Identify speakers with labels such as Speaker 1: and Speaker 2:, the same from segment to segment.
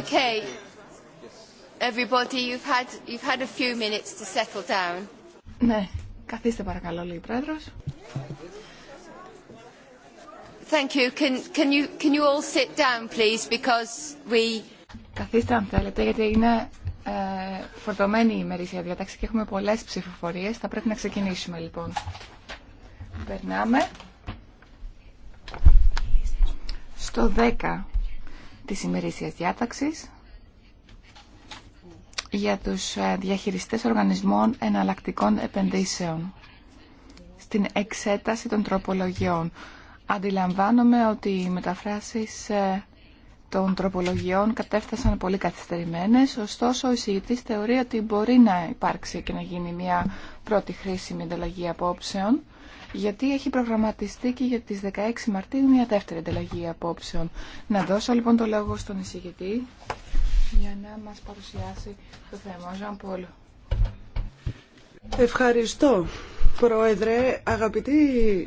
Speaker 1: Okay. Everybody, you've had, you've had a few minutes to settle down.
Speaker 2: Ναι, καθίστε παρακαλώ λίγο, Πρόεδρος.
Speaker 1: Thank you. Can, can you. can you all sit down, please,
Speaker 2: because we... Καθίστε αν θέλετε, γιατί είναι ε, φορτωμένη η ημερήσια διατάξη και έχουμε πολλές ψηφοφορίες. Θα πρέπει να ξεκινήσουμε, λοιπόν. Περνάμε στο 10 της ημερήσιας διάταξης για τους ε, διαχειριστές οργανισμών εναλλακτικών επενδύσεων στην εξέταση των τροπολογιών. Αντιλαμβάνομαι ότι οι μεταφράσεις ε, των τροπολογιών κατέφτασαν πολύ καθυστερημένες, ωστόσο ο εισηγητής θεωρεί ότι μπορεί να υπάρξει και να γίνει μια πρώτη χρήσιμη ενταλλαγή απόψεων γιατί έχει προγραμματιστεί και για τις 16 Μαρτίου μια δεύτερη ανταλλαγή απόψεων. Να δώσω λοιπόν το λόγο στον εισηγητή για να μας παρουσιάσει το θέμα. Ζαν Πολ.
Speaker 3: Ευχαριστώ. Πρόεδρε, αγαπητοί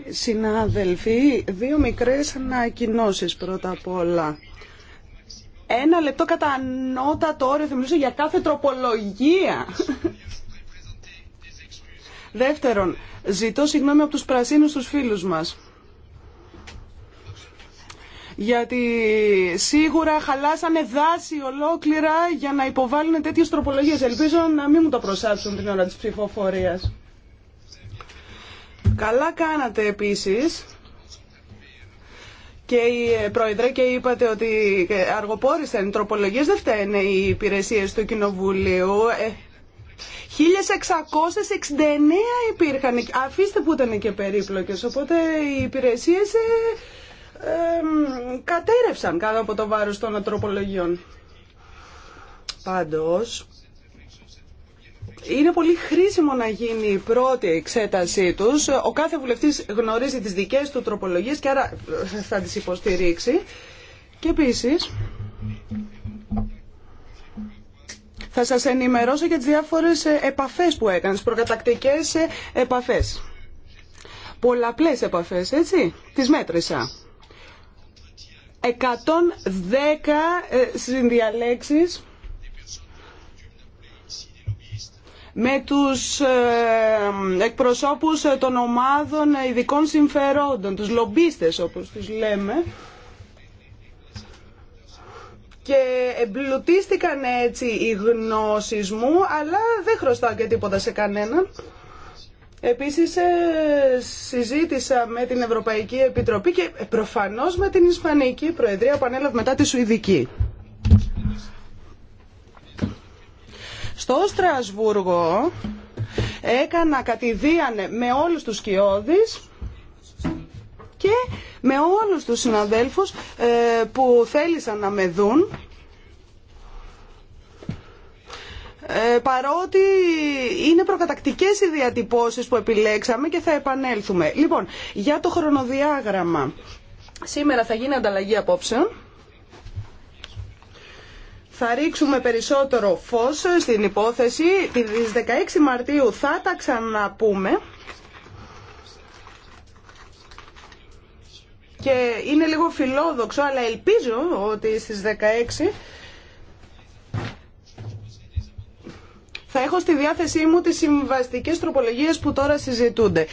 Speaker 3: συνάδελφοι, δύο μικρές ανακοινώσεις πρώτα απ' όλα. Ένα λεπτό κατά ανώτατο όριο θα για κάθε τροπολογία. Δεύτερον, ζητώ συγγνώμη από τους πρασίνους τους φίλους μας γιατί σίγουρα χαλάσανε δάση ολόκληρα για να υποβάλουν τέτοιες τροπολογίες. Ελπίζω να μην μου το προσάψουν την ώρα της ψηφοφορίας. Καλά κάνατε επίσης και η ε, Πρόεδρε και είπατε ότι αργοπόρησαν οι τροπολογίες, δεν φταίνε οι υπηρεσίες του Κοινοβουλίου. Ε, 1669 υπήρχαν, αφήστε που ήταν και περίπλοκες, οπότε οι υπηρεσίες ε, κατέρευσαν κάτω από το βάρος των τροπολογιών Πάντως, είναι πολύ χρήσιμο να γίνει η πρώτη εξέτασή τους. Ο κάθε βουλευτής γνωρίζει τις δικές του τροπολογίες και άρα θα τις υποστηρίξει. Και επίσης, θα σας ενημερώσω για τις διάφορες ε, επαφές που έκανε, προκατακτικές ε, επαφές. Πολλαπλές επαφές, έτσι, τις μέτρησα. 110 ε, συνδιαλέξεις με τους εκπροσώπους των ομάδων ειδικών συμφερόντων, τους λομπίστες όπως τους λέμε και εμπλουτίστηκαν έτσι οι γνώσεις μου, αλλά δεν χρωστάω και τίποτα σε κανέναν. Επίσης ε, συζήτησα με την Ευρωπαϊκή Επιτροπή και προφανώς με την Ισπανική Προεδρία που ανέλαβε μετά τη Σουηδική. Στο Στρασβούργο έκανα κατηδίαν με όλους τους κοιόδης και με όλους τους συναδέλφους ε, που θέλησαν να με δουν ε, παρότι είναι προκατακτικές οι διατυπώσεις που επιλέξαμε και θα επανέλθουμε. Λοιπόν, για το χρονοδιάγραμμα. Σήμερα θα γίνει ανταλλαγή απόψεων. Θα ρίξουμε περισσότερο φως στην υπόθεση. Τις 16 Μαρτίου θα τα ξαναπούμε. και είναι λίγο φιλόδοξο, αλλά ελπίζω ότι στις 16 θα έχω στη διάθεσή μου τις συμβαστικές τροπολογίες που τώρα συζητούνται.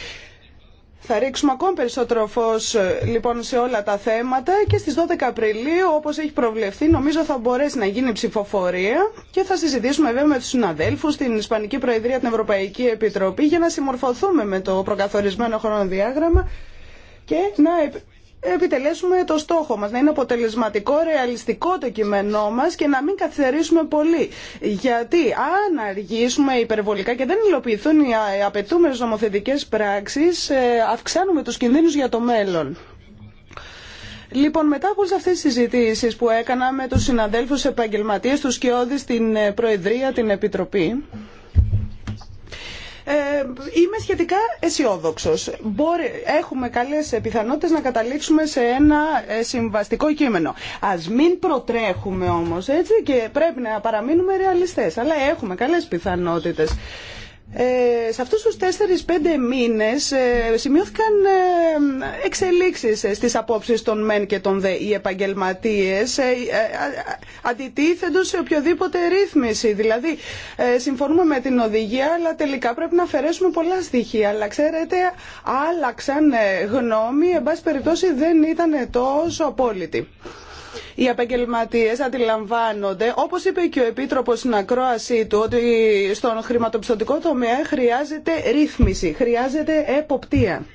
Speaker 3: Θα ρίξουμε ακόμη περισσότερο φως λοιπόν σε όλα τα θέματα και στις 12 Απριλίου όπως έχει προβλεφθεί νομίζω θα μπορέσει να γίνει ψηφοφορία και θα συζητήσουμε βέβαια με τους συναδέλφους, την Ισπανική Προεδρία, την Ευρωπαϊκή Επιτροπή για να συμμορφωθούμε με το προκαθορισμένο χρονοδιάγραμμα και να επιτελέσουμε το στόχο μας, να είναι αποτελεσματικό, ρεαλιστικό το κείμενό μας και να μην καθυστερήσουμε πολύ. Γιατί αν αργήσουμε υπερβολικά και δεν υλοποιηθούν οι απαιτούμενες νομοθετικές πράξεις, ε, αυξάνουμε τους κινδύνους για το μέλλον. Λοιπόν, μετά από όλε αυτέ τι συζητήσει που έκανα με του συναδέλφου επαγγελματίε, του Σκιώδη, την ε, Προεδρία, την Επιτροπή, ε, είμαι σχετικά αισιόδοξο. Έχουμε καλέ πιθανότητε να καταλήξουμε σε ένα ε, συμβαστικό κείμενο. Α μην προτρέχουμε όμω έτσι και πρέπει να παραμείνουμε ρεαλιστέ. Αλλά έχουμε καλέ πιθανότητε. Ε, σε αυτούς τους 4 πεντε μήνες ε, σημειώθηκαν ε, εξελίξεις ε, στις απόψεις των ΜΕΝ και των ΔΕ. Οι επαγγελματίες αντιτίθεντος σε οποιοδήποτε ρύθμιση. Δηλαδή, συμφωνούμε με την οδηγία, αλλά τελικά πρέπει να αφαιρέσουμε πολλά στοιχεία. Αλλά ξέρετε, άλλαξαν γνώμη, εν πάση περιπτώσει δεν ήταν τόσο απόλυτη οι επαγγελματίε αντιλαμβάνονται, όπω είπε και ο Επίτροπο στην ακρόασή του, ότι στον χρηματοπιστωτικό τομέα χρειάζεται ρύθμιση, χρειάζεται εποπτεία.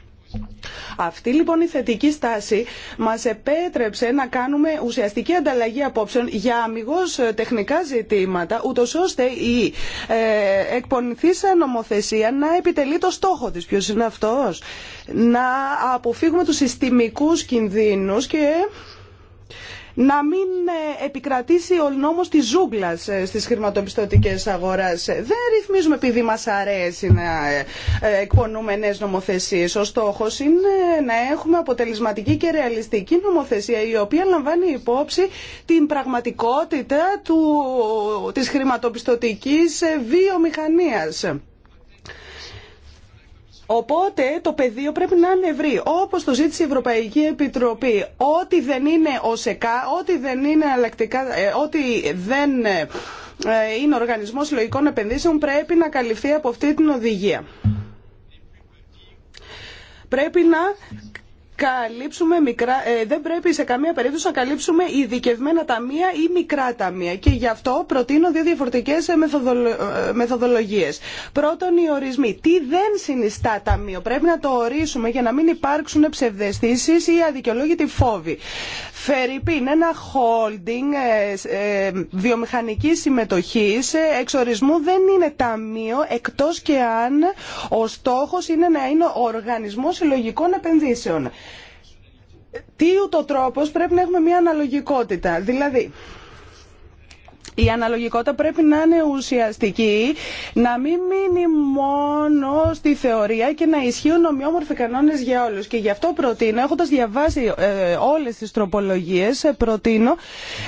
Speaker 3: Αυτή λοιπόν η θετική στάση μας επέτρεψε να κάνουμε ουσιαστική ανταλλαγή απόψεων για αμυγός τεχνικά ζητήματα, ούτως ώστε η ε, εκπονηθήσα νομοθεσία να επιτελεί το στόχο της. Ποιος είναι αυτός? Να αποφύγουμε τους συστημικούς κινδύνους και να μην ε, επικρατήσει ο νόμος της ζούγκλας ε, στις χρηματοπιστωτικές αγοράς. Ε, δεν ρυθμίζουμε επειδή μας αρέσει να εκπονούμε νέες νομοθεσίες. Ο στόχος είναι να έχουμε αποτελεσματική και ρεαλιστική νομοθεσία η οποία λαμβάνει υπόψη την πραγματικότητα του, της χρηματοπιστωτικής βιομηχανίας. Οπότε το πεδίο πρέπει να είναι ευρύ, όπως το ζήτησε η Ευρωπαϊκή Επιτροπή. Ό,τι δεν είναι ΟΣΕΚΑ, ό,τι δεν είναι αλλακτικά, ε, ό,τι δεν ε, είναι οργανισμός συλλογικών επενδύσεων πρέπει να καλυφθεί από αυτή την οδηγία. Πρέπει να καλύψουμε μικρά, ε, δεν πρέπει σε καμία περίπτωση να καλύψουμε ειδικευμένα ταμεία ή μικρά ταμεία και γι' αυτό προτείνω δύο διαφορετικές ε, μεθοδολο, ε, μεθοδολογίες. Πρώτον οι ορισμοί. Τι δεν συνιστά ταμείο. Πρέπει να το ορίσουμε για να μην υπάρξουν ψευδεστήσει ή αδικαιολόγητοι φόβοι είναι ένα holding ε, ε, βιομηχανικής συμμετοχής ε, εξορισμού δεν είναι ταμείο εκτός και αν ο στόχος είναι να είναι ο οργανισμός συλλογικών επενδύσεων. Τι ούτω τρόπος πρέπει να έχουμε μια αναλογικότητα. Δηλαδή, η αναλογικότητα πρέπει να είναι ουσιαστική, να μην μείνει μόνο στη θεωρία και να ισχύουν ομοιόμορφοι κανόνες για όλους. Και γι' αυτό προτείνω, έχοντα διαβάσει ε, όλες τις τροπολογίες, ε, προτείνω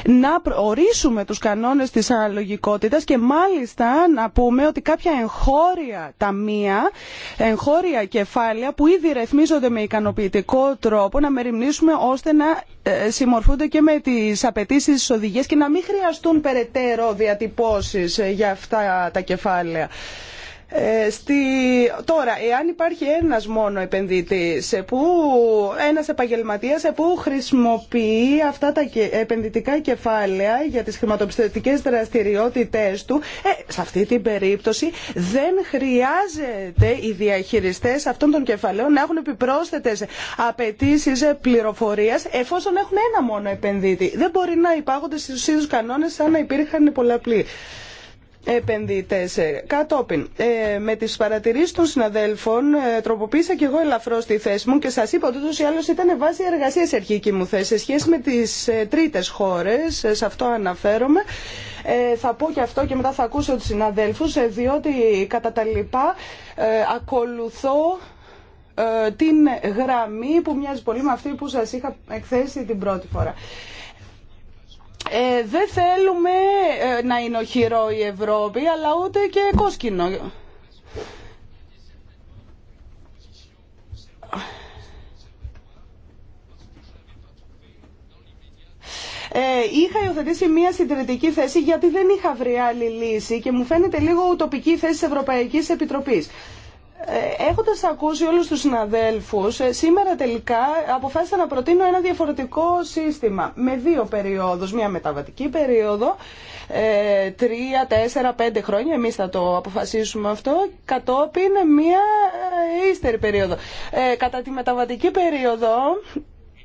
Speaker 3: να ορίσουμε τους κανόνες της αναλογικότητας και μάλιστα να πούμε ότι κάποια εγχώρια ταμεία, εγχώρια κεφάλαια που ήδη ρυθμίζονται με ικανοποιητικό τρόπο να μεριμνήσουμε ώστε να ε, συμμορφούνται και με τις απαιτήσει τη οδηγία και να μην χρειαστούν περαιτέρω διατυπώσεις ε, για αυτά τα κεφάλαια. Ε, τώρα, εάν υπάρχει ένας μόνο επενδυτής, που... ένας επαγγελματίας που χρησιμοποιεί αυτά τα επενδυτικά κεφάλαια για τις χρηματοπιστωτικές δραστηριότητές του, ε, σε αυτή την περίπτωση δεν χρειάζεται οι διαχειριστές αυτών των κεφαλαίων να έχουν επιπρόσθετες απαιτήσει πληροφορίας εφόσον έχουν ένα μόνο επενδύτη. Δεν μπορεί να υπάγονται στους ίδιους κανόνες σαν να υπήρχαν πολλαπλοί επενδυτές. Ε, κατόπιν, ε, με τις παρατηρήσεις των συναδέλφων ε, τροποποίησα και εγώ ελαφρώ τη θέση μου και σας είπα ότι ούτως ή άλλως ούτω η άλλω ηταν βαση εργασία η αρχικη μου θέση σε σχέση με τις ε, τρίτες χώρες, ε, σε αυτό αναφέρομαι. Ε, θα πω και αυτό και μετά θα ακούσω τους συναδέλφους, διότι κατά τα λοιπά ακολουθώ την γραμμή που μοιάζει πολύ με αυτή που σας είχα εκθέσει την πρώτη φορά. Ε, δεν θέλουμε ε, να είναι οχυρό η Ευρώπη, αλλά ούτε και κόσκινο. Ε, είχα υιοθετήσει μια συντηρητική θέση γιατί δεν είχα βρει άλλη λύση και μου φαίνεται λίγο ουτοπική θέση της Ευρωπαϊκής Επιτροπής. Ε, έχοντας ακούσει όλους τους συναδέλφους, ε, σήμερα τελικά αποφάσισα να προτείνω ένα διαφορετικό σύστημα με δύο περιόδους, μια μεταβατική περίοδο, ε, τρία, τέσσερα, πέντε χρόνια, εμείς θα το αποφασίσουμε αυτό, κατόπιν μια ύστερη περίοδο. Κατά τη μεταβατική περίοδο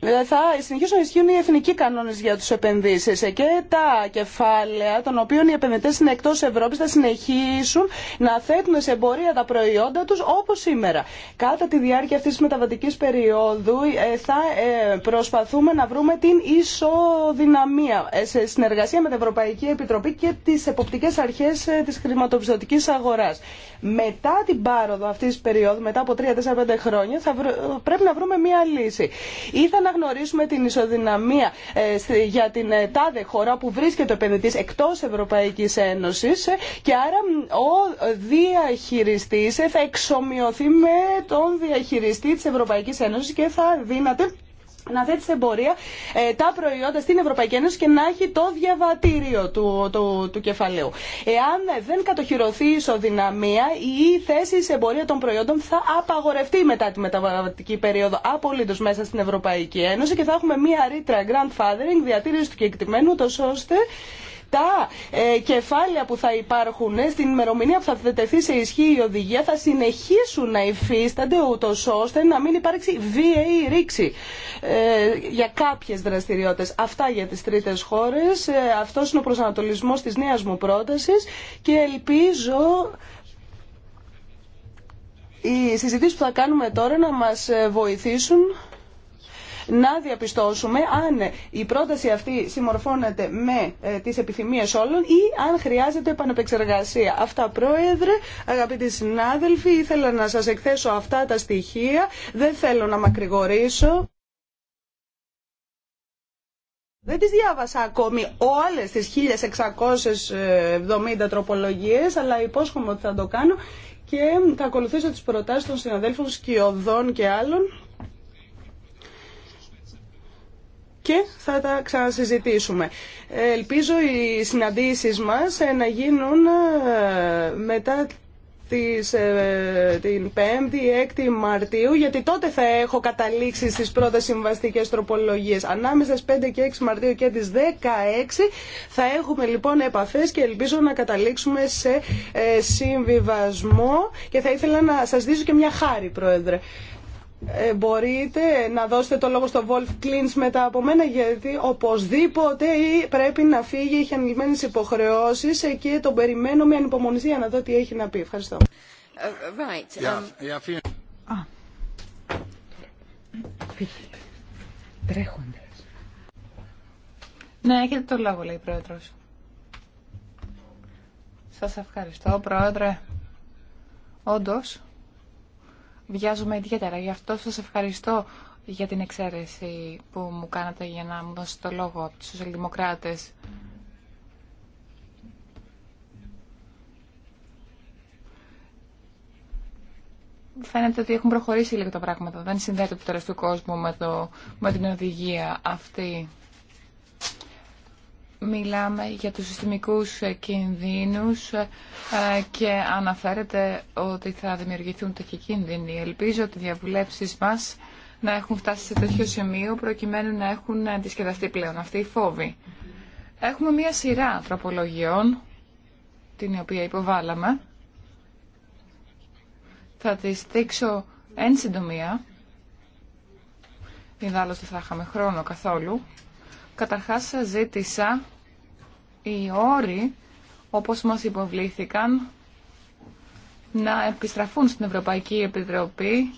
Speaker 3: ε, θα συνεχίσουν να ισχύουν οι εθνικοί κανόνε για του επενδύσει ε, και τα κεφάλαια των οποίων οι επενδυτέ είναι εκτό Ευρώπη θα συνεχίσουν να θέτουν σε εμπορία τα προϊόντα του, όπω σήμερα. Κατά τη διάρκεια αυτή τη μεταβατική περίοδου ε, θα προσπαθούμε να βρούμε την ισοδυναμία σε συνεργασία με την Ευρωπαϊκή Επιτροπή και τι εποπτικέ αρχέ τη χρηματοπιστωτική αγορά. Μετά την πάροδο αυτή τη περίοδου, μετά από 3-4-5 χρόνια, θα πρέπει να βρούμε μία λύση γνωρίσουμε την ισοδυναμία ε, για την ε, τάδε χώρα που βρίσκεται ο επενδυτή εκτό Ευρωπαϊκή Ένωση ε, και άρα ο διαχειριστή θα εξομοιωθεί με τον διαχειριστή τη Ευρωπαϊκή Ένωση και θα δύναται να θέτει σε εμπορία ε, τα προϊόντα στην Ευρωπαϊκή Ένωση και να έχει το διαβατήριο του, του, του κεφαλαίου. Εάν δεν κατοχυρωθεί η ισοδυναμία, η θέση σε εμπορία των προϊόντων θα απαγορευτεί μετά τη μεταβατική περίοδο απολύτω μέσα στην Ευρωπαϊκή Ένωση και θα έχουμε μία ρήτρα grandfathering διατήρηση του κεκτημένου, τόσο ώστε τα ε, κεφάλαια που θα υπάρχουν στην ημερομηνία που θα τεθεί σε ισχύ η οδηγία θα συνεχίσουν να υφίστανται ούτω ώστε να μην υπάρξει βίαιη ρήξη ε, για κάποιε δραστηριότητε. Αυτά για τι τρίτε χώρε. Αυτό είναι ο προσανατολισμό τη νέα μου πρόταση και ελπίζω οι συζητήσεις που θα κάνουμε τώρα να μας ε, βοηθήσουν να διαπιστώσουμε αν η πρόταση αυτή συμμορφώνεται με ε, τις επιθυμίες όλων ή αν χρειάζεται επανεπεξεργασία. Αυτά, Πρόεδρε, αγαπητοί συνάδελφοι, ήθελα να σας εκθέσω αυτά τα στοιχεία. Δεν θέλω να μακρηγορήσω. Δεν τις διάβασα ακόμη όλες τις 1670 τροπολογίες, αλλά υπόσχομαι ότι θα το κάνω και θα ακολουθήσω τις προτάσεις των συναδέλφων Σκιωδών και άλλων και θα τα ξανασυζητήσουμε. Ελπίζω οι συναντήσεις μας ε, να γίνουν ε, μετά ε, την 5η, 6η Μαρτίου, γιατί τότε θα έχω καταλήξει στις πρώτες συμβαστικές τροπολογίες. Ανάμεσα στις 5 και 6 Μαρτίου και τις 16 θα έχουμε λοιπόν επαφές και ελπίζω να καταλήξουμε σε συμβιβασμό και θα ήθελα να σας δείσω και μια χάρη, Πρόεδρε. Ε, μπορείτε να δώσετε το λόγο στο Wolf Klintz μετά από μένα γιατί οπωσδήποτε πρέπει να φύγει, έχει ανηλυμένες υποχρεώσεις ε, και τον περιμένω με ανυπομονησία να δω τι έχει να πει. Ευχαριστώ. Ε,
Speaker 1: right.
Speaker 3: Ah.
Speaker 2: Ναι, έχετε το λόγο, λέει η Πρόεδρος. Σας ευχαριστώ, Πρόεδρε. Όντως, βιάζομαι ιδιαίτερα. Γι' αυτό σας ευχαριστώ για την εξαίρεση που μου κάνατε για να μου δώσετε το λόγο από τους σοσιαλδημοκράτες. Φαίνεται ότι έχουν προχωρήσει λίγο τα πράγματα. Δεν συνδέεται το τώρα του κόσμου με, το, με την οδηγία αυτή μιλάμε για τους συστημικούς κινδύνους ε, και αναφέρεται ότι θα δημιουργηθούν τέτοιοι κίνδυνοι. Ελπίζω ότι οι διαβουλεύσεις μας να έχουν φτάσει σε τέτοιο σημείο προκειμένου να έχουν αντισκεδαστεί πλέον αυτοί οι φόβοι. Έχουμε μία σειρά τροπολογιών, την οποία υποβάλαμε. Θα τις δείξω εν συντομία. Ιδάλλως δεν θα είχαμε χρόνο καθόλου. Καταρχάς ζήτησα οι όροι όπως μας υποβλήθηκαν να επιστραφούν στην Ευρωπαϊκή Επιτροπή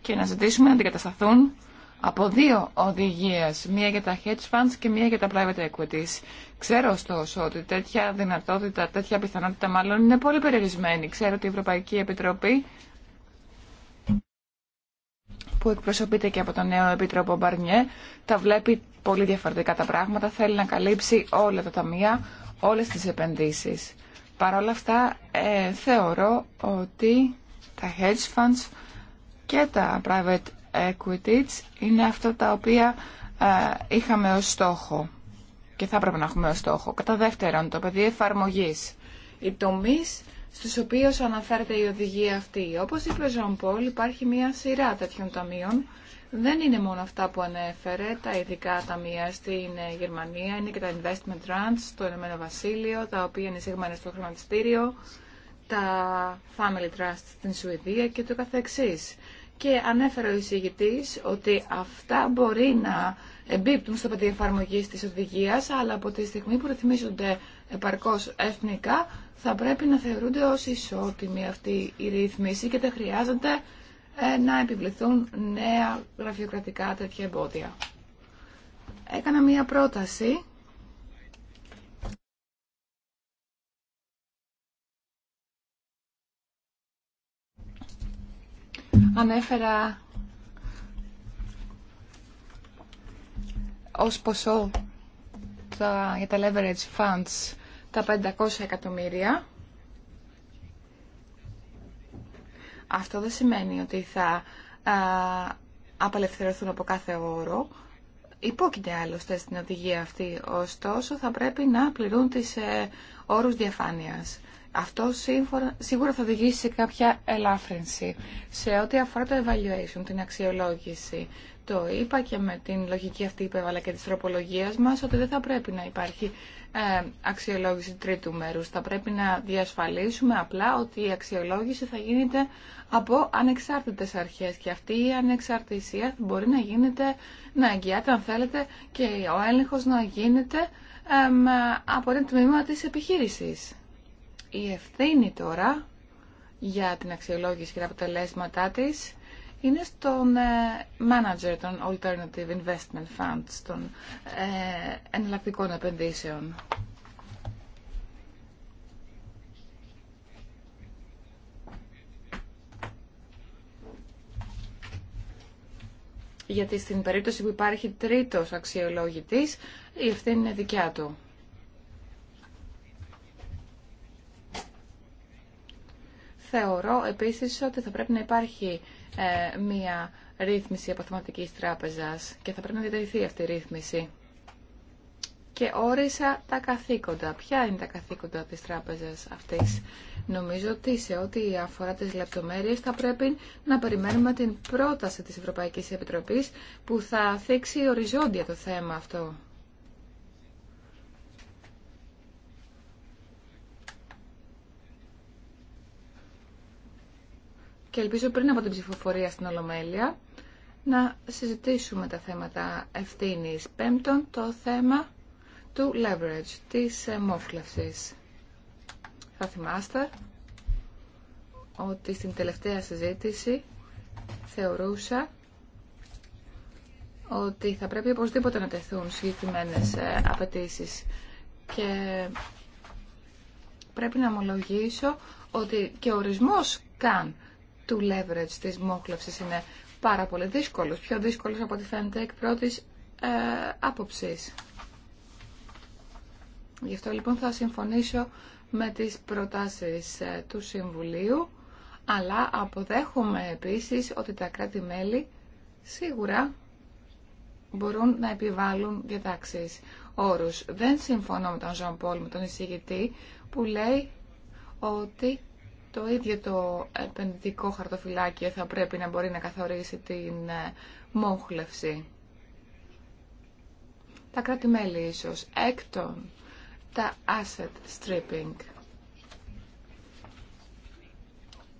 Speaker 2: και να ζητήσουμε να αντικατασταθούν από δύο οδηγίες, μία για τα hedge funds και μία για τα private equities. Ξέρω ωστόσο ότι τέτοια δυνατότητα, τέτοια πιθανότητα μάλλον είναι πολύ περιορισμένη. Ξέρω ότι η Ευρωπαϊκή Επιτροπή που εκπροσωπείται και από τον νέο Επίτροπο Μπαρνιέ τα βλέπει πολύ διαφορετικά τα πράγματα. Θέλει να καλύψει όλα τα ταμεία, όλες τις επενδύσεις. Παρ' όλα αυτά ε, θεωρώ ότι τα hedge funds και τα private equities είναι αυτά τα οποία ε, είχαμε ως στόχο και θα έπρεπε να έχουμε ως στόχο. Κατά δεύτερον, το πεδίο εφαρμογής. Οι Στου οποίου αναφέρεται η οδηγία αυτή. Όπω είπε ο Πολ, υπάρχει μια σειρά τέτοιων ταμείων. Δεν είναι μόνο αυτά που ανέφερε, τα ειδικά ταμεία στην ε, Γερμανία, είναι και τα investment grants στο Ηνωμένο Βασίλειο, τα οποία είναι σίγμανα στο χρηματιστήριο, τα family trust στην Σουηδία και το καθεξής. Και ανέφερε ο εισηγητή ότι αυτά μπορεί να εμπίπτουν στο πεδίο εφαρμογή της οδηγίας, αλλά από τη στιγμή που ρυθμίζονται επαρκώ εθνικά, θα πρέπει να θεωρούνται ως ισότιμοι αυτή η ρύθμιση και δεν χρειάζεται ε, να επιβληθούν νέα γραφειοκρατικά τέτοια εμπόδια. Έκανα μία πρόταση ανέφερα ως ποσό για τα leverage funds τα 500 εκατομμύρια. Αυτό δεν σημαίνει ότι θα α, απελευθερωθούν από κάθε όρο. Υπόκειται άλλωστε στην οδηγία αυτή, ωστόσο θα πρέπει να πληρούν τις ε, όρους διαφάνειας. Αυτό σίγουρα θα οδηγήσει σε κάποια ελάφρυνση. Σε ό,τι αφορά το evaluation, την αξιολόγηση, το είπα και με την λογική αυτή που και της τροπολογίας μας, ότι δεν θα πρέπει να υπάρχει ε, αξιολόγηση τρίτου μέρους. Θα πρέπει να διασφαλίσουμε απλά ότι η αξιολόγηση θα γίνεται από ανεξάρτητες αρχές και αυτή η ανεξαρτησία μπορεί να γίνεται, να εγγυάται αν θέλετε και ο έλεγχος να γίνεται από ένα τμήμα της επιχείρησης. Η ευθύνη τώρα για την αξιολόγηση και τα αποτελέσματά της είναι στον ε, manager των Alternative Investment Funds, των ε, εναλλακτικών επενδύσεων. Γιατί στην περίπτωση που υπάρχει τρίτος αξιολόγητης, η ευθύνη είναι δικιά του. Θεωρώ επίσης ότι θα πρέπει να υπάρχει ε, μία ρύθμιση αποθεματικής τράπεζας και θα πρέπει να διατηρηθεί αυτή η ρύθμιση. Και όρισα τα καθήκοντα. Ποια είναι τα καθήκοντα της τράπεζας αυτής. Νομίζω ότι σε ό,τι αφορά τις λεπτομέρειες θα πρέπει να περιμένουμε την πρόταση της Ευρωπαϊκής Επιτροπής που θα θίξει οριζόντια το θέμα αυτό. και ελπίζω πριν από την ψηφοφορία στην Ολομέλεια να συζητήσουμε τα θέματα ευθύνη. Πέμπτον, το θέμα του leverage, της μόφλευσης. Θα θυμάστε ότι στην τελευταία συζήτηση θεωρούσα ότι θα πρέπει οπωσδήποτε να τεθούν συγκεκριμένε ε, απαιτήσει. Και πρέπει να ομολογήσω ότι και ο ορισμός καν του leverage, της μόχλευσης είναι πάρα πολύ δύσκολος, πιο δύσκολος από ό,τι φαίνεται εκ πρώτης ε, άποψης. Γι' αυτό λοιπόν θα συμφωνήσω με τις προτάσεις ε, του Συμβουλίου, αλλά αποδέχομαι επίσης ότι τα κράτη-μέλη σίγουρα μπορούν να επιβάλλουν διατάξεις, όρους. Δεν συμφωνώ με τον Ζαν Πολ, με τον εισηγητή, που λέει ότι το ίδιο το επενδυτικό χαρτοφυλάκιο θα πρέπει να μπορεί να καθορίσει την ε, μόχλευση. Τα κράτη-μέλη ίσως. Έκτον, τα asset stripping.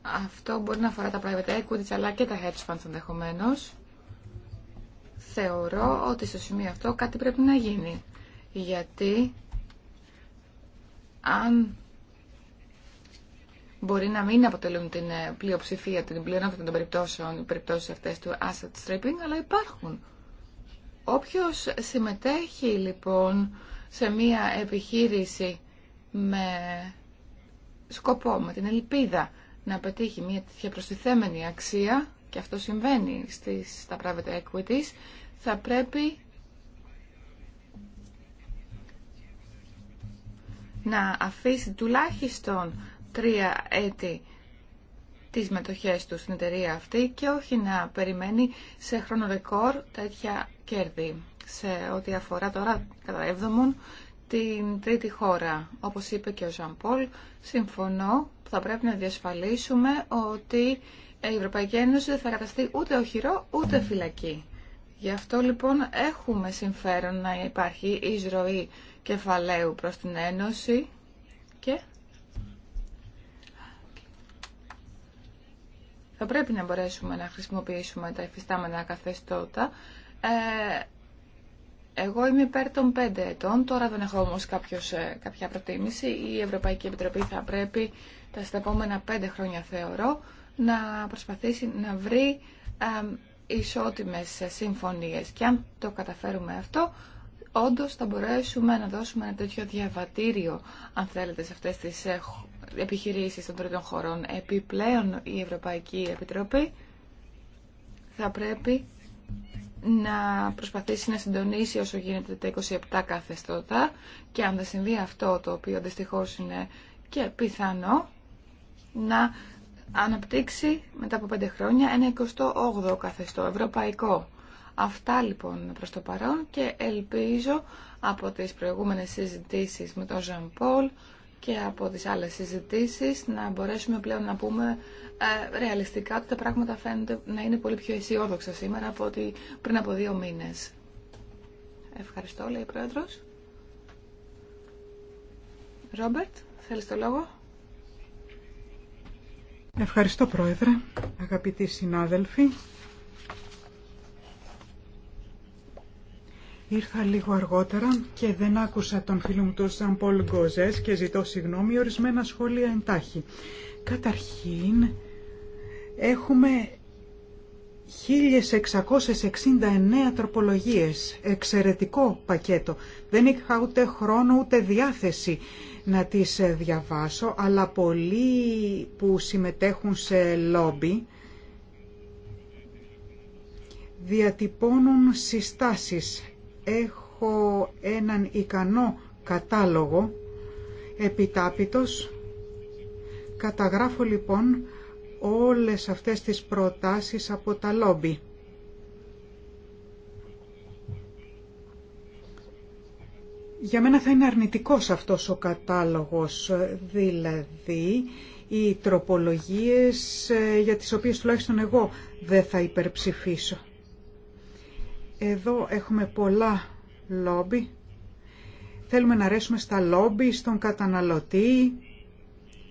Speaker 2: Αυτό μπορεί να αφορά τα private equity αλλά και τα hedge funds ενδεχομένω. Θεωρώ ότι στο σημείο αυτό κάτι πρέπει να γίνει. Γιατί αν μπορεί να μην αποτελούν την ε, πλειοψηφία, την πλειονότητα των περιπτώσεων, οι περιπτώσεις αυτές του asset stripping, αλλά υπάρχουν. Όποιο συμμετέχει λοιπόν σε μία επιχείρηση με σκοπό, με την ελπίδα να πετύχει μία τέτοια προστιθέμενη αξία, και αυτό συμβαίνει στις, στα private equities, θα πρέπει να αφήσει τουλάχιστον τρία έτη τις μετοχές του στην εταιρεία αυτή και όχι να περιμένει σε χρόνο ρεκόρ τέτοια κέρδη σε ό,τι αφορά τώρα κατά έβδομον την τρίτη χώρα. Όπως είπε και ο Ζαν Πολ, συμφωνώ που θα πρέπει να διασφαλίσουμε ότι η Ευρωπαϊκή Ένωση δεν θα καταστεί ούτε οχυρό ούτε φυλακή. Γι' αυτό λοιπόν έχουμε συμφέρον να υπάρχει εισρωή κεφαλαίου προς την Ένωση και Θα πρέπει να μπορέσουμε να χρησιμοποιήσουμε τα εφιστάμενα καθεστώτα. Ε, εγώ είμαι υπέρ των 5 ετών, τώρα δεν έχω όμως κάποιος, ε, κάποια προτίμηση. Η Ευρωπαϊκή Επιτροπή θα πρέπει τα στα επόμενα 5 χρόνια θεωρώ να προσπαθήσει να βρει ε, ισότιμες συμφωνίες. Και αν το καταφέρουμε αυτό, όντως θα μπορέσουμε να δώσουμε ένα τέτοιο διαβατήριο, αν θέλετε, σε αυτές τις ε, επιχειρήσεις των τρίτων χωρών. Επιπλέον η Ευρωπαϊκή Επιτροπή θα πρέπει να προσπαθήσει να συντονίσει όσο γίνεται τα 27 καθεστώτα και αν δεν συμβεί αυτό το οποίο δυστυχώ είναι και πιθανό να αναπτύξει μετά από 5 χρόνια ένα 28ο καθεστώ ευρωπαϊκό. Αυτά λοιπόν προς το παρόν και ελπίζω από τις προηγούμενες συζητήσεις με τον Ζαν Πολ και από τις άλλες συζητήσεις να μπορέσουμε πλέον να πούμε ε, ρεαλιστικά ότι τα πράγματα φαίνονται να είναι πολύ πιο αισιόδοξα σήμερα από ότι πριν από δύο μήνες. Ευχαριστώ, λέει ο Πρόεδρος. Ρόμπερτ, θέλεις το λόγο.
Speaker 4: Ευχαριστώ, Πρόεδρε, αγαπητοί συνάδελφοι. Ήρθα λίγο αργότερα και δεν άκουσα τον φίλο μου τον Σαν Πολ Γκοζές και ζητώ συγγνώμη ορισμένα σχόλια εντάχει. Καταρχήν, έχουμε 1669 τροπολογίες, εξαιρετικό πακέτο. Δεν είχα ούτε χρόνο ούτε διάθεση να τις ε, διαβάσω, αλλά πολλοί που συμμετέχουν σε λόμπι διατυπώνουν συστάσεις έχω έναν ικανό κατάλογο επιτάπητος. Καταγράφω λοιπόν όλες αυτές τις προτάσεις από τα λόμπι. Για μένα θα είναι αρνητικός αυτός ο κατάλογος, δηλαδή οι τροπολογίες ε, για τις οποίες τουλάχιστον εγώ δεν θα υπερψηφίσω. Εδώ έχουμε πολλά λόμπι. Θέλουμε να αρέσουμε στα λόμπι, στον καταναλωτή,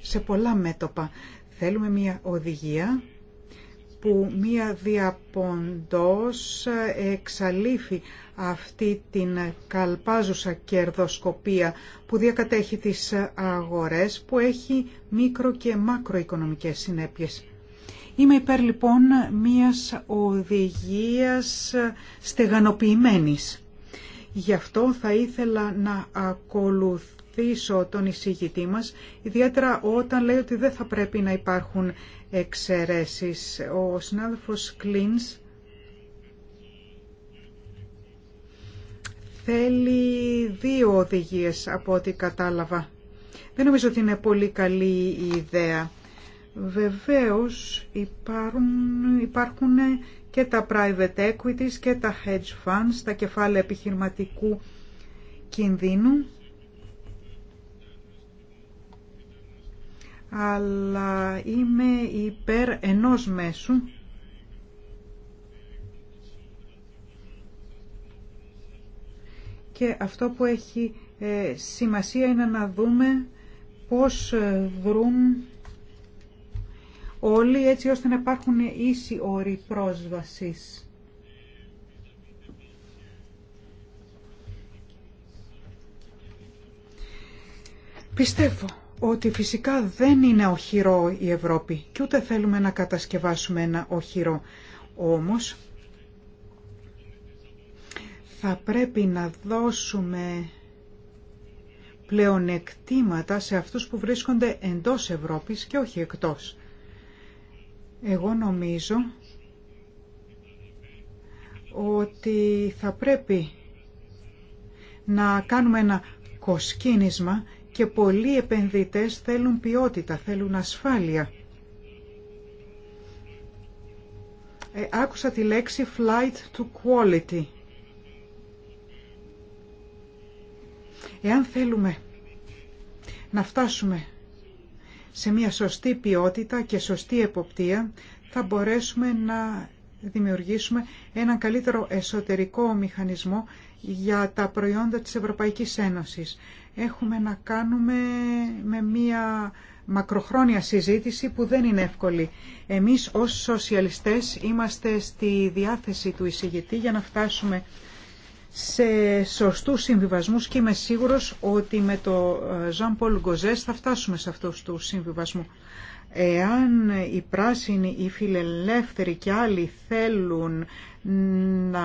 Speaker 4: σε πολλά μέτωπα. Θέλουμε μια οδηγία που μία διαποντός εξαλείφει αυτή την καλπάζουσα κερδοσκοπία που διακατέχει τις αγορές, που έχει μικρο- και μακροοικονομικές συνέπειες. Είμαι υπέρ λοιπόν μιας οδηγίας στεγανοποιημένης. Γι' αυτό θα ήθελα να ακολουθήσω τον εισηγητή μας, ιδιαίτερα όταν λέει ότι δεν θα πρέπει να υπάρχουν εξαιρέσεις. Ο συνάδελφος Κλίνς θέλει δύο οδηγίες από ό,τι κατάλαβα. Δεν νομίζω ότι είναι πολύ καλή η ιδέα Βεβαίως υπάρχουν, υπάρχουν και τα private equities και τα hedge funds, τα κεφάλαια επιχειρηματικού κινδύνου. Αλλά είμαι υπέρ ενός μέσου και αυτό που έχει ε, σημασία είναι να δούμε πώς ε, δρούν όλοι έτσι ώστε να υπάρχουν ίσοι όροι πρόσβασης. Πιστεύω ότι φυσικά δεν είναι οχυρό η Ευρώπη και ούτε θέλουμε να κατασκευάσουμε ένα οχυρό. Όμως θα πρέπει να δώσουμε πλεονεκτήματα σε αυτούς που βρίσκονται εντός Ευρώπης και όχι εκτός. Εγώ νομίζω ότι θα πρέπει να κάνουμε ένα κοσκίνισμα και πολλοί επενδυτές θέλουν ποιότητα, θέλουν ασφάλεια. Ε, άκουσα τη λέξη flight to quality. Εάν θέλουμε να φτάσουμε σε μια σωστή ποιότητα και σωστή εποπτεία θα μπορέσουμε να δημιουργήσουμε έναν καλύτερο εσωτερικό μηχανισμό για τα προϊόντα της Ευρωπαϊκής Ένωσης. Έχουμε να κάνουμε με μια μακροχρόνια συζήτηση που δεν είναι εύκολη. Εμείς ως σοσιαλιστές είμαστε στη διάθεση του εισηγητή για να φτάσουμε σε σωστούς συμβιβασμούς και είμαι σίγουρος ότι με το Ζαν Πολ Γκοζές θα φτάσουμε σε αυτούς του συμβιβασμού. Εάν οι πράσινοι, οι φιλελεύθεροι και άλλοι θέλουν να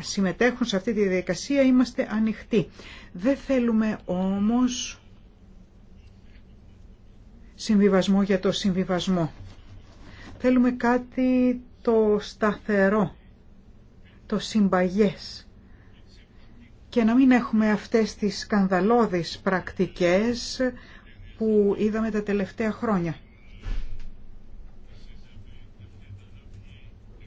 Speaker 4: συμμετέχουν σε αυτή τη διαδικασία, είμαστε ανοιχτοί. Δεν θέλουμε όμως συμβιβασμό για το συμβιβασμό. Θέλουμε κάτι το σταθερό, το συμπαγές και να μην έχουμε αυτές τις σκανδαλώδεις πρακτικές που είδαμε τα τελευταία χρόνια.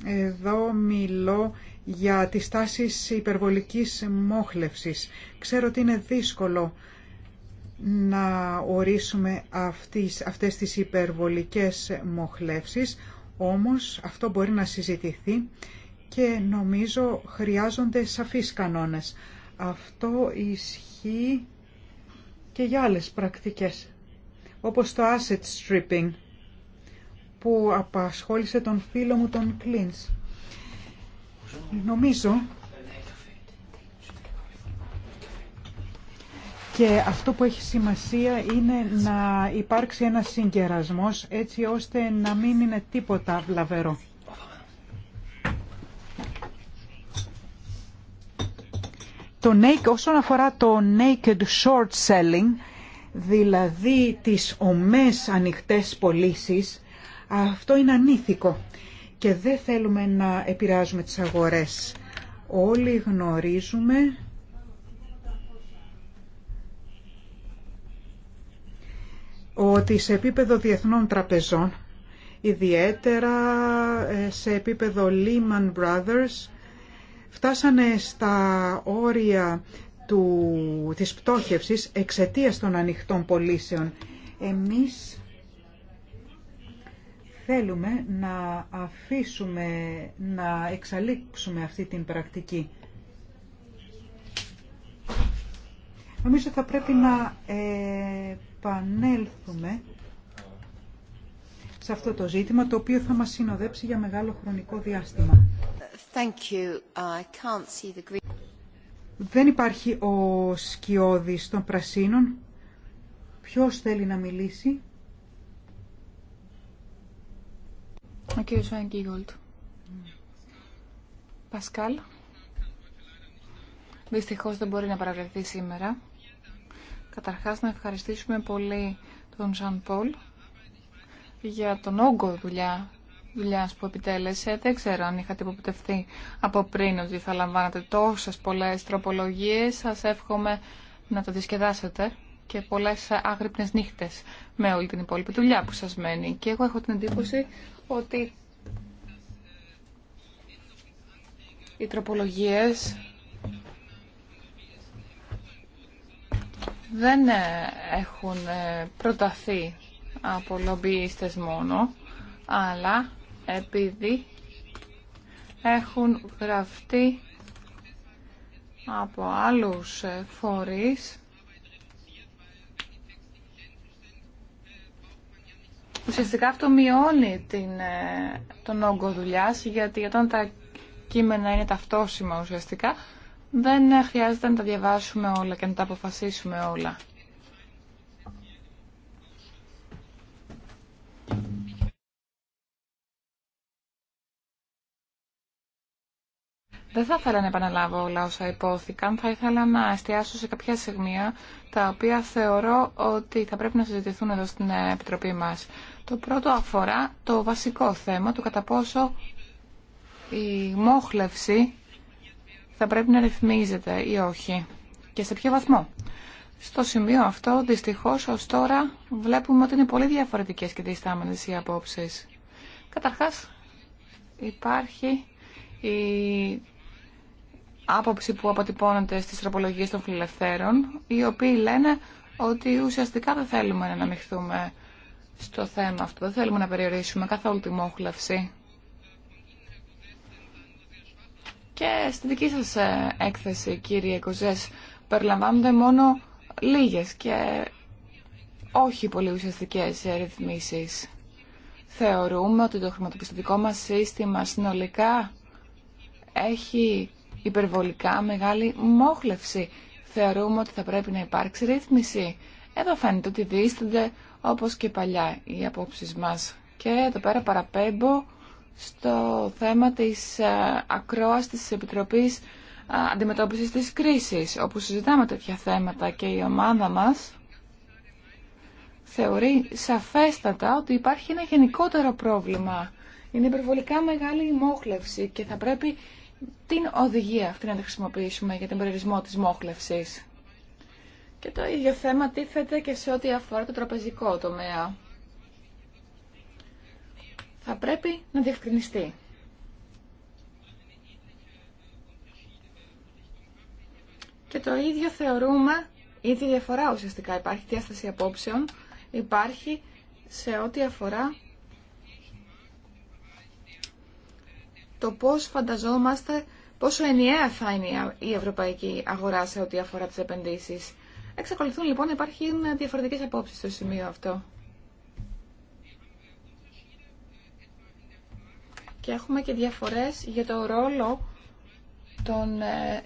Speaker 4: Εδώ μιλώ για τις τάσεις υπερβολικής μόχλευσης. Ξέρω ότι είναι δύσκολο να ορίσουμε αυτές, αυτές τις υπερβολικές μοχλεύσεις, όμως αυτό μπορεί να συζητηθεί και νομίζω χρειάζονται σαφείς κανόνες. Αυτό ισχύει και για άλλες πρακτικές, όπως το asset stripping που απασχόλησε τον φίλο μου τον Κλίνς. Νομίζω και αυτό που έχει σημασία είναι να υπάρξει ένα συγκερασμός έτσι ώστε να μην είναι τίποτα βλαβερό. το, όσον αφορά το naked short selling, δηλαδή τις ομές ανοιχτές πωλήσει, αυτό είναι ανήθικο και δεν θέλουμε να επηρεάζουμε τις αγορές. Όλοι γνωρίζουμε ότι σε επίπεδο διεθνών τραπεζών, ιδιαίτερα ε, σε επίπεδο Lehman Brothers, φτάσανε στα όρια του, της πτώχευσης εξαιτίας των ανοιχτών πωλήσεων. Εμείς θέλουμε να αφήσουμε, να εξαλείψουμε αυτή την πρακτική. Νομίζω θα πρέπει να επανέλθουμε σε αυτό το ζήτημα, το οποίο θα μας συνοδέψει για μεγάλο χρονικό διάστημα. Thank you. I can't see the green... Δεν υπάρχει ο σκιώδης των πρασίνων. Ποιος θέλει να μιλήσει. Ο κ. Σουάνγκίγκολτ.
Speaker 2: Πασκάλ. Δυστυχώς δεν μπορεί να παραβρεθεί σήμερα. Καταρχάς να ευχαριστήσουμε πολύ τον Σαν Πολ για τον όγκο δουλειά, δουλειάς που επιτέλεσε. Δεν ξέρω αν είχατε υποπτευθεί από πριν ότι θα λαμβάνατε τόσες πολλές τροπολογίες. Σας εύχομαι να το δισκεδάσετε και πολλές άγρυπνες νύχτες με όλη την υπόλοιπη δουλειά που σας μένει. Και εγώ έχω την εντύπωση ότι οι τροπολογίες δεν έχουν προταθεί από λομπιίστες μόνο, αλλά επειδή έχουν γραφτεί από άλλους φορείς Ουσιαστικά αυτό μειώνει την, ε, τον όγκο δουλειά, γιατί όταν τα κείμενα είναι ταυτόσιμα ουσιαστικά, δεν χρειάζεται να τα διαβάσουμε όλα και να τα αποφασίσουμε όλα. Δεν θα ήθελα να επαναλάβω όλα όσα υπόθηκαν. Θα ήθελα να εστιάσω σε κάποια σημεία τα οποία θεωρώ ότι θα πρέπει να συζητηθούν εδώ στην Επιτροπή μας. Το πρώτο αφορά το βασικό θέμα του κατά πόσο η μόχλευση θα πρέπει να ρυθμίζεται ή όχι και σε ποιο βαθμό. Στο σημείο αυτό, δυστυχώς, ως τώρα βλέπουμε ότι είναι πολύ διαφορετικές και διστάμενε οι απόψεις. Καταρχάς, υπάρχει η άποψη που αποτυπώνεται στις τροπολογίες των φιλελευθέρων, οι οποίοι λένε ότι ουσιαστικά δεν θέλουμε να αναμειχθούμε στο θέμα αυτό, δεν θέλουμε να περιορίσουμε καθόλου τη μόχλευση. Και στη δική σας ε, έκθεση, κύριε Κοζές, περιλαμβάνονται μόνο λίγες και όχι πολύ ουσιαστικές ρυθμίσεις. Θεωρούμε ότι το χρηματοπιστωτικό μας σύστημα συνολικά έχει υπερβολικά μεγάλη μόχλευση. Θεωρούμε ότι θα πρέπει να υπάρξει ρύθμιση. Εδώ φαίνεται ότι δίστανται όπως και παλιά οι απόψεις μας. Και εδώ πέρα παραπέμπω στο θέμα της ε, ακρόας της Επιτροπής ε, Αντιμετώπισης της Κρίσης, όπου συζητάμε τέτοια θέματα και η ομάδα μας θεωρεί σαφέστατα ότι υπάρχει ένα γενικότερο πρόβλημα. Είναι υπερβολικά μεγάλη η μόχλευση και θα πρέπει την οδηγία αυτή να τη χρησιμοποιήσουμε για τον περιορισμό της μόχλευσης. Και το ίδιο θέμα τίθεται και σε ό,τι αφορά το τραπεζικό τομέα. Θα πρέπει να διευκρινιστεί. Και το ίδιο θεωρούμε, ήδη διαφορά ουσιαστικά υπάρχει διάσταση απόψεων, υπάρχει σε ό,τι αφορά το πώς φανταζόμαστε πόσο ενιαία θα είναι η ευρωπαϊκή αγορά σε ό,τι αφορά τις επενδύσεις. Εξακολουθούν λοιπόν να υπάρχουν διαφορετικές απόψεις στο σημείο αυτό. Και έχουμε και διαφορές για το ρόλο των ε,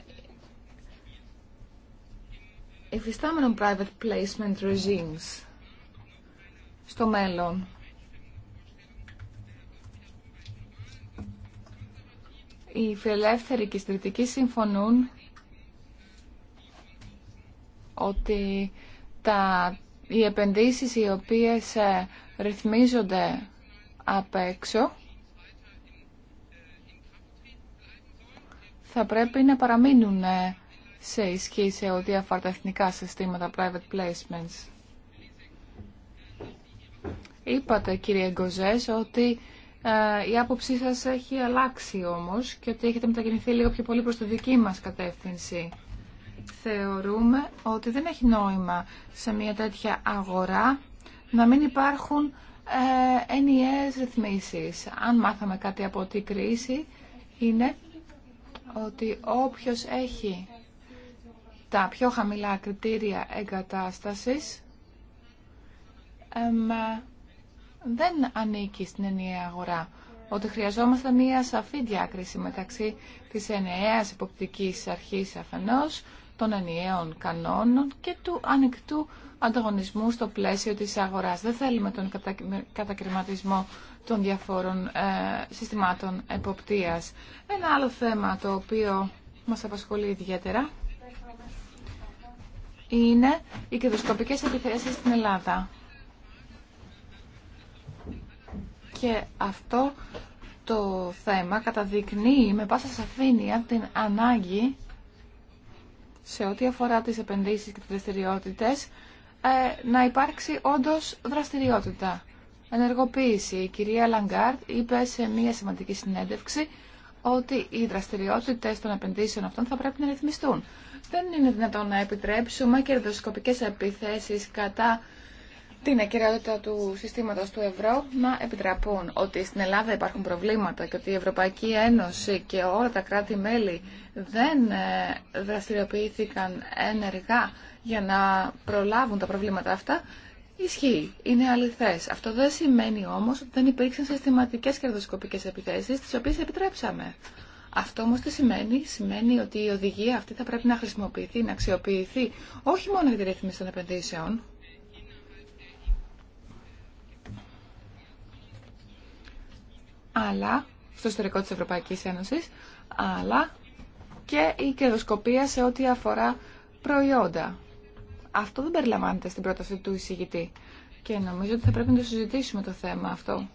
Speaker 2: υφιστάμενων private placement regimes στο μέλλον. οι φιλελεύθεροι και οι Στριτικοί συμφωνούν ότι τα, οι επενδύσεις οι οποίες ε, ρυθμίζονται απ' έξω θα πρέπει να παραμείνουν ε, σε ισχύ σε ό,τι αφορά τα εθνικά συστήματα private placements. Είπατε, κύριε Γκοζές, ότι ε, η άποψή σας έχει αλλάξει όμως και ότι έχετε μετακινηθεί λίγο πιο πολύ προς τη δική μας κατεύθυνση. Θεωρούμε ότι δεν έχει νόημα σε μια τέτοια αγορά να μην υπάρχουν ε, ενιαίες ρυθμίσεις. Αν μάθαμε κάτι από την κρίση είναι ότι όποιος έχει τα πιο χαμηλά κριτήρια εγκατάστασης δεν ανήκει στην ενιαία αγορά. Ότι χρειαζόμαστε μία σαφή διάκριση μεταξύ της ενιαίας υποπτικής αρχής αφενός, των ενιαίων κανόνων και του ανοιχτού ανταγωνισμού στο πλαίσιο της αγοράς. Δεν θέλουμε τον κατακριματισμό των διαφόρων ε, συστημάτων εποπτείας. Ένα άλλο θέμα το οποίο μας απασχολεί ιδιαίτερα είναι οι κερδοσκοπικές επιθέσεις στην Ελλάδα. και αυτό το θέμα καταδεικνύει με πάσα σαφήνεια την ανάγκη σε ό,τι αφορά τις επενδύσεις και τις δραστηριότητε ε, να υπάρξει όντως δραστηριότητα. Ενεργοποίηση. Η κυρία Λαγκάρτ είπε σε μία σημαντική συνέντευξη ότι οι δραστηριότητες των επενδύσεων αυτών θα πρέπει να ρυθμιστούν. Δεν είναι δυνατόν να επιτρέψουμε κερδοσκοπικές επιθέσεις κατά την ακυρεότητα του συστήματος του ευρώ να επιτραπούν ότι στην Ελλάδα υπάρχουν προβλήματα και ότι η Ευρωπαϊκή Ένωση και όλα τα κράτη-μέλη δεν ε, δραστηριοποιήθηκαν ενεργά για να προλάβουν τα προβλήματα αυτά, ισχύει, είναι αληθές. Αυτό δεν σημαίνει όμως ότι δεν υπήρξαν συστηματικές κερδοσκοπικές επιθέσεις, τις οποίες επιτρέψαμε. Αυτό όμω τι σημαίνει, σημαίνει ότι η οδηγία αυτή θα πρέπει να χρησιμοποιηθεί, να αξιοποιηθεί όχι μόνο για τη ρύθμιση των επενδύσεων, αλλά στο ιστορικό της Ευρωπαϊκής Ένωσης, αλλά και η κερδοσκοπία σε ό,τι αφορά προϊόντα. Αυτό δεν περιλαμβάνεται στην πρόταση του εισηγητή και νομίζω ότι θα πρέπει να το συζητήσουμε το θέμα αυτό.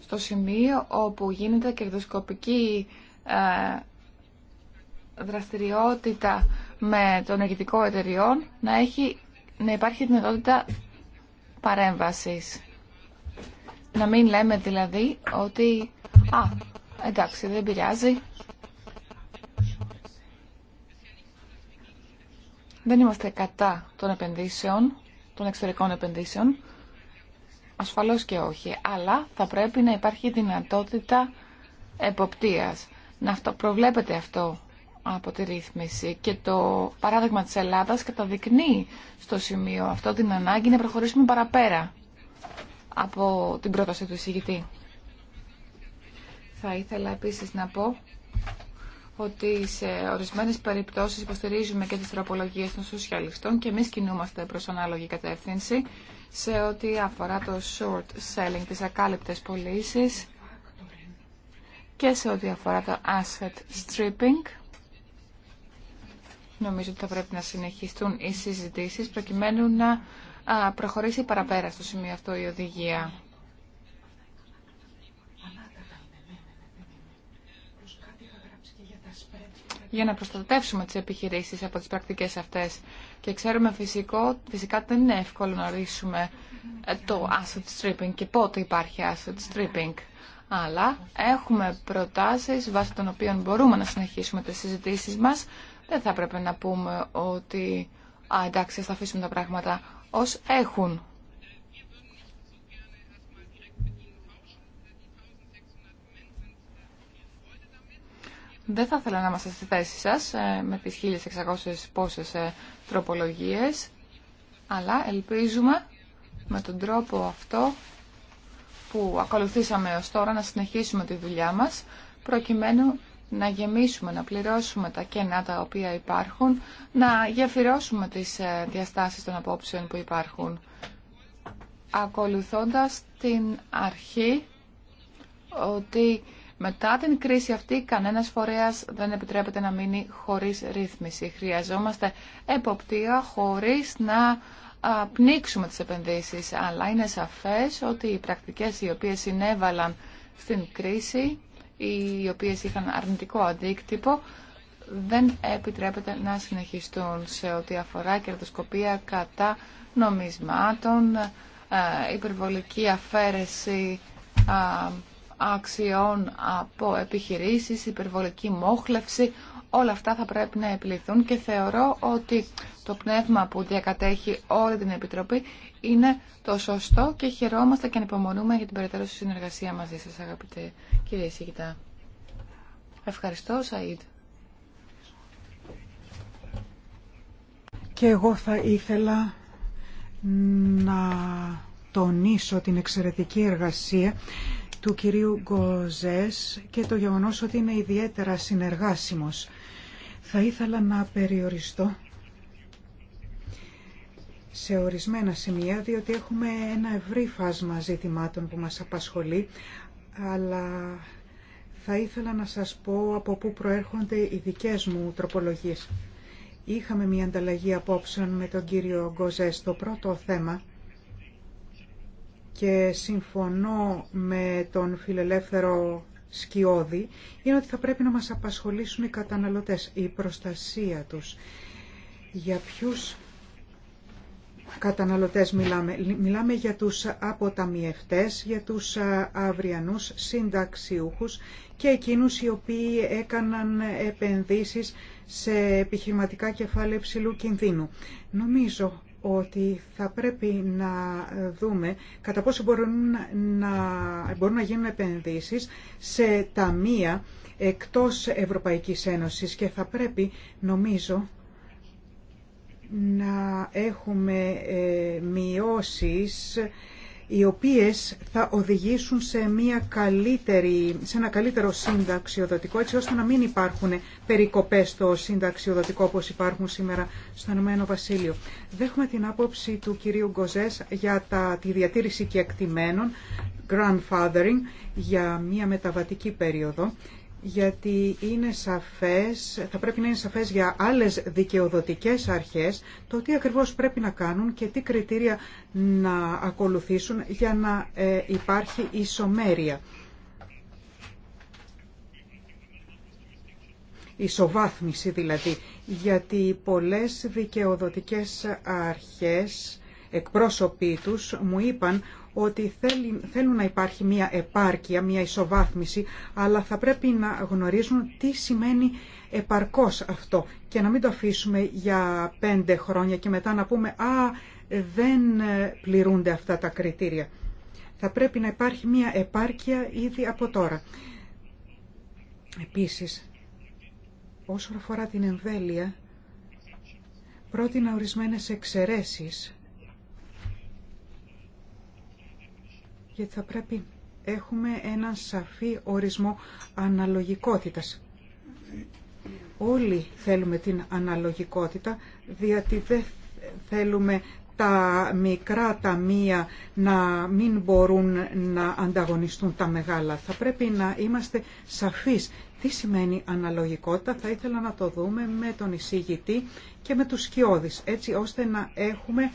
Speaker 2: Στο σημείο όπου γίνεται κερδοσκοπική ε, δραστηριότητα με τον ενεργητικό εταιριών, να, έχει, να υπάρχει δυνατότητα παρέμβασης. Να μην λέμε δηλαδή ότι «Α, εντάξει, δεν πειράζει». Δεν είμαστε κατά των επενδύσεων, των εξωτερικών επενδύσεων, ασφαλώς και όχι, αλλά θα πρέπει να υπάρχει δυνατότητα εποπτείας. Να αυτό, προβλέπεται αυτό από τη ρύθμιση και το παράδειγμα της Ελλάδας καταδεικνύει στο σημείο αυτό την ανάγκη να προχωρήσουμε παραπέρα από την πρόταση του εισηγητή. Θα ήθελα επίσης να πω ότι σε ορισμένες περιπτώσεις υποστηρίζουμε και τις τροπολογίες των σοσιαλιστών και εμείς κινούμαστε προς ανάλογη κατεύθυνση σε ό,τι αφορά το short selling, τις ακάλυπτες πωλήσει και σε ό,τι αφορά το asset stripping Νομίζω ότι θα πρέπει να συνεχιστούν οι συζητήσεις προκειμένου να προχωρήσει παραπέρα στο σημείο αυτό η οδηγία. για να προστατεύσουμε τις επιχειρήσεις από τις πρακτικές αυτές. Και ξέρουμε φυσικό, φυσικά δεν είναι εύκολο να ορίσουμε ε, το asset stripping και πότε υπάρχει asset stripping. Αλλά έχουμε προτάσεις βάσει των οποίων μπορούμε να συνεχίσουμε τις συζητήσεις μας δεν θα πρέπει να πούμε ότι α, εντάξει, θα αφήσουμε τα πράγματα ως έχουν. Δεν θα ήθελα να είμαστε στη θέση σας ε, με τις 1600 πόσες ε, τροπολογίες, αλλά ελπίζουμε με τον τρόπο αυτό που ακολουθήσαμε ως τώρα να συνεχίσουμε τη δουλειά μας προκειμένου να γεμίσουμε, να πληρώσουμε τα κενά τα οποία υπάρχουν, να γεφυρώσουμε τις ε, διαστάσεις των απόψεων που υπάρχουν, ακολουθώντας την αρχή ότι μετά την κρίση αυτή κανένας φορέας δεν επιτρέπεται να μείνει χωρίς ρύθμιση. Χρειαζόμαστε εποπτεία χωρίς να πνίξουμε τις επενδύσεις, αλλά είναι σαφές ότι οι πρακτικές οι οποίες συνέβαλαν στην κρίση οι οποίες είχαν αρνητικό αντίκτυπο δεν επιτρέπεται να συνεχιστούν σε ό,τι αφορά κερδοσκοπία κατά νομισμάτων, ε, υπερβολική αφαίρεση ε, αξιών από επιχειρήσεις, υπερβολική μόχλευση. Όλα αυτά θα πρέπει να επιληθούν και θεωρώ ότι το πνεύμα που διακατέχει όλη την Επιτροπή είναι το σωστό και χαιρόμαστε και ανυπομονούμε για την περαιτέρω συνεργασία μαζί σας αγαπητέ κύριε Σιγητά. Ευχαριστώ Σαντ.
Speaker 4: Και εγώ θα ήθελα να τονίσω την εξαιρετική εργασία του κυρίου Γκοζές και το γεγονός ότι είναι ιδιαίτερα συνεργάσιμος. Θα ήθελα να περιοριστώ σε ορισμένα σημεία, διότι έχουμε ένα ευρύ φάσμα ζητημάτων που μας απασχολεί, αλλά θα ήθελα να σας πω από πού προέρχονται οι δικές μου τροπολογίες. Είχαμε μια ανταλλαγή απόψεων με τον κύριο Γκοζέ στο πρώτο θέμα και συμφωνώ με τον φιλελεύθερο σκιώδη είναι ότι θα πρέπει να μας απασχολήσουν οι καταναλωτές, η προστασία τους. Για ποιους καταναλωτές μιλάμε. Μιλάμε για τους αποταμιευτές, για τους αυριανούς συνταξιούχους και εκείνους οι οποίοι έκαναν επενδύσεις σε επιχειρηματικά κεφάλαια υψηλού κινδύνου. Νομίζω ότι θα πρέπει να δούμε κατά πόσο μπορούν να, μπορούν να γίνουν επενδύσεις σε ταμεία εκτός Ευρωπαϊκής Ένωσης και θα πρέπει νομίζω να έχουμε ε, μειώσεις οι οποίες θα οδηγήσουν σε, μια καλύτερη, σε ένα καλύτερο συνταξιοδοτικό, έτσι ώστε να μην υπάρχουν περικοπές στο συνταξιοδοτικό όπως υπάρχουν σήμερα στο Ηνωμένο Βασίλειο. Δέχομαι την άποψη του κυρίου Γκοζές για τα, τη διατήρηση και εκτιμένων, grandfathering, για μια μεταβατική περίοδο γιατί είναι σαφές, θα πρέπει να είναι σαφές για άλλες δικαιοδοτικές αρχές το τι ακριβώς πρέπει να κάνουν και τι κριτήρια να ακολουθήσουν για να ε, υπάρχει ισομέρεια. Ισοβάθμιση δηλαδή, γιατί πολλές δικαιοδοτικές αρχές εκπρόσωποι τους μου είπαν ότι θέλουν να υπάρχει μια επάρκεια, μια ισοβάθμιση, αλλά θα πρέπει να γνωρίζουν τι σημαίνει επαρκώς αυτό και να μην το αφήσουμε για πέντε χρόνια και μετά να πούμε «Α, δεν ε, πληρούνται αυτά τα κριτήρια». Θα πρέπει να υπάρχει μια επάρκεια ήδη από τώρα. Επίσης, όσον αφορά την εμβέλεια, πρότεινα ορισμένες εξαιρέσεις γιατί θα πρέπει έχουμε ένα σαφή ορισμό αναλογικότητας. Όλοι θέλουμε την αναλογικότητα, διότι δεν θέλουμε τα μικρά ταμεία να μην μπορούν να ανταγωνιστούν τα μεγάλα. Θα πρέπει να είμαστε σαφείς τι σημαίνει αναλογικότητα. Θα ήθελα να το δούμε με τον εισηγητή και με τους σκιώδεις, έτσι ώστε να έχουμε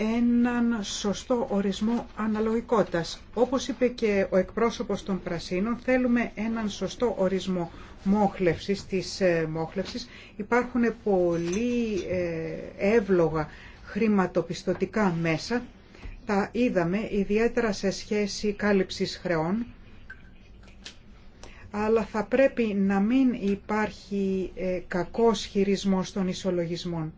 Speaker 4: έναν σωστό ορισμό αναλογικότητας. Όπως είπε και ο εκπρόσωπος των Πρασίνων, θέλουμε έναν σωστό ορισμό μόχλευσης, της ε, μόχλευσης. Υπάρχουν πολύ ε, εύλογα χρηματοπιστωτικά μέσα. Τα είδαμε ιδιαίτερα σε σχέση κάλυψης χρεών, αλλά θα πρέπει να μην υπάρχει ε, κακός χειρισμός των ισολογισμών.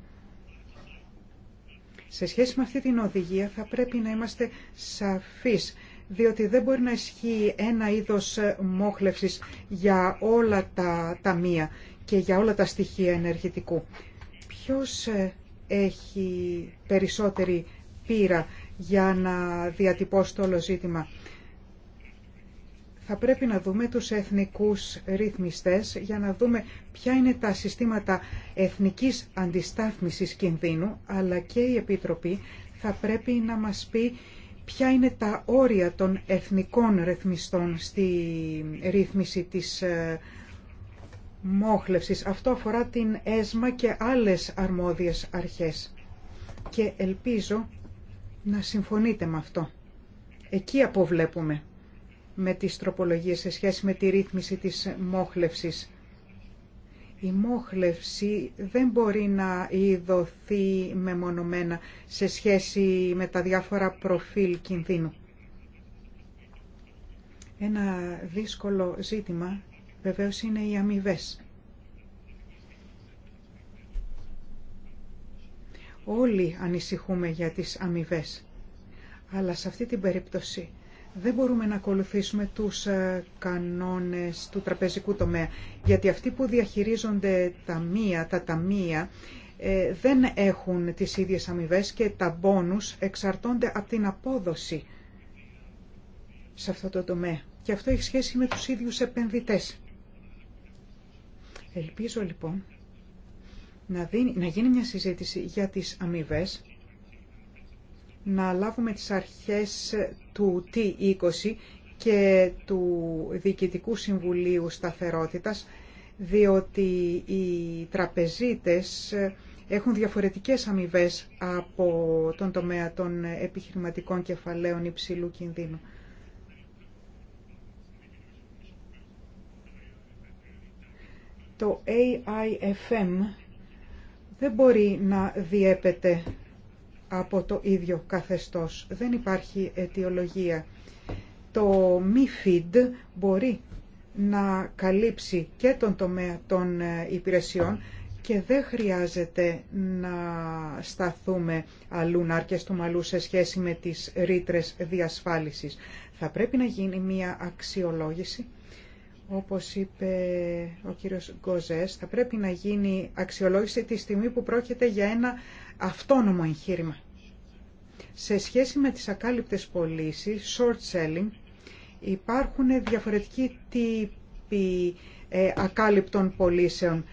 Speaker 4: Σε σχέση με αυτή την οδηγία θα πρέπει να είμαστε σαφείς, διότι δεν μπορεί να ισχύει ένα είδος μόχλευσης για όλα τα ταμεία και για όλα τα στοιχεία ενεργητικού. Ποιος ε, έχει περισσότερη πείρα για να διατυπώσει το όλο ζήτημα θα πρέπει να δούμε τους εθνικούς ρυθμιστές για να δούμε ποια είναι τα συστήματα εθνικής αντιστάθμισης κινδύνου, αλλά και η Επιτροπή θα πρέπει να μας πει ποια είναι τα όρια των εθνικών ρυθμιστών στη ρύθμιση της ε, μόχλευσης. Αυτό αφορά την ΕΣΜΑ και άλλες αρμόδιες αρχές. Και ελπίζω να συμφωνείτε με αυτό. Εκεί αποβλέπουμε με τις τροπολογίες σε σχέση με τη ρύθμιση της μόχλευσης. Η μόχλευση δεν μπορεί να ειδωθεί μεμονωμένα σε σχέση με τα διάφορα προφίλ κινδύνου. Ένα δύσκολο ζήτημα βεβαίως είναι οι αμοιβέ. Όλοι ανησυχούμε για τις αμοιβέ, αλλά σε αυτή την περίπτωση δεν μπορούμε να ακολουθήσουμε τους ε, κανόνες του τραπεζικού τομέα, γιατί αυτοί που διαχειρίζονται τα μία, τα ταμεία ε, δεν έχουν τις ίδιες αμοιβέ και τα μπόνους εξαρτώνται από την απόδοση σε αυτό το τομέα. Και αυτό έχει σχέση με τους ίδιους επενδυτές. Ελπίζω λοιπόν να, δίνει, να γίνει μια συζήτηση για τις αμοιβέ να λάβουμε τις αρχές του T20 και του Διοικητικού Συμβουλίου Σταθερότητας, διότι οι τραπεζίτες έχουν διαφορετικές αμοιβέ από τον τομέα των επιχειρηματικών κεφαλαίων υψηλού κινδύνου. Το AIFM δεν μπορεί να διέπεται από το ίδιο καθεστώς. Δεν υπάρχει αιτιολογία. Το feed μπορεί να καλύψει και τον τομέα των ε, υπηρεσιών και δεν χρειάζεται να σταθούμε αλλού να αρκεστούμε αλλού σε σχέση με τις ρήτρε διασφάλισης. Θα πρέπει να γίνει μια αξιολόγηση, όπως είπε ο κύριος Γκοζές, θα πρέπει να γίνει αξιολόγηση τη στιγμή που πρόκειται για ένα αυτόνομο εγχείρημα. Σε σχέση με τις ακάλυπτες πωλήσει, short selling, υπάρχουν διαφορετικοί τύποι ε, ακάλυπτων πωλήσεων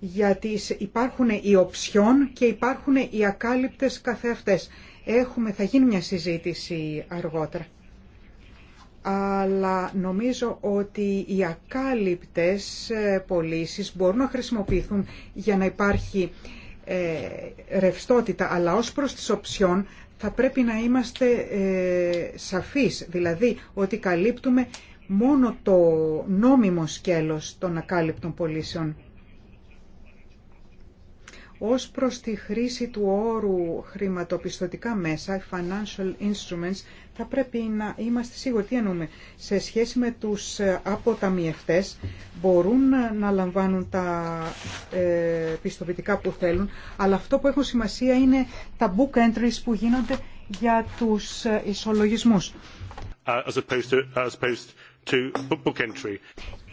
Speaker 4: γιατί υπάρχουν οι οψιών και υπάρχουν οι ακάλυπτες καθεαυτές. Έχουμε, θα γίνει μια συζήτηση αργότερα. Αλλά νομίζω ότι οι ακάλυπτες ε, πωλήσει μπορούν να χρησιμοποιηθούν για να υπάρχει ε, ρευστότητα, αλλά ως προς τις οψιών θα πρέπει να είμαστε ε, σαφείς, δηλαδή ότι καλύπτουμε μόνο το νόμιμο σκέλος των ακάλυπτων πωλήσεων. Ως προς τη χρήση του όρου χρηματοπιστωτικά μέσα, financial instruments, θα πρέπει να είμαστε σίγουροι τι εννοούμε. Σε σχέση με τους ε, αποταμιευτές μπορούν να λαμβάνουν τα ε, πιστοποιητικά που θέλουν, αλλά αυτό που έχουν σημασία είναι τα book entries που γίνονται για τους ισολογισμούς.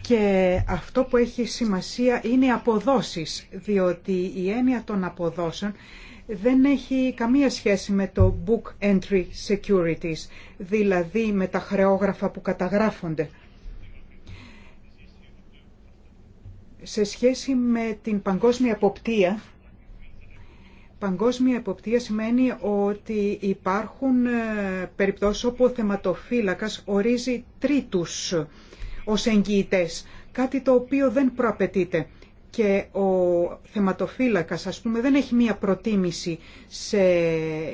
Speaker 4: Και αυτό που έχει σημασία είναι οι αποδόσεις, διότι η έννοια των αποδόσεων δεν έχει καμία σχέση με το book entry securities, δηλαδή με τα χρεόγραφα που καταγράφονται. Σε σχέση με την παγκόσμια εποπτεία, παγκόσμια εποπτεία σημαίνει ότι υπάρχουν ε, περιπτώσεις όπου ο θεματοφύλακας ορίζει τρίτους ως εγγυητές, κάτι το οποίο δεν προαπαιτείται. Και ο θεματοφύλακας, ας πούμε, δεν έχει μία προτίμηση σε...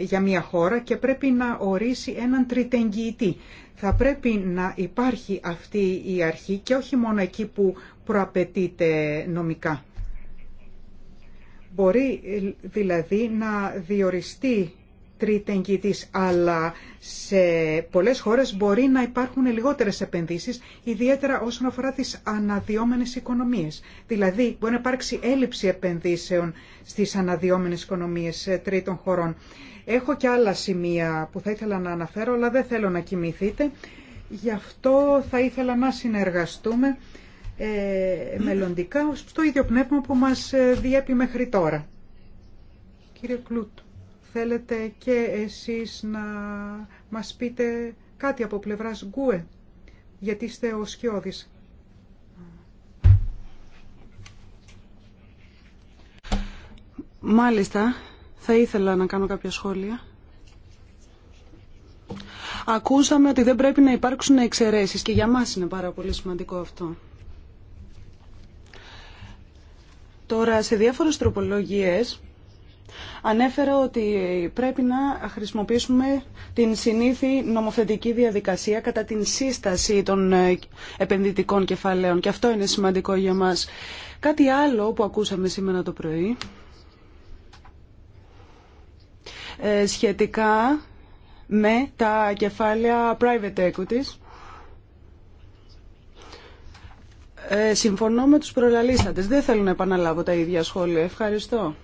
Speaker 4: για μία χώρα και πρέπει να ορίσει έναν τριτεγγυητή. Θα πρέπει να υπάρχει αυτή η αρχή και όχι μόνο εκεί που προαπαιτείται νομικά. Μπορεί ε, δηλαδή να διοριστεί αλλά σε πολλές χώρες μπορεί να υπάρχουν λιγότερες επενδύσεις, ιδιαίτερα όσον αφορά τις αναδιόμενες οικονομίες. Δηλαδή, μπορεί να υπάρξει έλλειψη επενδύσεων στις αναδιόμενες οικονομίες ε, τρίτων χωρών. Έχω και άλλα σημεία που θα ήθελα να αναφέρω, αλλά δεν θέλω να κοιμηθείτε. Γι' αυτό θα ήθελα να συνεργαστούμε ε, μελλοντικά στο ίδιο πνεύμα που μας ε, διέπει μέχρι τώρα. Κύριε Κλούτ θέλετε και εσείς να μας πείτε κάτι από πλευράς Γκουε,
Speaker 3: γιατί είστε ο Σκιώδης. Μάλιστα, θα ήθελα να κάνω κάποια σχόλια. Ακούσαμε ότι δεν πρέπει να υπάρξουν εξαιρέσεις και για μας είναι πάρα πολύ σημαντικό αυτό. Τώρα, σε διάφορες τροπολογίες Ανέφερα ότι πρέπει να χρησιμοποιήσουμε την συνήθη νομοθετική διαδικασία κατά την σύσταση των ε, επενδυτικών κεφαλαίων και αυτό είναι σημαντικό για μας. Κάτι άλλο που ακούσαμε σήμερα το πρωί ε, σχετικά με τα κεφάλαια private equities. Ε, συμφωνώ με τους προλαλήσαντες. Δεν θέλω να επαναλάβω τα ίδια σχόλια. Ευχαριστώ.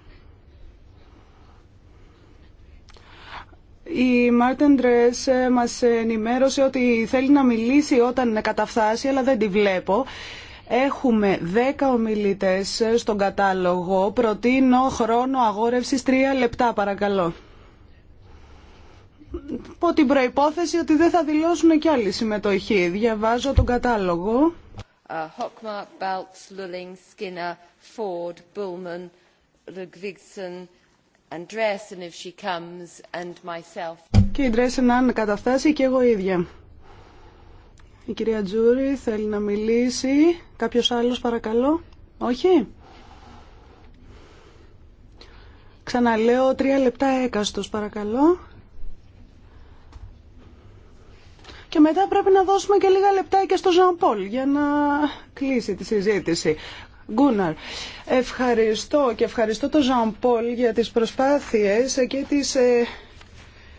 Speaker 3: Η Μάρτεν Ντρες ε, μας ενημέρωσε ότι θέλει να μιλήσει όταν καταφθάσει, αλλά δεν τη βλέπω. Έχουμε 10 ομιλητές στον κατάλογο. Προτείνω χρόνο αγόρευσης 3 λεπτά, παρακαλώ. Πω την προϋπόθεση ότι δεν θα δηλώσουν κι άλλη συμμετοχή. Διαβάζω τον κατάλογο.
Speaker 1: Ε, Lulling, Ford, Bullman,
Speaker 3: και η Ντρέσεν αν καταθέσει και εγώ ίδια. Η κυρία Τζούρι θέλει να μιλήσει. Κάποιος άλλος παρακαλώ. Όχι. Ξαναλέω τρία λεπτά έκαστος παρακαλώ. Και μετά πρέπει να δώσουμε και λίγα λεπτά και στο Ζαμπόλ για να κλείσει τη συζήτηση. Γκούναρ. Ευχαριστώ και ευχαριστώ τον Ζαν Πολ για τις προσπάθειες και τις ε,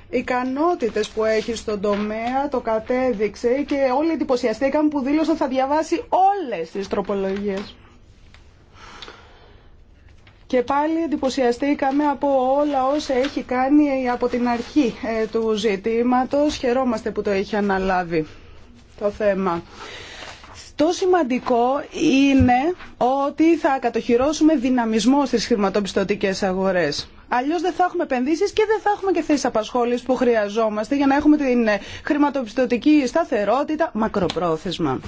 Speaker 3: ικανότητες που έχει στον τομέα, το κατέδειξε και όλοι εντυπωσιαστήκαν που δήλωσε θα διαβάσει όλες τις τροπολογίες. Και πάλι εντυπωσιαστήκαμε από όλα όσα έχει κάνει από την αρχή ε, του ζητήματος. Χαιρόμαστε που το έχει αναλάβει το θέμα. Το σημαντικό είναι ότι θα κατοχυρώσουμε δυναμισμό στις χρηματοπιστωτικές αγορές. Αλλιώ δεν θα έχουμε επενδύσει και δεν θα έχουμε και θέσει απασχόληση που χρειαζόμαστε για να έχουμε την χρηματοπιστωτική σταθερότητα μακροπρόθεσμα.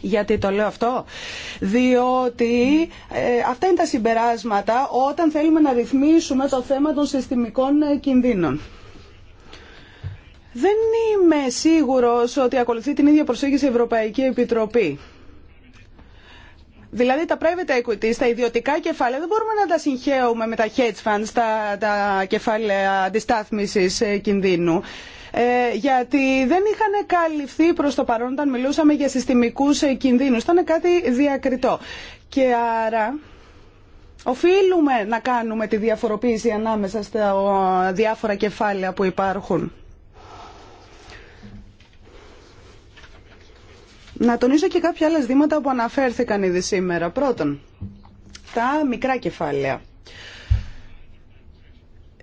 Speaker 3: Γιατί το λέω αυτό. Διότι ε, αυτά είναι τα συμπεράσματα όταν θέλουμε να ρυθμίσουμε το θέμα των συστημικών ε, κινδύνων. Δεν είμαι σίγουρος ότι ακολουθεί την ίδια προσέγγιση η Ευρωπαϊκή Επιτροπή. Δηλαδή τα private equity, τα ιδιωτικά κεφάλαια δεν μπορούμε να τα συγχαίουμε με τα hedge funds, τα, τα κεφάλαια αντιστάθμισης ε, κινδύνου. Ε, γιατί δεν είχαν καλυφθεί προς το παρόν όταν μιλούσαμε για συστημικούς ε, κινδύνους. Ήταν κάτι διακριτό. Και άρα οφείλουμε να κάνουμε τη διαφοροποίηση ανάμεσα στα διάφορα κεφάλαια που υπάρχουν. Να τονίσω και κάποια άλλα ζητήματα που αναφέρθηκαν ήδη σήμερα. Πρώτον, τα μικρά κεφάλαια.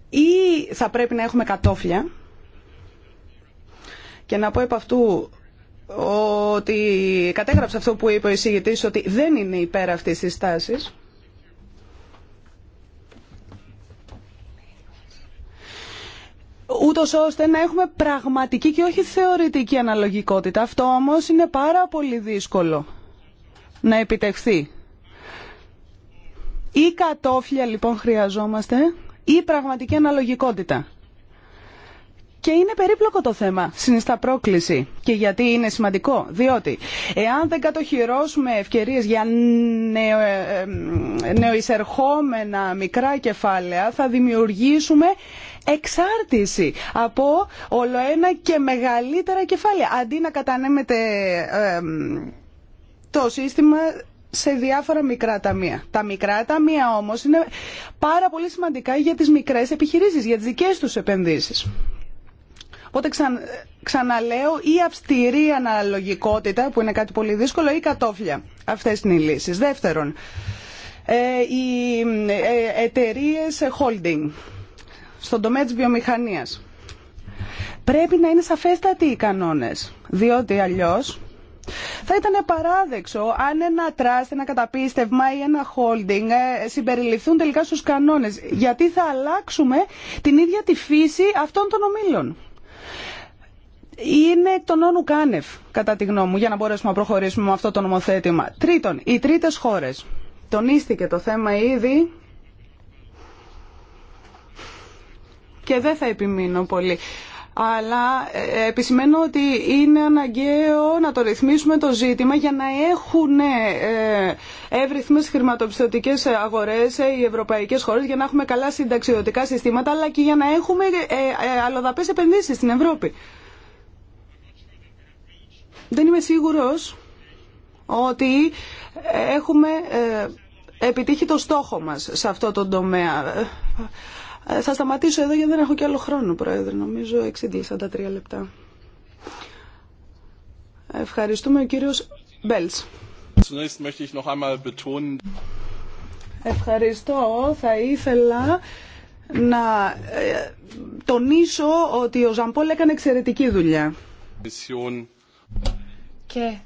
Speaker 3: Ή θα πρέπει να έχουμε κατόφλια και να πω επ' αυτού ότι κατέγραψε αυτό που είπε ο εισηγητής ότι δεν είναι υπέρ αυτής της στάσης ούτως ώστε να έχουμε πραγματική και όχι θεωρητική αναλογικότητα. Αυτό όμως είναι πάρα πολύ δύσκολο να επιτευχθεί. Ή κατόφλια λοιπόν χρειαζόμαστε ή πραγματική αναλογικότητα. Και είναι περίπλοκο το θέμα, συνιστά πρόκληση. Και γιατί είναι σημαντικό. Διότι εάν δεν κατοχυρώσουμε ευκαιρίε για νεο, ε, ε, νεοεισερχόμενα μικρά κεφάλαια, θα δημιουργήσουμε εξάρτηση από όλο ένα και μεγαλύτερα κεφάλαια. Αντί να κατανέμεται το σύστημα σε διάφορα μικρά ταμεία. Τα μικρά ταμεία όμως είναι πάρα πολύ σημαντικά για τις μικρές επιχειρήσεις, για τις δικές τους επενδύσεις. Οπότε ξαναλέω ή αυστηρή αναλογικότητα που είναι κάτι πολύ δύσκολο ή κατόφλια. Αυτές είναι οι λύσεις. Δεύτερον, ε, οι ε, εταιρείε holding στον τομέα της βιομηχανίας. Πρέπει να είναι σαφέστατοι οι κανόνες, διότι αλλιώς θα ήταν παράδεξο αν ένα τράστ, ένα καταπίστευμα ή ένα holding ε, συμπεριληφθούν τελικά στους κανόνες, γιατί θα αλλάξουμε την ίδια τη φύση αυτών των ομίλων είναι τον όνου κάνευ, κατά τη γνώμη μου, για να μπορέσουμε να προχωρήσουμε με αυτό το νομοθέτημα. Τρίτον, οι τρίτε χώρες. Τονίστηκε το θέμα ήδη και δεν θα επιμείνω πολύ. Αλλά ε, επισημαίνω ότι είναι αναγκαίο να το ρυθμίσουμε το ζήτημα για να έχουν ε, εύρυθμες χρηματοπιστωτικές αγορές ε, οι ευρωπαϊκές χώρες για να έχουμε καλά συνταξιδοτικά συστήματα αλλά και για να έχουμε αλλοδαπές επενδύσεις στην Ευρώπη. Δεν είμαι σίγουρος ότι έχουμε ε, επιτύχει το στόχο μας σε αυτό το τομέα. Ε, θα σταματήσω εδώ γιατί δεν έχω και άλλο χρόνο, Πρόεδρε. Νομίζω εξήγησα τα τρία λεπτά. Ευχαριστούμε ο κύριος Μπέλς. Ευχαριστώ. Θα ήθελα να ε, τονίσω ότι ο Ζαμπόλ έκανε εξαιρετική δουλειά
Speaker 2: και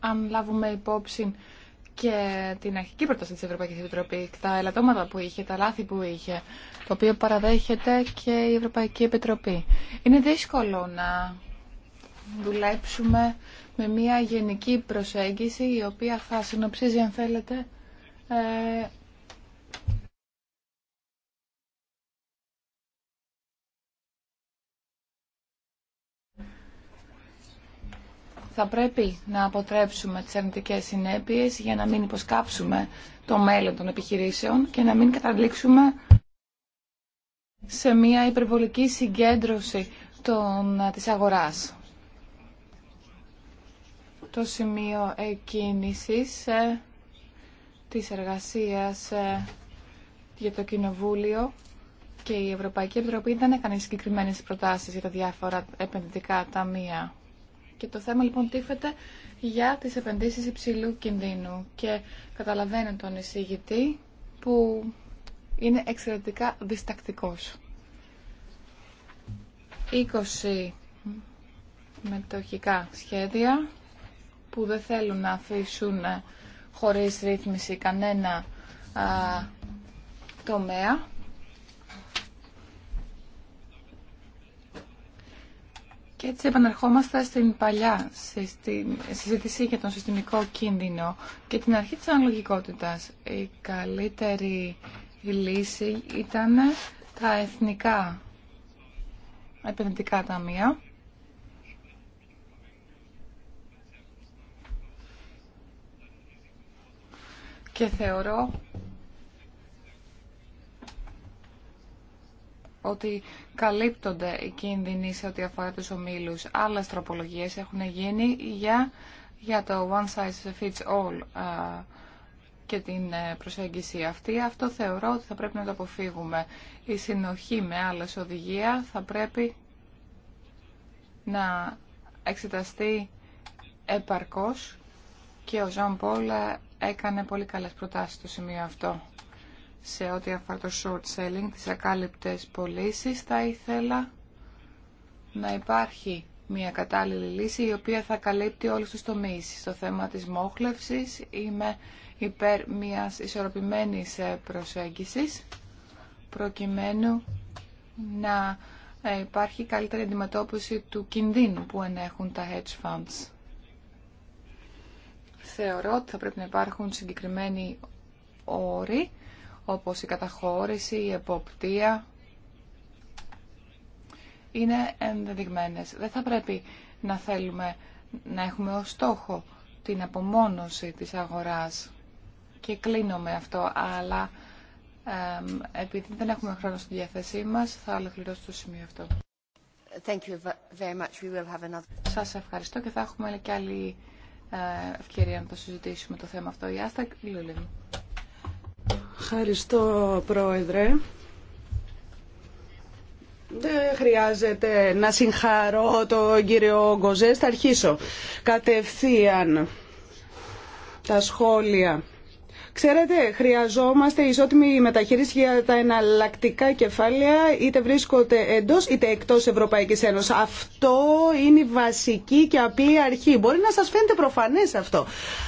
Speaker 2: αν λάβουμε υπόψη και την αρχική πρόταση της Ευρωπαϊκής Επιτροπής, τα ελαττώματα που είχε, τα λάθη που είχε, το οποίο παραδέχεται και η Ευρωπαϊκή Επιτροπή. Είναι δύσκολο να δουλέψουμε με μια γενική προσέγγιση η οποία θα συνοψίζει, αν θέλετε, ε, θα πρέπει να αποτρέψουμε τις αρνητικές συνέπειες για να μην υποσκάψουμε το μέλλον των επιχειρήσεων και να μην καταλήξουμε σε μια υπερβολική συγκέντρωση των, ε, της αγοράς. Το σημείο εκκίνησης ε, της εργασίας ε, για το Κοινοβούλιο και η Ευρωπαϊκή Επιτροπή δεν έκανε συγκεκριμένε προτάσεις για τα διάφορα επενδυτικά ταμεία. Και το θέμα λοιπόν τίθεται για τις επενδύσεις υψηλού κινδύνου. Και καταλαβαίνω τον εισηγητή που είναι εξαιρετικά διστακτικός. 20 μετοχικά σχέδια που δεν θέλουν να αφήσουν χωρίς ρύθμιση κανένα α, τομέα Και έτσι επαναρχόμαστε στην παλιά συζήτηση για τον συστημικό κίνδυνο και την αρχή της αναλογικότητας. Η καλύτερη λύση ήταν τα εθνικά επενδυτικά ταμεία. Και θεωρώ ότι καλύπτονται οι κίνδυνοι σε ό,τι αφορά τους ομίλους. Άλλες τροπολογίες έχουν γίνει για, για το one size fits all και την ε, προσέγγιση αυτή. Αυτό θεωρώ ότι θα πρέπει να το αποφύγουμε. Η συνοχή με άλλες οδηγία θα πρέπει να εξεταστεί επαρκώς και ο Ζαν Πολ ε, έκανε πολύ καλές προτάσεις στο σημείο αυτό σε ό,τι αφορά το short selling, τις ακάλυπτες πωλήσει, θα ήθελα να υπάρχει μια κατάλληλη λύση η οποία θα καλύπτει όλους τους τομείς. Στο θέμα της μόχλευσης είμαι υπέρ μιας ισορροπημένης ε, προσέγγισης προκειμένου να ε, υπάρχει καλύτερη αντιμετώπιση του κινδύνου που ενέχουν τα hedge funds. Θεωρώ ότι θα πρέπει να υπάρχουν συγκεκριμένοι όροι όπως η καταχώρηση, η εποπτεία, είναι ενδεδειγμένες. Δεν θα πρέπει να θέλουμε να έχουμε ως στόχο την απομόνωση της αγοράς. Και κλείνω με αυτό, αλλά επειδή δεν έχουμε χρόνο στη διάθεσή μας, θα ολοκληρώσω το σημείο αυτό. Thank you very much. We will have another... Σας ευχαριστώ και θα έχουμε και άλλη ε, ευκαιρία να το συζητήσουμε το θέμα αυτό. Η Άστα
Speaker 3: Ευχαριστώ, Πρόεδρε. Δεν χρειάζεται να συγχαρώ τον κύριο Γκοζέ. Θα αρχίσω κατευθείαν τα σχόλια Ξέρετε, χρειαζόμαστε ισότιμη μεταχείριση για τα εναλλακτικά κεφάλαια, είτε βρίσκονται εντό είτε εκτό Ευρωπαϊκή Ένωση. Αυτό είναι η βασική και απλή αρχή. Μπορεί να σα φαίνεται προφανέ αυτό,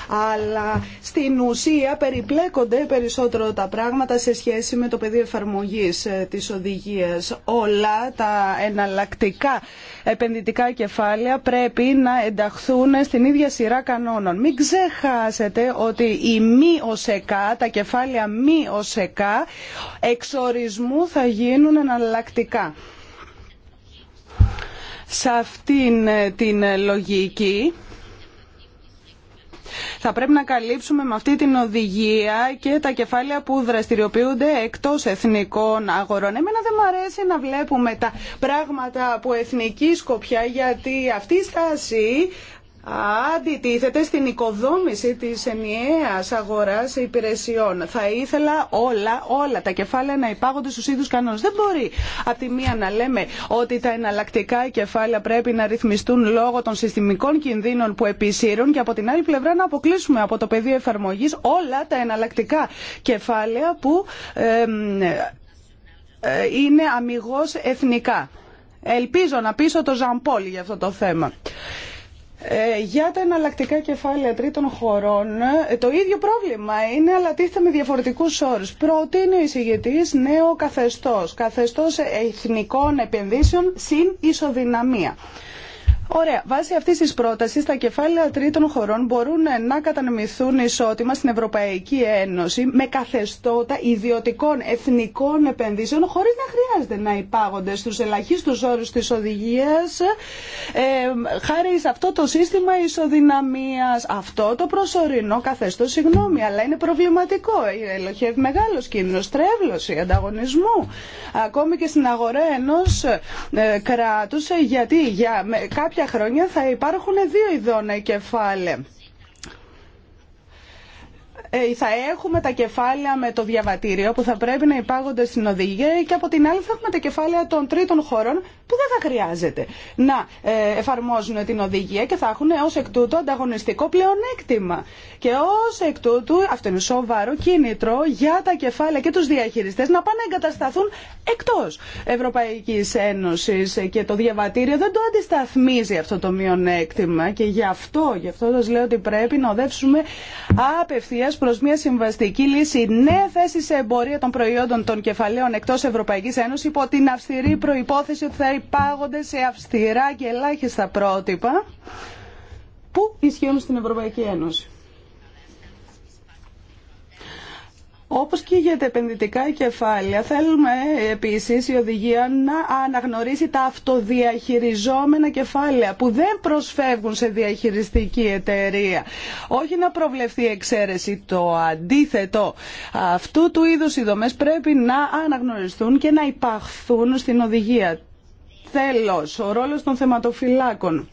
Speaker 3: αλλά στην ουσία περιπλέκονται περισσότερο τα πράγματα σε σχέση με το πεδίο εφαρμογή ε, τη οδηγία. Όλα τα εναλλακτικά επενδυτικά κεφάλαια πρέπει να ενταχθούν στην ίδια σειρά κανόνων. Μην ξεχάσετε ότι η οσεκά, τα κεφάλαια μη οσεκά, εξορισμού θα γίνουν εναλλακτικά. Σε αυτήν την λογική θα πρέπει να καλύψουμε με αυτή την οδηγία και τα κεφάλαια που δραστηριοποιούνται εκτός εθνικών αγορών. Εμένα δεν μου αρέσει να βλέπουμε τα πράγματα από εθνική σκοπιά γιατί αυτή η στάση αντιτίθεται στην οικοδόμηση της ενιαίας αγοράς υπηρεσιών. Θα ήθελα όλα, όλα τα κεφάλαια να υπάγονται στους ίδιους κανόνες. Δεν μπορεί από τη μία να λέμε ότι τα εναλλακτικά κεφάλαια πρέπει να ρυθμιστούν λόγω των συστημικών κινδύνων που επισύρουν και από την άλλη πλευρά να αποκλείσουμε από το πεδίο εφαρμογής όλα τα εναλλακτικά κεφάλαια που ε, είναι αμυγός εθνικά. Ελπίζω να πείσω το Ζαμπόλ για αυτό το θέμα. Ε, για τα εναλλακτικά κεφάλαια τρίτων χωρών ε, το ίδιο πρόβλημα είναι αλλά τίθεται με διαφορετικούς όρου. Προτείνει ο εισηγητή νέο καθεστώς, καθεστώς εθνικών επενδύσεων συν ισοδυναμία. Ωραία. Βάσει αυτή τη πρόταση, τα κεφάλαια τρίτων χωρών μπορούν να κατανεμηθούν ισότιμα στην Ευρωπαϊκή Ένωση με καθεστώτα ιδιωτικών εθνικών επενδύσεων, χωρί να χρειάζεται να υπάγονται στου ελαχίστου όρου τη οδηγία, ε, χάρη σε αυτό το σύστημα ισοδυναμία. Αυτό το προσωρινό καθεστώ, συγγνώμη, αλλά είναι προβληματικό. Ελοχεύει μεγάλο κίνδυνο τρέβλωση, ανταγωνισμού, ακόμη και στην αγορά ενό ε, κράτου, ε, γιατί για με, κάποια χρόνια θα υπάρχουν δύο ειδών κεφάλαια ε, θα έχουμε τα κεφάλαια με το διαβατήριο που θα πρέπει να υπάγονται στην οδηγία και από την άλλη θα έχουμε τα κεφάλαια των τρίτων χωρών που δεν θα χρειάζεται να ε, εφαρμόζουν την οδηγία και θα έχουν ως εκ τούτου ανταγωνιστικό πλεονέκτημα. Και ως εκ τούτου αυτό είναι σοβαρό κίνητρο για τα κεφάλαια και τους διαχειριστές να πάνε να εγκατασταθούν εκτός Ευρωπαϊκής Ένωσης και το διαβατήριο δεν το αντισταθμίζει αυτό το μειονέκτημα και γι' αυτό, γι' αυτό λέω ότι πρέπει να οδεύσουμε απευθεία προς μια συμβαστική λύση ναι θέση σε εμπορία των προϊόντων των κεφαλαίων εκτός Ευρωπαϊκής Ένωσης υπό την αυστηρή προϋπόθεση ότι θα υπάγονται σε αυστηρά και ελάχιστα πρότυπα που ισχύουν στην Ευρωπαϊκή Ένωση. Όπως και για τα επενδυτικά κεφάλαια, θέλουμε επίσης η οδηγία να αναγνωρίσει τα αυτοδιαχειριζόμενα κεφάλαια που δεν προσφεύγουν σε διαχειριστική εταιρεία. Όχι να προβλεφθεί εξαίρεση το αντίθετο. Αυτού του είδους οι δομές πρέπει να αναγνωριστούν και να υπαχθούν στην οδηγία. Τέλος, ο ρόλος των θεματοφυλάκων.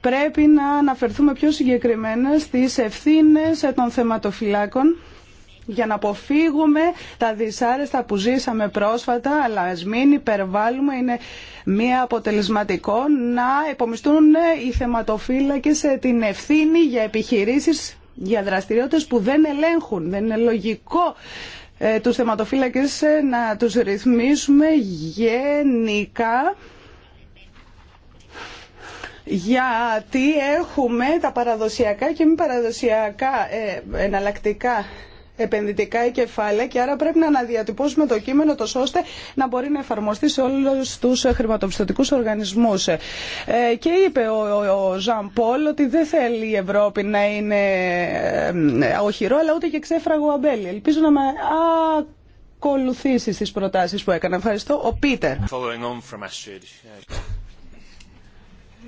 Speaker 3: Πρέπει να αναφερθούμε πιο συγκεκριμένα στις ευθύνες των θεματοφυλάκων για να αποφύγουμε τα δυσάρεστα που ζήσαμε πρόσφατα, αλλά ας μην υπερβάλλουμε, είναι μία αποτελεσματικό να επομιστούν οι θεματοφύλακες την ευθύνη για επιχειρήσεις για δραστηριότητες που δεν ελέγχουν. Δεν είναι λογικό ε, τους θεματοφύλακες ε, να τους ρυθμίσουμε γενικά γιατί έχουμε τα παραδοσιακά και μη παραδοσιακά ε, εναλλακτικά επενδυτικά κεφάλαια και άρα πρέπει να αναδιατυπώσουμε το κείμενο τόσο ώστε να μπορεί να εφαρμοστεί σε όλους τους χρηματοπιστωτικούς οργανισμούς. Ε, και είπε ο Ζαν Πολ ότι δεν θέλει η Ευρώπη να είναι ε, ε, οχυρό αλλά ούτε και ξέφραγο αμπέλι. Ελπίζω να με ακολουθήσει στις προτάσεις που έκανα. Ευχαριστώ. Ο Πίτερ.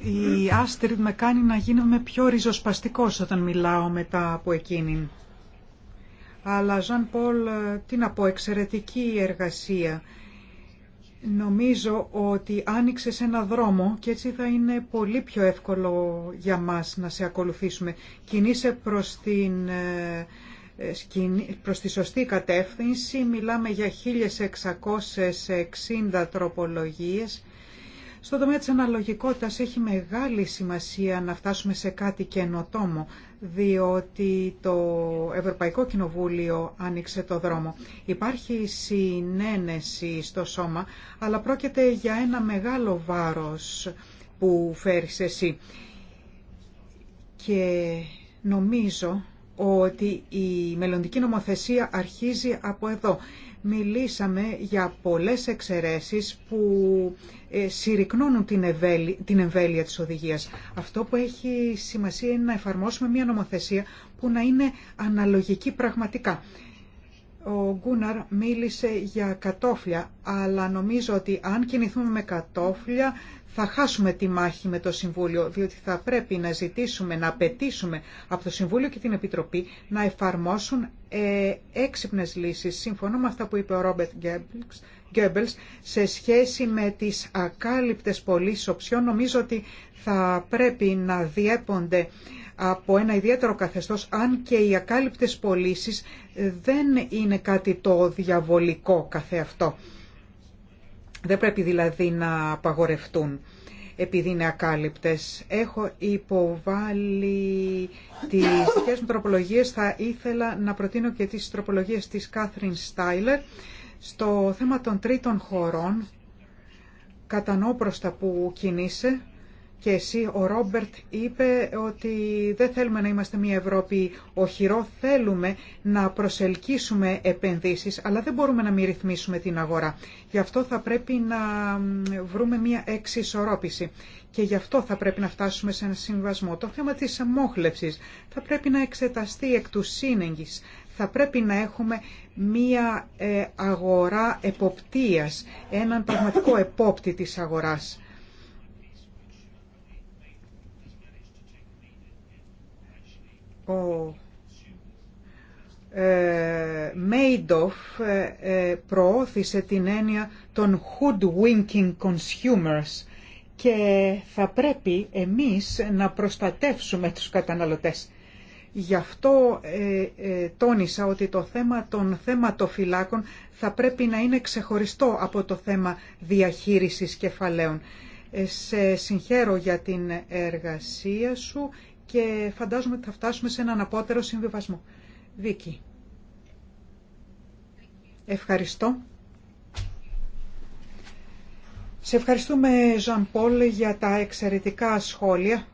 Speaker 3: Η
Speaker 4: Άστριτ με κάνει να γίνομαι πιο ριζοσπαστικός όταν μιλάω μετά από εκείνη αλλά Ζαν Πολ, τι να πω, εξαιρετική εργασία. Νομίζω ότι άνοιξε ένα δρόμο και έτσι θα είναι πολύ πιο εύκολο για μας να σε ακολουθήσουμε. Κινείσαι προς, την, ε, προς τη σωστή κατεύθυνση, μιλάμε για 1660 τροπολογίες στο τομέα της αναλογικότητας έχει μεγάλη σημασία να φτάσουμε σε κάτι καινοτόμο, διότι το Ευρωπαϊκό Κοινοβούλιο άνοιξε το δρόμο. Υπάρχει συνένεση στο σώμα, αλλά πρόκειται για ένα μεγάλο βάρος που φέρεις εσύ. Και νομίζω ότι η μελλοντική νομοθεσία αρχίζει από εδώ. Μιλήσαμε για πολλές εξαιρέσεις που ε, συρρυκνώνουν την εμβέλεια της οδηγίας. Αυτό που έχει σημασία είναι να εφαρμόσουμε μια νομοθεσία που να είναι αναλογική πραγματικά. Ο Γκούναρ μίλησε για κατόφλια, αλλά νομίζω ότι αν κινηθούμε με κατόφλια θα χάσουμε τη μάχη με το Συμβούλιο, διότι θα πρέπει να ζητήσουμε, να απαιτήσουμε από το Συμβούλιο και την Επιτροπή να εφαρμόσουν ε, έξυπνες λύσεις. Συμφωνώ με αυτά που είπε ο Ρόμπερτ Γκέμπλξ Goebbels σε σχέση με τις ακάλυπτες πωλήσει οψιών νομίζω ότι θα πρέπει να διέπονται από ένα ιδιαίτερο καθεστώς αν και οι ακάλυπτες πωλήσει δεν είναι κάτι το διαβολικό καθεαυτό. Δεν πρέπει δηλαδή να απαγορευτούν επειδή είναι ακάλυπτες. Έχω υποβάλει τις δικές μου τροπολογίες. Θα ήθελα να προτείνω και τις τροπολογίες της Κάθριν Στάιλερ στο θέμα των τρίτων χωρών, κατανόπροστα που κινείσαι και εσύ ο Ρόμπερτ είπε ότι δεν θέλουμε να είμαστε μια Ευρώπη οχυρό, θέλουμε να προσελκύσουμε επενδύσεις, αλλά δεν μπορούμε να μην ρυθμίσουμε την αγορά. Γι' αυτό θα πρέπει να βρούμε μια εξισορρόπηση και γι' αυτό θα πρέπει να φτάσουμε σε ένα συμβασμό. Το θέμα της αμόχλευσης θα πρέπει να εξεταστεί εκ του σύνεγγης θα πρέπει να έχουμε μία ε, αγορά εποπτείας, έναν πραγματικό επόπτη της αγοράς. Ο Μέιντοφ ε, ε, προώθησε την έννοια των hoodwinking consumers και θα πρέπει εμείς να προστατεύσουμε τους καταναλωτές. Γι' αυτό ε, ε, τόνισα ότι το θέμα των θέματοφυλάκων θα πρέπει να είναι ξεχωριστό από το θέμα διαχείρισης κεφαλαίων. Ε, σε συγχαίρω για την εργασία σου και φαντάζομαι ότι θα φτάσουμε σε έναν απότερο συμβιβασμό. Βίκυ, Ευχαριστώ. Σε ευχαριστούμε, Ζαν Πολ, για τα εξαιρετικά σχόλια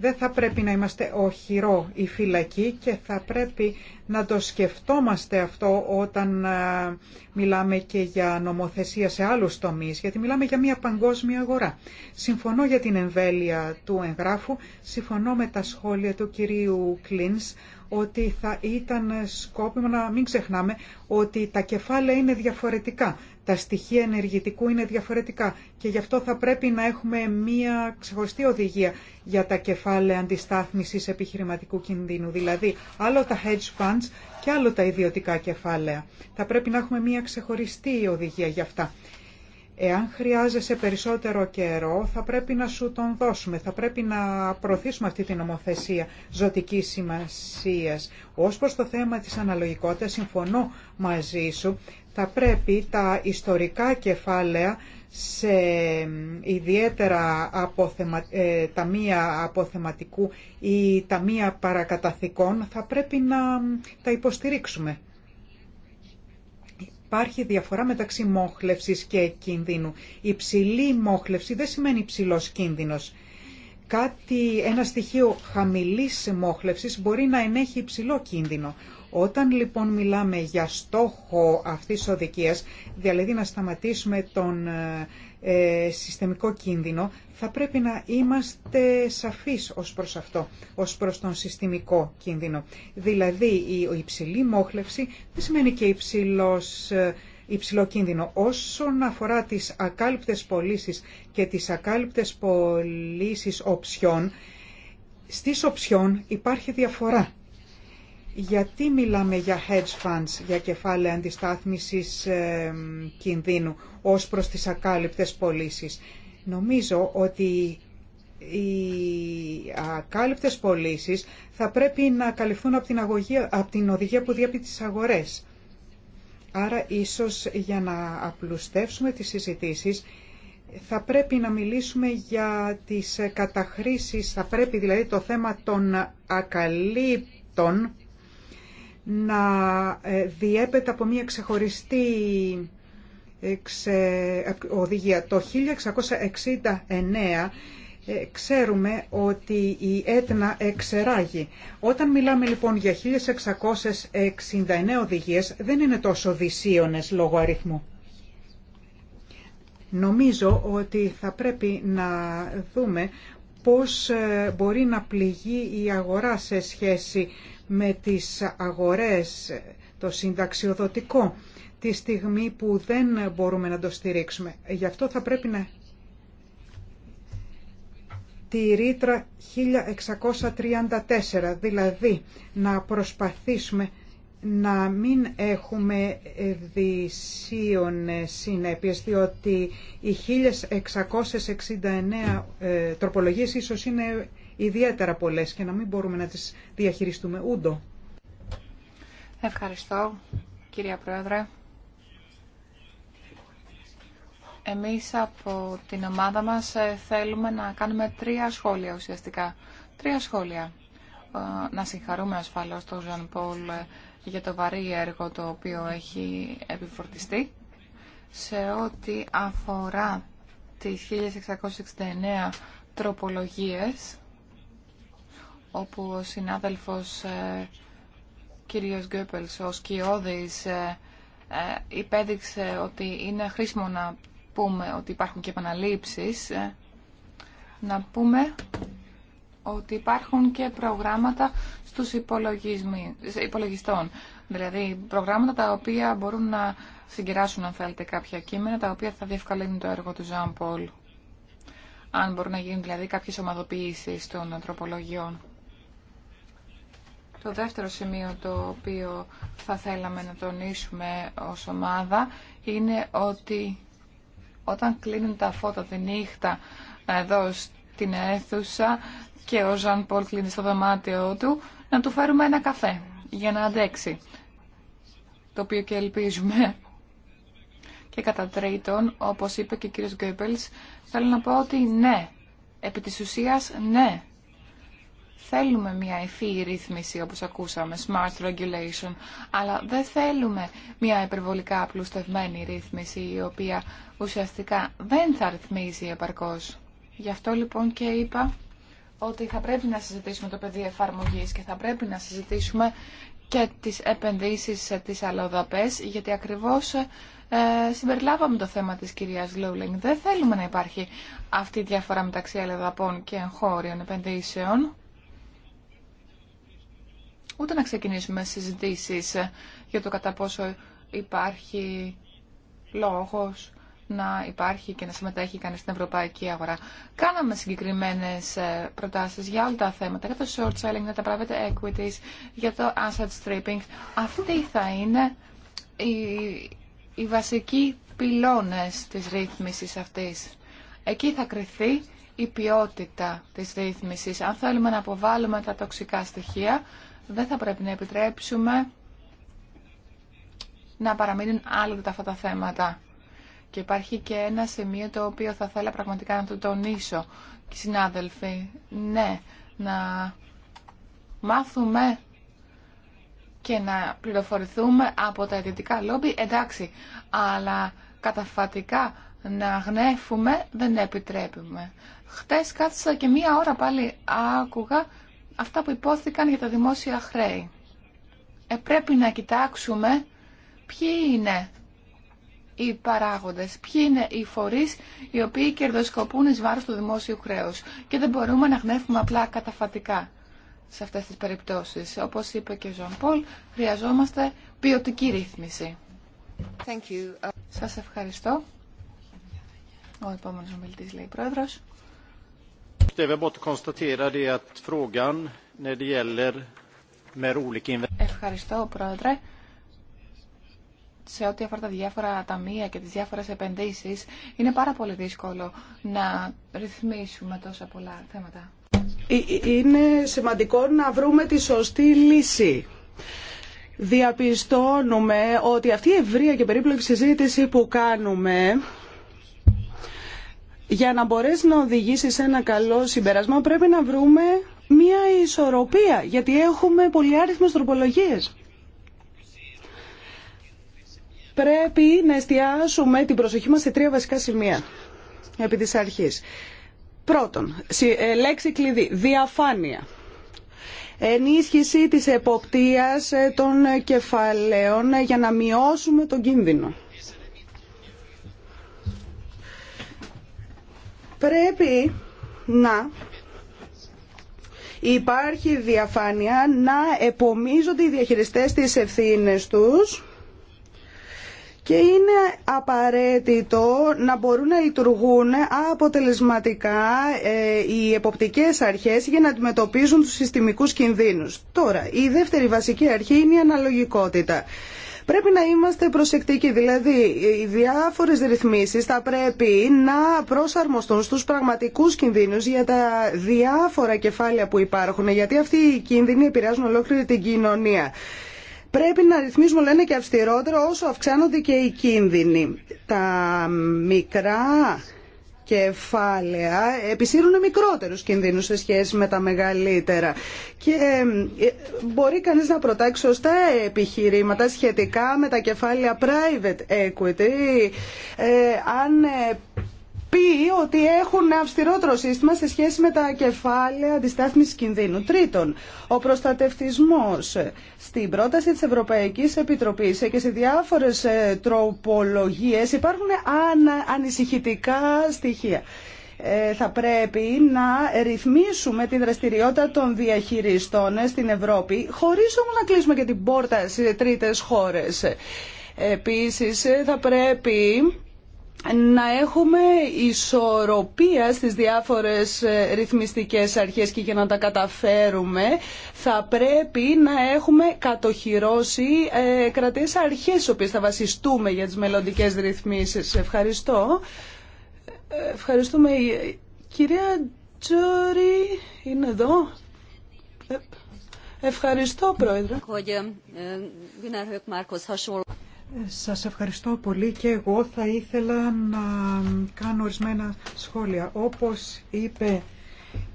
Speaker 4: δεν θα πρέπει να είμαστε οχυρό ή φυλακή και θα πρέπει να το σκεφτόμαστε αυτό όταν ε, μιλάμε και για νομοθεσία σε άλλους τομείς, γιατί μιλάμε για μια παγκόσμια αγορά. Συμφωνώ για την εμβέλεια του εγγράφου, συμφωνώ με τα σχόλια του κυρίου Κλίνς, ότι θα ήταν σκόπιμο να μην ξεχνάμε ότι τα κεφάλαια είναι διαφορετικά τα στοιχεία ενεργητικού είναι διαφορετικά και γι' αυτό θα πρέπει να έχουμε μία ξεχωριστή οδηγία για τα κεφάλαια αντιστάθμισης επιχειρηματικού κινδύνου, δηλαδή άλλο τα hedge funds και άλλο τα ιδιωτικά κεφάλαια. Θα πρέπει να έχουμε μία ξεχωριστή οδηγία για αυτά. Εάν χρειάζεσαι περισσότερο καιρό, θα πρέπει να σου τον δώσουμε. Θα πρέπει να προωθήσουμε αυτή την νομοθεσία ζωτικής σημασίας. Ως προς το θέμα της αναλογικότητας, συμφωνώ μαζί σου θα πρέπει τα ιστορικά κεφάλαια σε ιδιαίτερα αποθεμα... Ε, ταμεία αποθεματικού ή ταμεία παρακαταθήκων θα πρέπει να τα υποστηρίξουμε. Υπάρχει διαφορά μεταξύ μόχλευσης και κίνδυνου. Υψηλή μόχλευση δεν σημαίνει υψηλός κίνδυνος. Κάτι, ένα στοιχείο χαμηλής μόχλευσης μπορεί να ενέχει υψηλό κίνδυνο. Όταν λοιπόν μιλάμε για στόχο αυτής της οδικίας, δηλαδή να σταματήσουμε τον ε, συστημικό κίνδυνο, θα πρέπει να είμαστε σαφείς ως προς αυτό, ως προς τον συστημικό κίνδυνο. Δηλαδή η υψηλή μόχλευση δεν σημαίνει και υψηλός ε, υψηλό κίνδυνο. Όσον αφορά τις ακάλυπτες πωλήσει και τις ακάλυπτες πωλήσει οψιών, στις οψιών υπάρχει διαφορά γιατί μιλάμε για hedge funds, για κεφάλαια αντιστάθμισης κινδύνου ως προς τις ακάλυπτες πωλήσει. Νομίζω ότι οι ακάλυπτες πωλήσει θα πρέπει να καλυφθούν από την, από την οδηγία που διέπει τις αγορές. Άρα ίσως για να απλουστεύσουμε τις συζητήσεις θα πρέπει να μιλήσουμε για τις καταχρήσεις, θα πρέπει δηλαδή το θέμα των ακαλύπτων να ε, διέπεται από μια ξεχωριστή ε, ε, οδηγία. Το 1669 ξέρουμε ότι η Έτνα εξεράγει. Όταν μιλάμε λοιπόν για 1669 οδηγίες δεν είναι τόσο δυσίωνες λόγω αριθμού. Νομίζω ότι θα πρέπει να δούμε πώς μπορεί να πληγεί η αγορά σε σχέση με τις αγορές, το συνταξιοδοτικό, τη στιγμή που δεν μπορούμε να το στηρίξουμε. Γι' αυτό θα πρέπει να τη ρήτρα 1634, δηλαδή να προσπαθήσουμε να μην έχουμε δυσίων συνέπειες, διότι οι 1669 ε, τροπολογίες ίσως είναι ιδιαίτερα πολλές και να μην μπορούμε να τις διαχειριστούμε ούντο.
Speaker 2: Ευχαριστώ, κυρία Πρόεδρε. Εμείς από την ομάδα μας ε, θέλουμε να κάνουμε τρία σχόλια ουσιαστικά. Τρία σχόλια. Ε, να συγχαρούμε ασφαλώς τον Ζανπόλ... Ε, για το βαρύ έργο το οποίο έχει επιφορτιστεί σε ό,τι αφορά τις 1669 τροπολογίες όπου ο συνάδελφος ε, κύριος Γκέπελς, ο Σκιώδης, ε, ε, υπέδειξε ότι είναι χρήσιμο να πούμε ότι υπάρχουν και επαναλήψεις, να πούμε ότι υπάρχουν και προγράμματα στους υπολογιστών. Δηλαδή προγράμματα τα οποία μπορούν να συγκεράσουν αν θέλετε κάποια κείμενα τα οποία θα διευκολύνουν το έργο του Ζαν Πολ. Αν μπορούν να γίνουν δηλαδή κάποιες ομαδοποιήσεις των ανθρωπολογιών. Το δεύτερο σημείο το οποίο θα θέλαμε να τονίσουμε ως ομάδα είναι ότι όταν κλείνουν τα φώτα τη νύχτα εδώ στην αίθουσα και ο Ζαν Πολ κλείνει στο δωμάτιο του, να του φέρουμε ένα καφέ για να αντέξει, το οποίο και ελπίζουμε. Και κατά τρίτον, όπως είπε και ο κύριος Γκέμπελς, θέλω να πω ότι ναι, επί της ουσίας ναι, Θέλουμε μια ευφύη ρύθμιση, όπως ακούσαμε, smart regulation, αλλά δεν θέλουμε μια υπερβολικά απλουστευμένη ρύθμιση, η οποία ουσιαστικά δεν θα ρυθμίζει επαρκώς. Γι' αυτό λοιπόν και είπα ότι θα πρέπει να συζητήσουμε το πεδίο εφαρμογή και θα πρέπει να συζητήσουμε και τις επενδύσεις σε τις αλλοδαπές, γιατί ακριβώς ε, συμπεριλάβαμε το θέμα της κυρίας Λούλινγκ. Δεν θέλουμε να υπάρχει αυτή η διαφορά μεταξύ αλλοδαπών και εγχώριων επενδύσεων ούτε να ξεκινήσουμε συζητήσεις για το κατά πόσο υπάρχει λόγος να υπάρχει και να συμμετέχει κανείς στην ευρωπαϊκή αγορά. Κάναμε συγκεκριμένες ε, προτάσεις για όλα τα θέματα, για το short selling, για τα private equities, για το asset stripping. Αυτή θα είναι η, οι βασικοί πυλώνες της ρύθμισης αυτής. Εκεί θα κρυθεί η ποιότητα της ρύθμισης. Αν θέλουμε να αποβάλουμε τα τοξικά στοιχεία, δεν θα πρέπει να επιτρέψουμε να παραμείνουν άλλοτε αυτά τα θέματα. Και υπάρχει και ένα σημείο το οποίο θα θέλα πραγματικά να το τονίσω. Και συνάδελφοι, ναι, να μάθουμε και να πληροφορηθούμε από τα ιδιωτικά λόμπι, εντάξει, αλλά καταφατικά να γνέφουμε δεν επιτρέπουμε. Χτες κάθισα και μία ώρα πάλι άκουγα αυτά που υπόθηκαν για τα δημόσια χρέη. Ε, πρέπει να κοιτάξουμε ποιοι είναι οι παράγοντες, ποιοι είναι οι φορείς οι οποίοι κερδοσκοπούν εις βάρος του δημόσιου χρέους και δεν μπορούμε να γνέφουμε απλά καταφατικά σε αυτές τις περιπτώσεις. Όπως είπε και ο Ζων Πολ, χρειαζόμαστε ποιοτική ρύθμιση. Thank Σας ευχαριστώ. Ο επόμενος λέει Ευχαριστώ, Πρόεδρε. Σε ό,τι αφορά τα διάφορα ταμεία και τις διάφορες επενδύσεις, είναι πάρα πολύ δύσκολο να ρυθμίσουμε τόσα πολλά θέματα.
Speaker 3: Ε, ε, είναι σημαντικό να βρούμε τη σωστή λύση διαπιστώνουμε ότι αυτή η ευρεία και περίπλοκη συζήτηση που κάνουμε για να μπορέσει να οδηγήσει σε ένα καλό συμπερασμό πρέπει να βρούμε μία ισορροπία, γιατί έχουμε πολυάριθμες τροπολογίες. Πρέπει να εστιάσουμε την προσοχή μας σε τρία βασικά σημεία επί της αρχής. Πρώτον, ε, λέξη κλειδί, διαφάνεια. Ενίσχυση της εποπτείας ε, των κεφαλαίων ε, για να μειώσουμε τον κίνδυνο. Πρέπει να υπάρχει διαφάνεια, να επομίζονται οι διαχειριστές τις ευθύνες τους και είναι απαραίτητο να μπορούν να λειτουργούν αποτελεσματικά ε, οι εποπτικές αρχές για να αντιμετωπίζουν τους συστημικούς κινδύνους. Τώρα, η δεύτερη βασική αρχή είναι η αναλογικότητα. Πρέπει να είμαστε προσεκτικοί, δηλαδή οι διάφορες ρυθμίσει θα πρέπει να προσαρμοστούν στου πραγματικού κινδύνους για τα διάφορα κεφάλαια που υπάρχουν, γιατί αυτοί οι κίνδυνοι επηρεάζουν ολόκληρη την κοινωνία. Πρέπει να ρυθμίσουμε, λένε και αυστηρότερο όσο αυξάνονται και οι κίνδυνοι. Τα μικρά κεφάλαια επισύρουν μικρότερους κινδύνους σε σχέση με τα μεγαλύτερα. Και ε, ε, μπορεί κανείς να προτάξει σωστά επιχειρήματα σχετικά με τα κεφάλαια private equity. Ε, αν πει ότι έχουν αυστηρότερο σύστημα σε σχέση με τα κεφάλαια αντιστάθμισης κινδύνου. Τρίτον, ο προστατευτισμός στην πρόταση της Ευρωπαϊκής Επιτροπής και σε διάφορες ε, τροπολογίες υπάρχουν ανησυχητικά στοιχεία ε, θα πρέπει να ρυθμίσουμε την δραστηριότητα των διαχειριστών ε, στην Ευρώπη, χωρίς όμως να κλείσουμε και την πόρτα σε τρίτες χώρες. Επίσης, θα πρέπει να έχουμε ισορροπία στις διάφορες ε, ρυθμιστικές αρχές και για να τα καταφέρουμε θα πρέπει να έχουμε κατοχυρώσει ε, κρατές αρχές στις οποίες θα βασιστούμε για τις μελλοντικές ρυθμίσεις. Ευχαριστώ. Ε, ευχαριστούμε. Ε, κυρία Τζόρι είναι εδώ. Ευχαριστώ, Πρόεδρε.
Speaker 4: Σας ευχαριστώ πολύ και εγώ θα ήθελα να κάνω ορισμένα σχόλια. Όπως είπε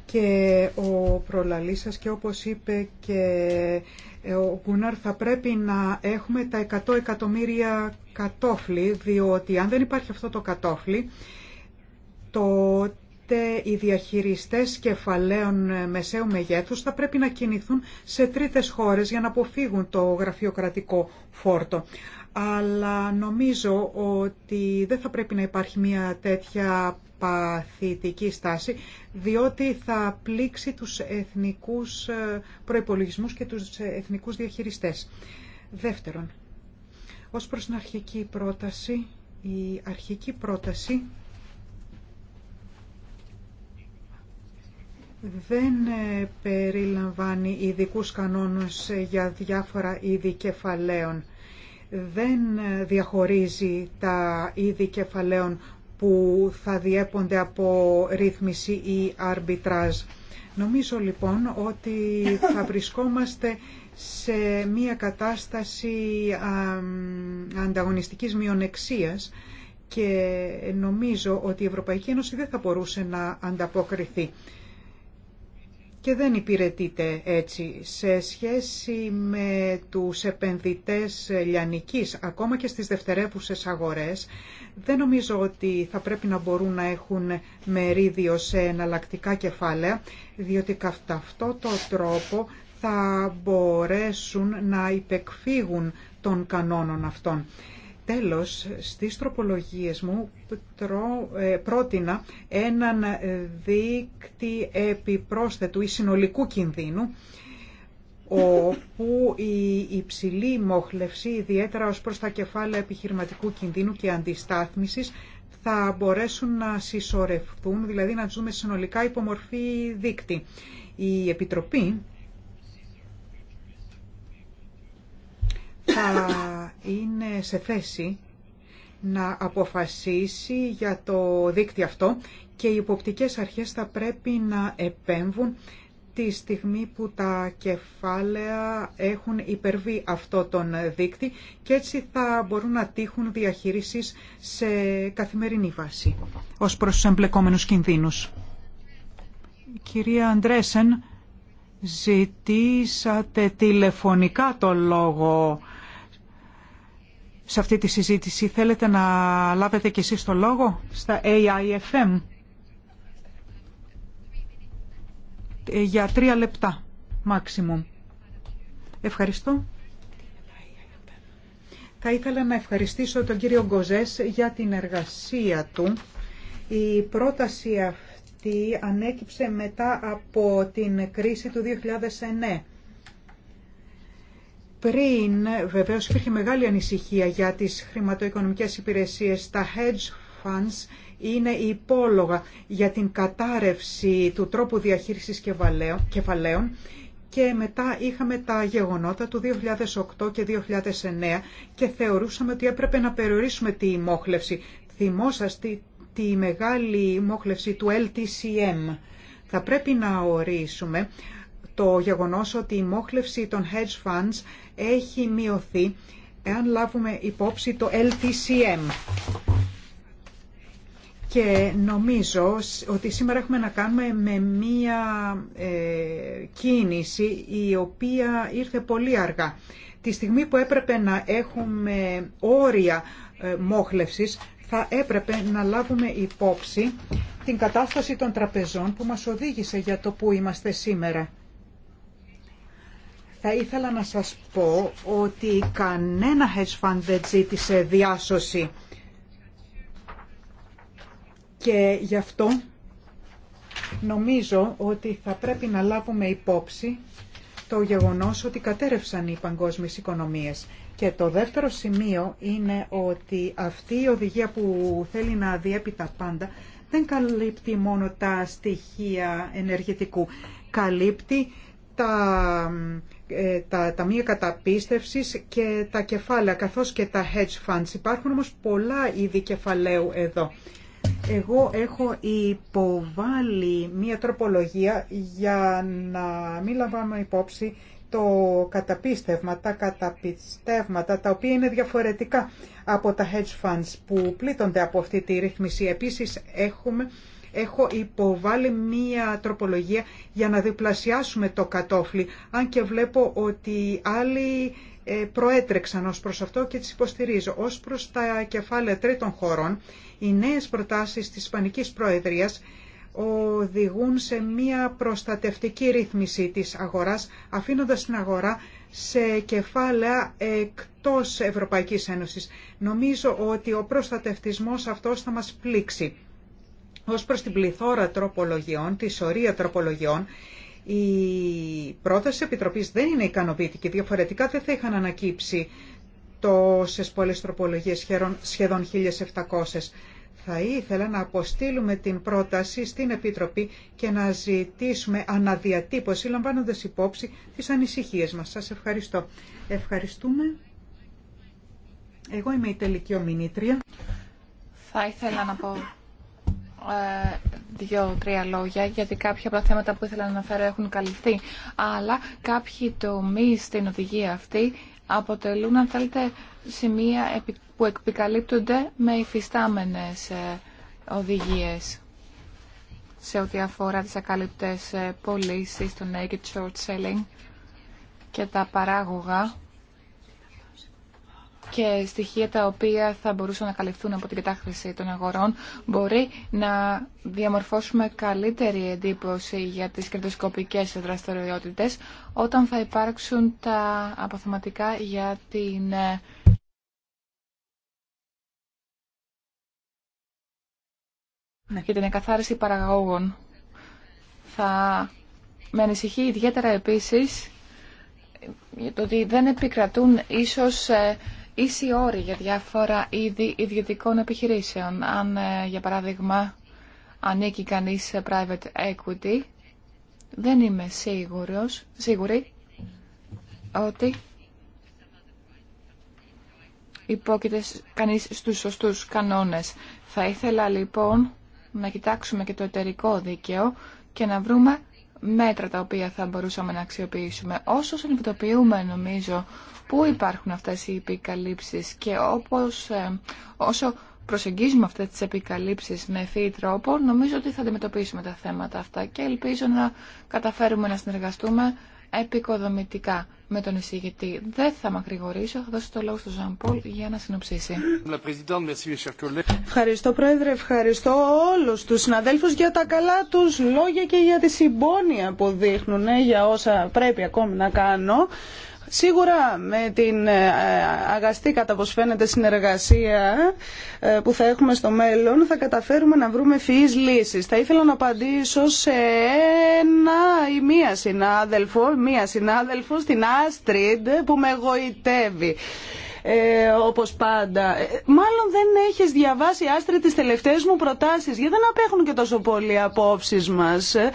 Speaker 4: και ο προλαλής σας και όπως είπε και ο Γκούναρ θα πρέπει να έχουμε τα 100 εκατομμύρια κατόφλι διότι αν δεν υπάρχει αυτό το κατόφλι τότε οι διαχειριστές κεφαλαίων μεσαίου μεγέθους θα πρέπει να κινηθούν σε τρίτες χώρες για να αποφύγουν το γραφειοκρατικό φόρτο αλλά νομίζω ότι δεν θα πρέπει να υπάρχει μια τέτοια παθητική στάση, διότι θα πλήξει τους εθνικούς ε, προϋπολογισμούς και τους εθνικούς διαχειριστές. Δεύτερον, ως προς την αρχική πρόταση, η αρχική πρόταση δεν ε, περιλαμβάνει ειδικούς κανόνες για διάφορα είδη κεφαλαίων δεν διαχωρίζει τα είδη κεφαλαίων που θα διέπονται από ρύθμιση ή αρμπιτράζ. Νομίζω λοιπόν ότι θα βρισκόμαστε σε μια κατάσταση ανταγωνιστικής μειονεξίας και νομίζω ότι η Ευρωπαϊκή Ένωση δεν θα μπορούσε να ανταποκριθεί και δεν υπηρετείται έτσι σε σχέση με τους επενδυτές λιανικής, ακόμα και στις δευτερεύουσες αγορές, δεν νομίζω ότι θα πρέπει να μπορούν να έχουν μερίδιο σε εναλλακτικά κεφάλαια, διότι κατά αυτό το τρόπο θα μπορέσουν να υπεκφύγουν των κανόνων αυτών. Τέλος, στις τροπολογίες μου ε, πρότεινα έναν δίκτυ επιπρόσθετου ή συνολικού κινδύνου, όπου η υψηλή μόχλευση, ιδιαίτερα ως προς τα κεφάλαια επιχειρηματικού κινδύνου και αντιστάθμισης, θα μπορέσουν να συσσωρευτούν, δηλαδή να ζούμε συνολικά υπομορφή δίκτυ. Η Επιτροπή είναι σε θέση να αποφασίσει για το δίκτυο αυτό και οι υποπτικές αρχές θα πρέπει να επέμβουν τη στιγμή που τα κεφάλαια έχουν υπερβεί αυτό τον δίκτυο και έτσι θα μπορούν να τύχουν διαχείρισης σε καθημερινή βάση ως προς τους εμπλεκόμενους κινδύνους. κυρία Αντρέσεν, ζητήσατε τηλεφωνικά το λόγο σε αυτή τη συζήτηση. Θέλετε να λάβετε κι εσείς το λόγο στα AIFM για τρία λεπτά maximum. Ευχαριστώ. Θα ήθελα να ευχαριστήσω τον κύριο Γκοζές για την εργασία του. Η πρόταση αυτή ανέκυψε μετά από την κρίση του 2009 πριν βεβαίως υπήρχε μεγάλη ανησυχία για τις χρηματοοικονομικές υπηρεσίες, τα hedge funds είναι υπόλογα για την κατάρρευση του τρόπου διαχείρισης κεφαλαίων και μετά είχαμε τα γεγονότα του 2008 και 2009 και θεωρούσαμε ότι έπρεπε να περιορίσουμε τη μόχλευση. Θυμόσαστε τη μεγάλη μόχλευση του LTCM. Θα πρέπει να ορίσουμε το γεγονός ότι η μόχλευση των hedge funds έχει μειωθεί εάν λάβουμε υπόψη το LTCM. Και νομίζω ότι σήμερα έχουμε να κάνουμε με μία ε, κίνηση η οποία ήρθε πολύ αργά. Τη στιγμή που έπρεπε να έχουμε όρια ε, μόχλευσης θα έπρεπε να λάβουμε υπόψη την κατάσταση των τραπεζών που μας οδήγησε για το που είμαστε σήμερα. Θα ήθελα να σας πω ότι κανένα hedge fund δεν ζήτησε διάσωση και γι' αυτό νομίζω ότι θα πρέπει να λάβουμε υπόψη το γεγονός ότι κατέρευσαν οι παγκόσμιες οικονομίες. Και το δεύτερο σημείο είναι ότι αυτή η οδηγία που θέλει να διέπει τα πάντα δεν καλύπτει μόνο τα στοιχεία ενεργητικού. Καλύπτει τα, ε, τα ταμεία καταπίστευσης και τα κεφάλαια, καθώς και τα hedge funds. Υπάρχουν όμως πολλά είδη κεφαλαίου εδώ. Εγώ έχω υποβάλει μία τροπολογία για να μην λαμβάνω υπόψη το καταπίστευμα, τα καταπιστεύματα, τα οποία είναι διαφορετικά από τα hedge funds που πλήττονται από αυτή τη ρύθμιση. Επίσης έχουμε έχω υποβάλει μία τροπολογία για να διπλασιάσουμε το κατόφλι, αν και βλέπω ότι άλλοι ε, προέτρεξαν ως προς αυτό και τις υποστηρίζω. Ως προς τα κεφάλαια τρίτων χωρών, οι νέες προτάσεις της Ισπανικής Προεδρίας οδηγούν σε μία προστατευτική ρύθμιση της αγοράς, αφήνοντας την αγορά σε κεφάλαια εκτός Ευρωπαϊκής Ένωσης. Νομίζω ότι ο προστατευτισμός αυτός θα μας πλήξει. Ως προς την πληθώρα τροπολογιών, τη σωρία τροπολογιών, η πρόταση Επιτροπής δεν είναι ικανοποιητική. Διαφορετικά δεν θα είχαν ανακύψει τόσες πολλές τροπολογίες, σχεδόν 1.700. Θα ήθελα να αποστείλουμε την πρόταση στην Επιτροπή και να ζητήσουμε αναδιατύπωση, λαμβάνοντας υπόψη τις ανησυχίες μας. Σας ευχαριστώ. Ευχαριστούμε. Εγώ είμαι η τελική ομινήτρια. Θα ήθελα να πω
Speaker 2: ε, δύο-τρία λόγια, γιατί κάποια από τα θέματα που ήθελα να αναφέρω έχουν καλυφθεί, αλλά κάποιοι τομεί στην οδηγία αυτή αποτελούν, αν θέλετε, σημεία που επικαλύπτονται με υφιστάμενες ε, οδηγίες σε ό,τι αφορά τις ακαλύπτες ε, πωλήσει, το naked short selling και τα παράγωγα και στοιχεία τα οποία θα μπορούσαν να καλυφθούν από την κατάχρηση των αγορών μπορεί να διαμορφώσουμε καλύτερη εντύπωση για τις κερδοσκοπικές δραστηριότητες όταν θα υπάρξουν τα αποθεματικά για την ε, ναι, την εκαθάριση παραγωγών. Θα με ανησυχεί ιδιαίτερα επίσης το ότι δεν επικρατούν ίσως ε, ίσοι όροι για διάφορα είδη ιδιωτικών επιχειρήσεων. Αν, ε, για παράδειγμα, ανήκει κανείς σε private equity, δεν είμαι σίγουρος, σίγουρη ότι υπόκειται κανείς στους σωστούς κανόνες. Θα ήθελα λοιπόν να κοιτάξουμε και το εταιρικό δίκαιο και να βρούμε μέτρα τα οποία θα μπορούσαμε να αξιοποιήσουμε. Όσο συνειδητοποιούμε νομίζω πού υπάρχουν αυτές οι επικαλύψεις και όπως, ε, όσο προσεγγίζουμε αυτές τις επικαλύψεις με ευθύ τρόπο, νομίζω ότι θα αντιμετωπίσουμε τα θέματα αυτά και ελπίζω να καταφέρουμε να συνεργαστούμε επικοδομητικά με τον εισηγητή. Δεν θα μακρηγορήσω, θα δώσω το
Speaker 3: λόγο στον Ζαν Πολ για να συνοψίσει. Ευχαριστώ Πρόεδρε, ευχαριστώ όλους τους συναδέλφους για τα καλά τους λόγια και για τη συμπόνια που δείχνουν ε, για όσα πρέπει ακόμη να κάνω. Σίγουρα με την ε, αγαστή κατά πως φαίνεται συνεργασία ε, που θα έχουμε στο μέλλον θα καταφέρουμε να βρούμε φυείς λύσεις. Θα ήθελα να απαντήσω σε ένα ή μία συνάδελφο, μία συνάδελφο στην Άστριντ που με εγωιτεύει ε, όπως πάντα. Ε, μάλλον δεν έχεις διαβάσει άστρε τις τελευταίες μου προτάσεις, γιατί δεν απέχουν και τόσο πολλοί απόψεις μας. Ε,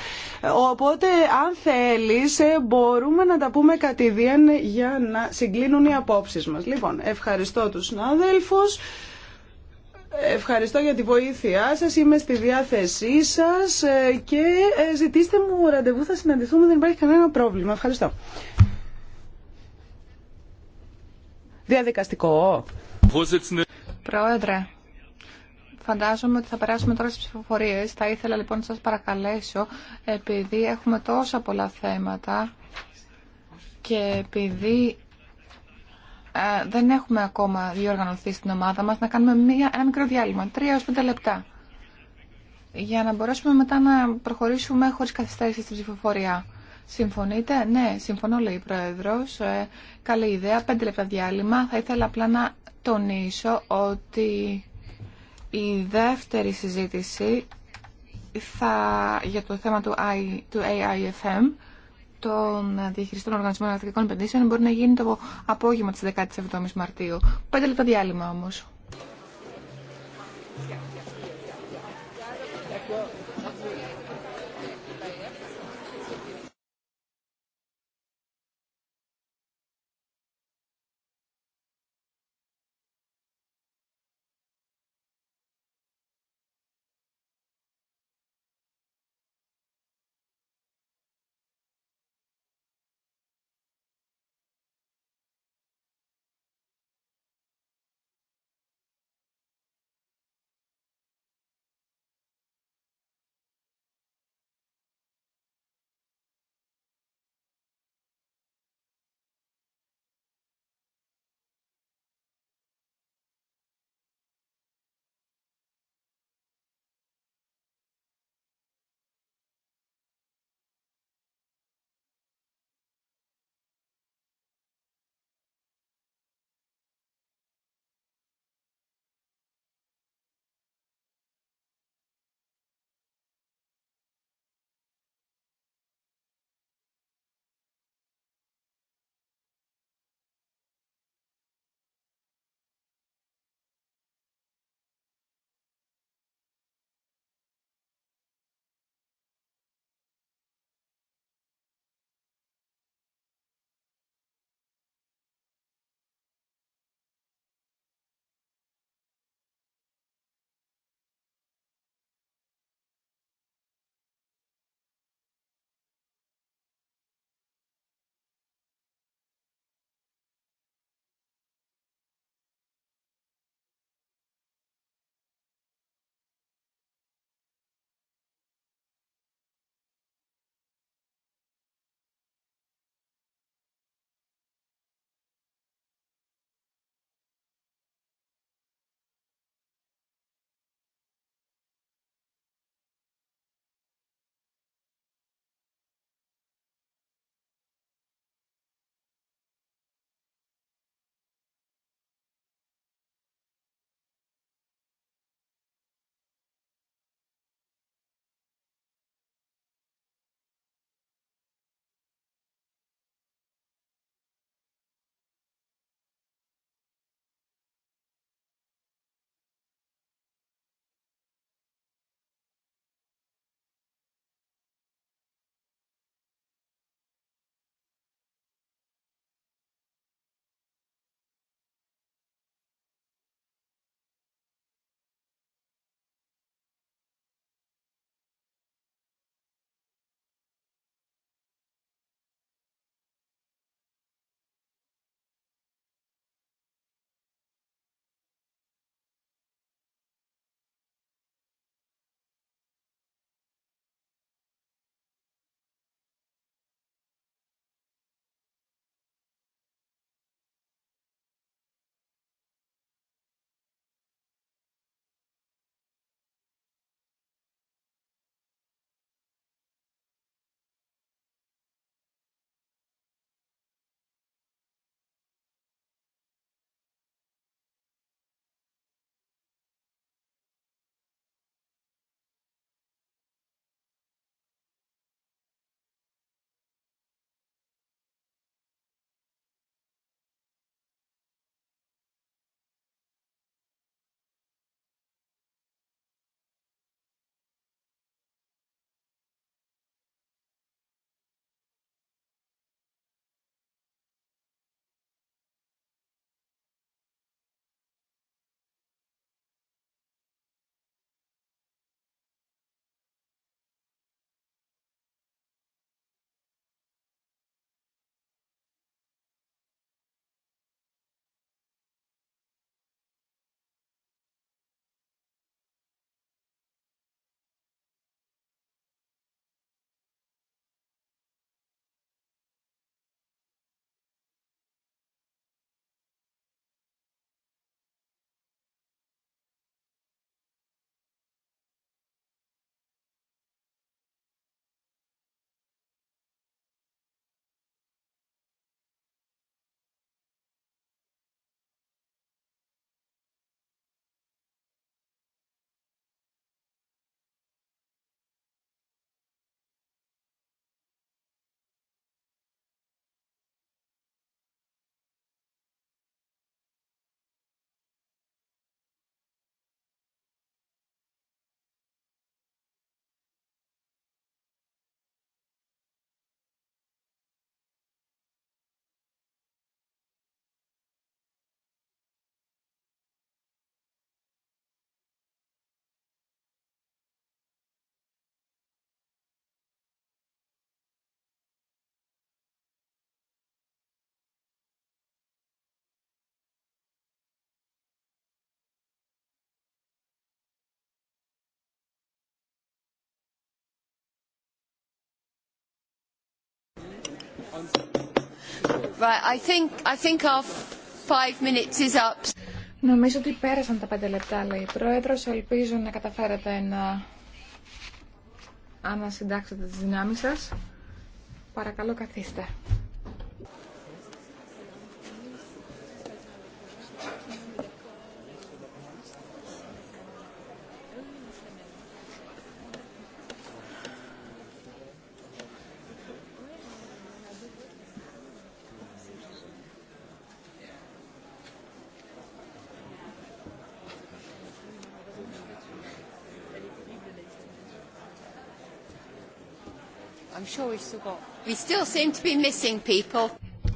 Speaker 3: οπότε, αν θέλεις, ε, μπορούμε να τα πούμε κατηδίαν για να συγκλίνουν οι απόψεις μας. Λοιπόν, ευχαριστώ τους συνάδελφους. Ευχαριστώ για τη βοήθειά σας, είμαι στη διάθεσή σας και ζητήστε μου ραντεβού, θα συναντηθούμε, δεν υπάρχει κανένα πρόβλημα. Ευχαριστώ. Διαδικαστικό. Πρόεδρε, φαντάζομαι ότι θα
Speaker 2: περάσουμε τώρα στις ψηφοφορίες. Θα ήθελα λοιπόν να σας παρακαλέσω, επειδή έχουμε τόσα πολλά θέματα και επειδή ε, δεν έχουμε ακόμα διοργανωθεί στην ομάδα μας, να κάνουμε μία, ένα μικρό διάλειμμα, τρία ως πέντε λεπτά, για να μπορέσουμε μετά να προχωρήσουμε χωρίς καθυστέρηση στην ψηφοφορία. Συμφωνείτε. Ναι, συμφωνώ λέει η Πρόεδρος. Ε, καλή ιδέα. Πέντε λεπτά διάλειμμα. Θα ήθελα απλά να τονίσω ότι η δεύτερη συζήτηση θα, για το θέμα του, I, του AIFM των διαχειριστών οργανισμών Ανατολικών επενδύσεων μπορεί να γίνει το απόγευμα της 17ης Μαρτίου. Πέντε λεπτά διάλειμμα όμως. Νομίζω ότι πέρασαν τα πέντε λεπτά, λέει η πρόεδρο. Ελπίζω να καταφέρετε να ανασυντάξετε τι δυνάμεις σα, Παρακαλώ καθίστε.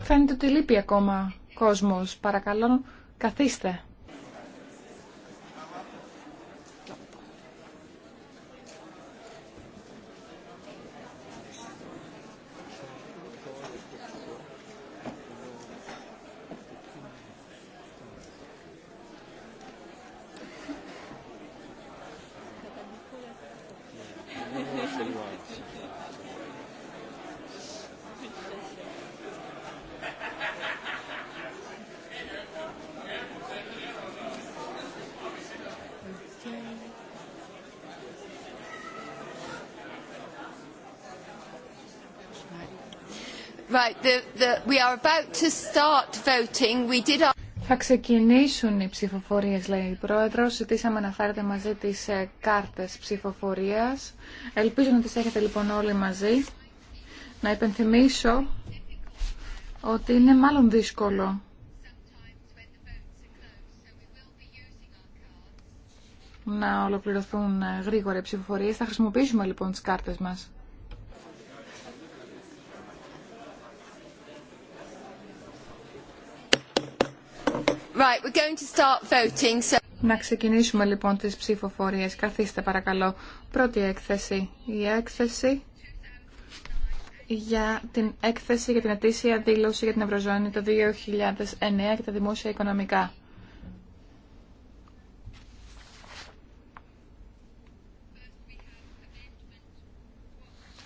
Speaker 2: Φαίνεται ότι λείπει ακόμα κόσμος. Παρακαλώ, καθίστε. Θα ξεκινήσουν οι ψηφοφορίες, λέει η Πρόεδρο. Ζητήσαμε να φέρετε μαζί τις ε, κάρτες ψηφοφορίας. Ελπίζω να τις έχετε λοιπόν όλοι μαζί. Να υπενθυμίσω ότι είναι μάλλον δύσκολο να ολοκληρωθούν ε, γρήγορα οι ψηφοφορίες. Θα χρησιμοποιήσουμε λοιπόν τις κάρτες μας. Να ξεκινήσουμε λοιπόν τις ψηφοφορίες. Καθίστε παρακαλώ. Πρώτη έκθεση. Η έκθεση για την έκθεση για την ετήσια δήλωση για την Ευρωζώνη το 2009 και τα δημόσια οικονομικά.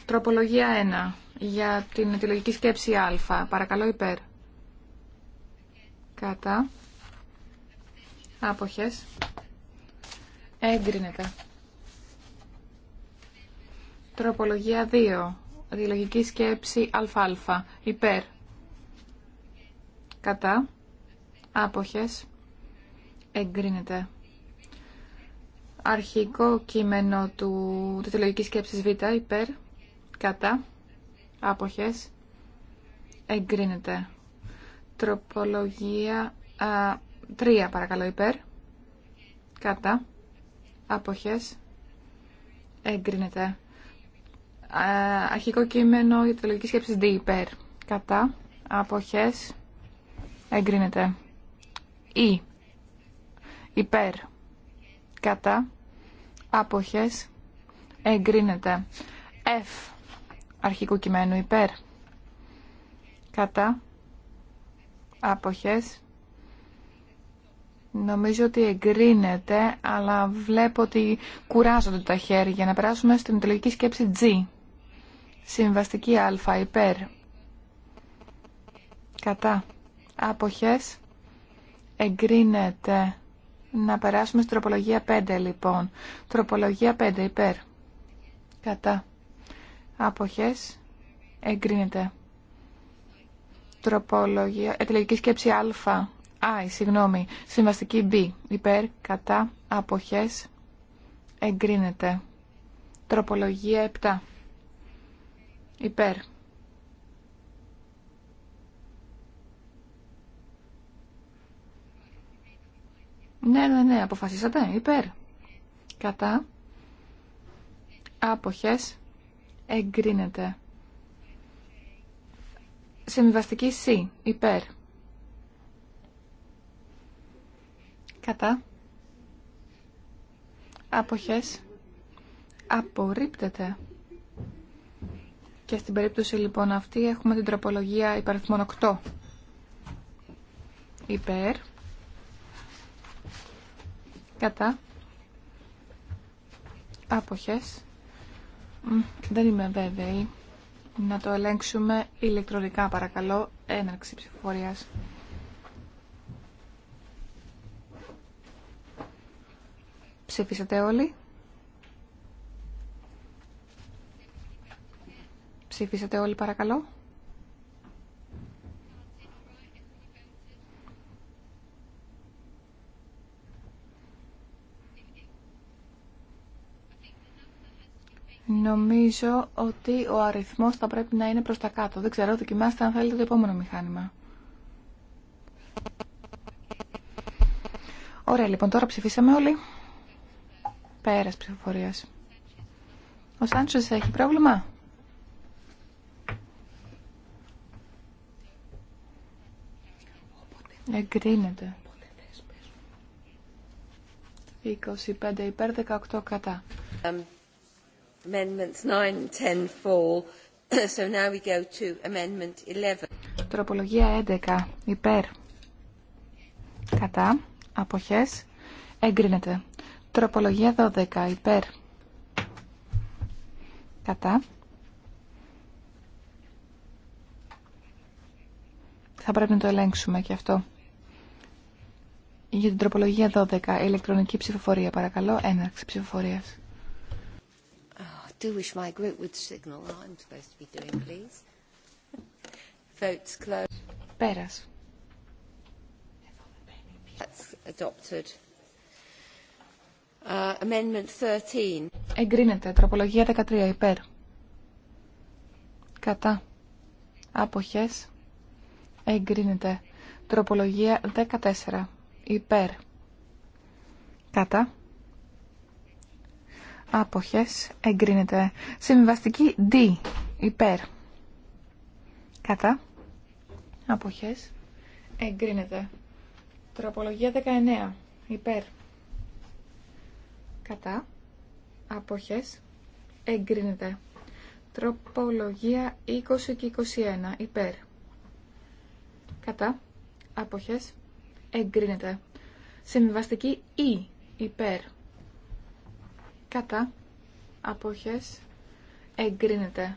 Speaker 2: Τροπολογία 1. Για την αιτιολογική σκέψη Α. Παρακαλώ υπέρ. Κατά. Άποχες. Έγκρινεται. Τροπολογία 2. διλογικη σκέψη αλφα-αλφα. Υπέρ. Κατά. Άποχες. Εγκρίνεται. Αρχικό κείμενο του της σκέψης Β. Υπέρ. Κατά. Άποχες. Εγκρίνεται. Τροπολογία 3 παρακαλώ υπέρ. Κατά. Αποχές. Εγκρίνεται. αρχικό κείμενο για τη λογική σκέψη D υπέρ. Κατά. Αποχές. Εγκρίνεται. Ή. E, υπέρ. Κατά. Αποχές. Εγκρίνεται. F. Αρχικού κειμένου υπέρ. Κατά. Αποχές Νομίζω ότι εγκρίνεται, αλλά βλέπω ότι κουράζονται τα χέρια. Να περάσουμε στην τελική σκέψη G. Συμβαστική α, υπέρ. Κατά. Αποχές. Εγκρίνεται. Να περάσουμε στην τροπολογία 5, λοιπόν. Τροπολογία 5, υπέρ. Κατά. Αποχές. Εγκρίνεται. Τροπολογία. Ε, τελική σκέψη α Αι συγγνώμη, συμβαστική B, υπέρ, κατά, αποχές, εγκρίνεται. Τροπολογία 7, υπέρ. Ναι, ναι, ναι, αποφασίσατε, υπέρ. Κατά, άποχες, εγκρίνεται. Συμβαστική C, υπέρ. κατά αποχές απορρίπτεται. Και στην περίπτωση λοιπόν αυτή έχουμε την τροπολογία υπαριθμών 8. Υπέρ. Κατά. Άποχες. Δεν είμαι βέβαιη. Να το ελέγξουμε ηλεκτρονικά παρακαλώ. Έναρξη ψηφοφορίας. Ψήφισατε όλοι. Ψήφισατε όλοι παρακαλώ. Νομίζω ότι ο αριθμός θα πρέπει να είναι προς τα κάτω. Δεν ξέρω, δοκιμάστε αν θέλετε το επόμενο μηχάνημα. Ωραία, λοιπόν, τώρα ψηφίσαμε όλοι. Πέρας ψηφοφορίας. Ο Σάντσος έχει πρόβλημα. Εγκρίνεται. 25 υπέρ 18 κατά.
Speaker 1: Um, amendments 9, 10 fall. So now we go to amendment 11.
Speaker 2: Τροπολογία 11 υπέρ κατά αποχές εγκρίνεται. Τροπολογία 12 υπέρ. Κατά. Θα πρέπει να το ελέγξουμε και αυτό. Για την τροπολογία 12, ηλεκτρονική ψηφοφορία, παρακαλώ, έναρξη ψηφοφορία.
Speaker 1: Oh, do wish my group would signal what I'm supposed to be doing, please. Votes closed. Πέρας. That's adopted. Uh, amendment
Speaker 2: Εγκρίνεται. Τροπολογία 13. Υπέρ. Κατά. Άποχες. Εγκρίνεται. Τροπολογία 14. Υπέρ. Κατά. Άποχες. Εγκρίνεται. Συμβιβαστική D. Υπέρ. Κατά. Άποχες. Εγκρίνεται. Τροπολογία 19. Υπέρ κατά αποχές εγκρίνεται. Τροπολογία 20 και 21 υπέρ κατά αποχές εγκρίνεται. Συμβιβαστική ή e. υπέρ κατά αποχές εγκρίνεται.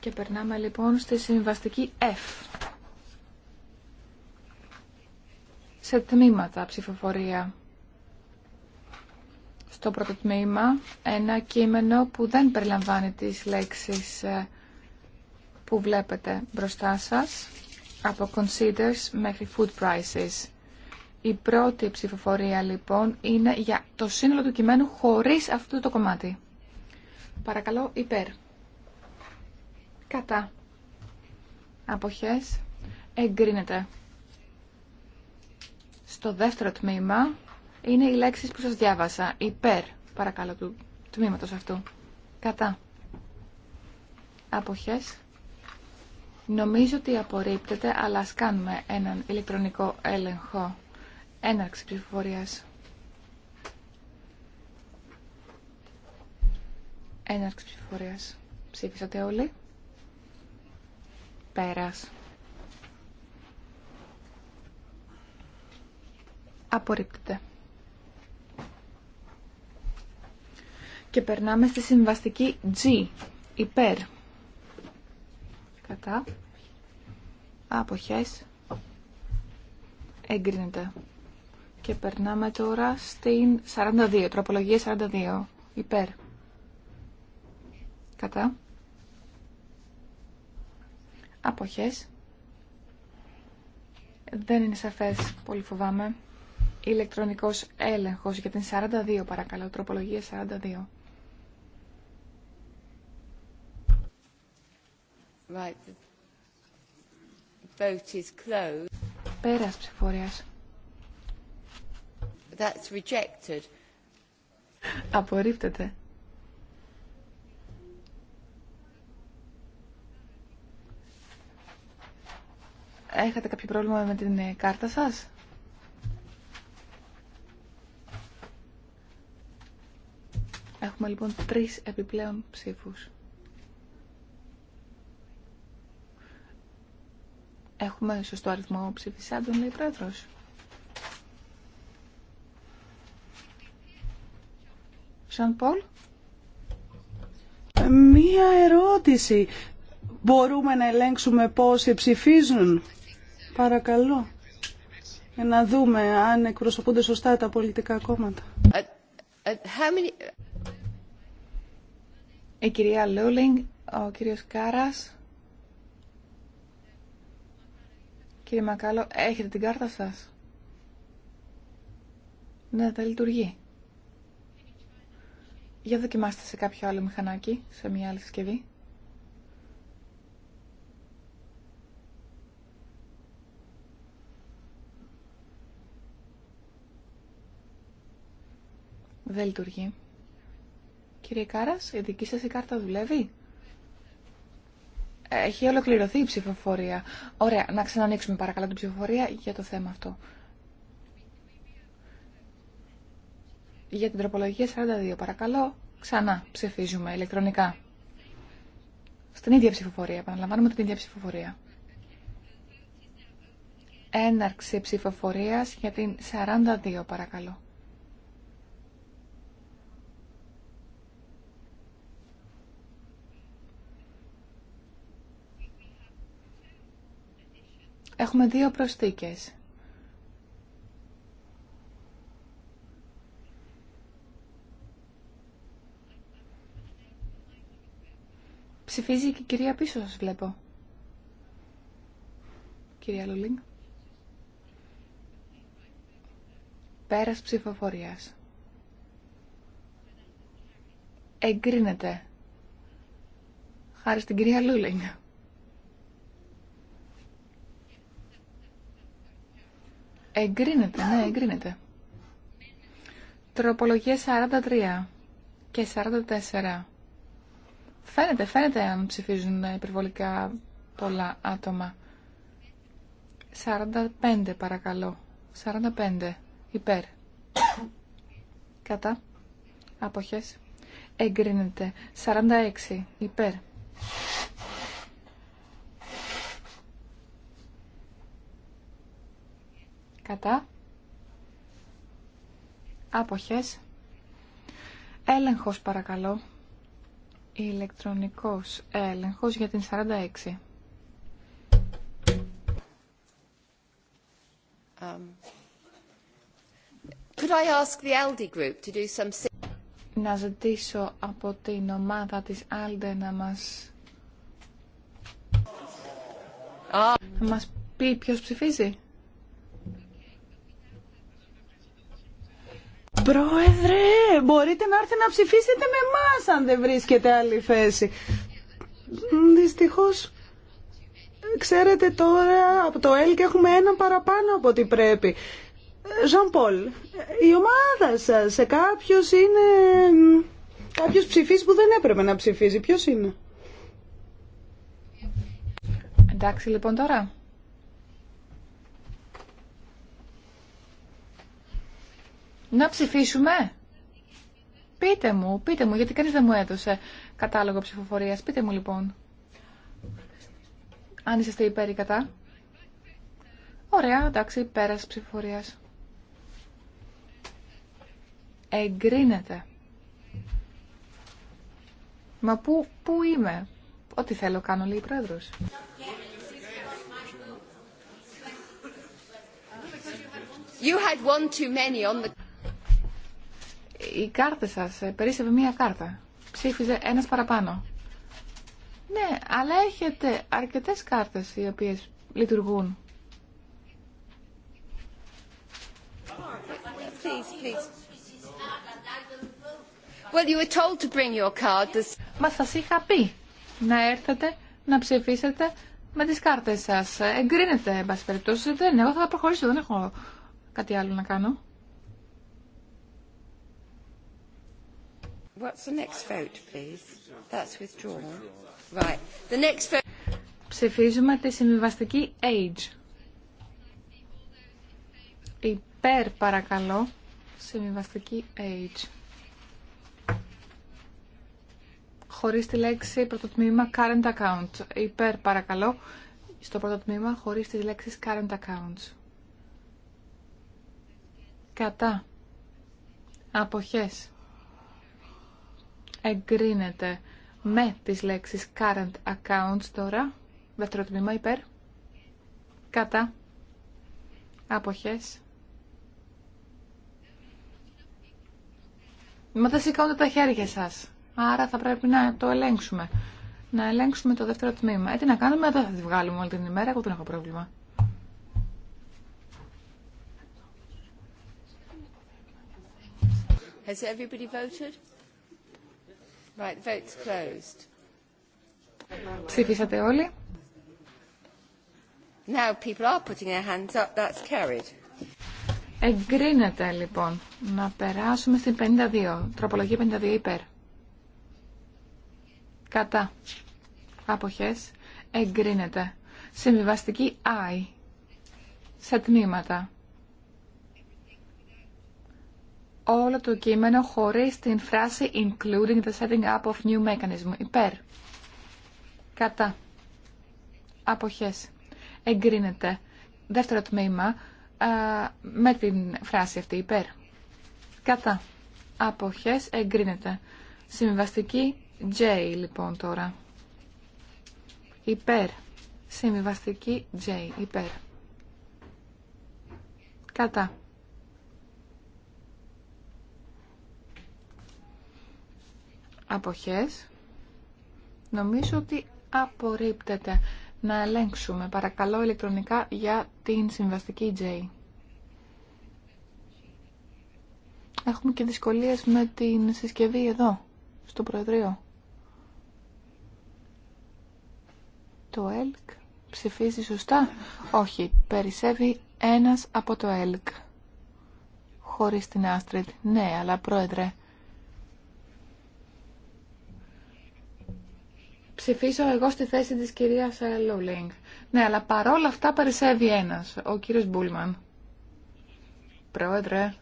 Speaker 2: Και περνάμε λοιπόν στη συμβαστική F. Σε τμήματα ψηφοφορία στο πρώτο τμήμα ένα κείμενο που δεν περιλαμβάνει τις λέξεις ε, που βλέπετε μπροστά σας από considers μέχρι food prices. Η πρώτη ψηφοφορία λοιπόν είναι για το σύνολο του κειμένου χωρίς αυτό το κομμάτι. Παρακαλώ υπέρ. Κατά. Αποχές. Εγκρίνεται. Στο δεύτερο τμήμα είναι οι λέξει που σα διάβασα. Υπέρ, παρακαλώ, του τμήματο αυτού. Κατά. Αποχές. Νομίζω ότι απορρίπτεται, αλλά ας κάνουμε έναν ηλεκτρονικό έλεγχο. Έναρξη ψηφοφορίας. Έναρξη ψηφοφορίας. Ψήφισατε όλοι. Πέρας. Απορρίπτεται. Και περνάμε στη συμβαστική G, υπέρ. Κατά. Αποχές. Εγκρίνεται. Και περνάμε τώρα στην 42, τροπολογία 42, υπέρ. Κατά. Αποχές. Δεν είναι σαφές, πολύ φοβάμαι. Ηλεκτρονικός έλεγχος για την 42, παρακαλώ, τροπολογία 42.
Speaker 1: Right. The vote is closed. Πέρας That's rejected.
Speaker 2: Απορρίπτεται. Έχατε κάποιο πρόβλημα με την ε, κάρτα σας? Έχουμε λοιπόν τρεις επιπλέον ψήφους. Έχουμε σωστό αριθμό ψηφισάντων, λέει πρόεδρο.
Speaker 3: Σαν Πολ. Ε, μία ερώτηση. Μπορούμε να ελέγξουμε πόσοι ψηφίζουν. Παρακαλώ. Ε, να δούμε αν εκπροσωπούνται σωστά τα πολιτικά κόμματα. Ε,
Speaker 2: η κυρία Λούλινγκ, ο κύριος Κάρας. Κύριε Μακάλο, έχετε την κάρτα σας. Ναι, δεν λειτουργεί. Για δοκιμάστε σε κάποιο άλλο μηχανάκι, σε μια άλλη συσκευή. Δεν λειτουργεί. Κύριε Κάρας, η δική σας η κάρτα δουλεύει. Έχει ολοκληρωθεί η ψηφοφορία. Ωραία, να ξανανοίξουμε παρακαλώ την ψηφοφορία για το θέμα αυτό. Για την τροπολογία 42, παρακαλώ, ξανά ψηφίζουμε ηλεκτρονικά. Στην ίδια ψηφοφορία, επαναλαμβάνουμε την ίδια ψηφοφορία. Έναρξη ψηφοφορίας για την 42, παρακαλώ. Έχουμε δύο προστίκες. Ψηφίζει και η κυρία πίσω σας βλέπω. Κυρία Λουλίνγκ. Πέρας ψηφοφορίας. Εγκρίνεται. Χάρη στην κυρία Λούλινγκ. Εγκρίνεται, ναι, εγκρίνεται. Τροπολογία 43 και 44. Φαίνεται, φαίνεται αν ψηφίζουν υπερβολικά πολλά άτομα. 45 παρακαλώ. 45. Υπέρ. Κατά. Αποχές. Εγκρίνεται. 46. Υπέρ. κατά άποχες έλεγχος παρακαλώ ηλεκτρονικός έλεγχος για την 46 Um, could I ask the Να ζητήσω από την ομάδα της Άλντε να μας... Oh. μας πει ποιος ψηφίζει.
Speaker 3: Πρόεδρε, μπορείτε να έρθετε να ψηφίσετε με εμά αν δεν βρίσκετε άλλη θέση. Δυστυχώ. ξέρετε τώρα, από το ΕΛΚ έχουμε ένα παραπάνω από ό,τι πρέπει. Ζαν Πολ, η ομάδα σας, σε κάποιο είναι... Κάποιος ψηφίζει που δεν έπρεπε να ψηφίζει. Ποιο είναι? Εντάξει λοιπόν τώρα.
Speaker 2: Να ψηφίσουμε. Πείτε μου, πείτε μου, γιατί κανείς δεν μου έδωσε κατάλογο ψηφοφορίας. Πείτε μου λοιπόν. Αν είσαστε υπέρ ή κατά. Ωραία, εντάξει, πέρας ψηφοφορίας. Εγκρίνεται. Μα πού, πού είμαι. Ό,τι θέλω κάνω, λέει η πρόεδρος. You had one too many on the η κάρτα σας ε, περίσσευε μία κάρτα. Ψήφιζε ένας παραπάνω. Ναι, αλλά έχετε αρκετές κάρτες οι οποίες λειτουργούν. Well, Μα σα είχα πει να έρθετε να ψηφίσετε με τις κάρτες σας. Εγκρίνετε, εν πάση περιπτώσει. Δεν, εγώ θα προχωρήσω, δεν έχω κάτι άλλο να κάνω. Ψηφίζουμε τη συμβιβαστική age. Υπέρ παρακαλώ. Συμβιβαστική age. Χωρίς τη λέξη πρώτο τμήμα current account. Υπέρ παρακαλώ. Στο πρώτο τμήμα χωρίς τις λέξεις current accounts. Κατά. Αποχές εγκρίνεται με τις λέξεις current accounts τώρα. Δεύτερο τμήμα υπέρ. Κατά. Αποχές. Μα δεν σηκώνετε τα χέρια σας. Άρα θα πρέπει να το ελέγξουμε. Να ελέγξουμε το δεύτερο τμήμα. Έτσι ε, να κάνουμε, δεν θα τη βγάλουμε όλη την ημέρα. Εγώ δεν έχω πρόβλημα.
Speaker 1: Has everybody voted? Right, Ψηφίσατε
Speaker 2: όλοι. Now people
Speaker 1: are putting their hands up. That's carried.
Speaker 2: Εγκρίνεται λοιπόν να περάσουμε στην 52. Τροπολογία 52 υπέρ. Κατά. Αποχές. Εγκρίνεται. Συμβιβαστική I. Σε τμήματα. όλο το κείμενο χωρίς την φράση including the setting up of new mechanism. Υπέρ. Κατά. Αποχές. Εγκρίνεται. Δεύτερο τμήμα με την φράση αυτή. Υπέρ. Κατά. Αποχές. Εγκρίνεται. Συμβιβαστική J λοιπόν τώρα. Υπέρ. Συμβιβαστική J. Υπέρ. Κατά. αποχές. Νομίζω ότι απορρίπτεται. Να ελέγξουμε παρακαλώ ηλεκτρονικά για την συμβαστική J. Έχουμε και δυσκολίες με την συσκευή εδώ, στο Προεδρείο. Το ΕΛΚ ψηφίζει σωστά. Όχι, περισσεύει ένας από το ΕΛΚ. Χωρίς την Άστριτ. Ναι, αλλά πρόεδρε, ψηφίσω εγώ στη θέση της κυρίας ε, Λούλινγκ. Ναι, αλλά παρόλα αυτά περισσεύει ένας, ο κύριος Μπούλμαν. Πρόεδρε,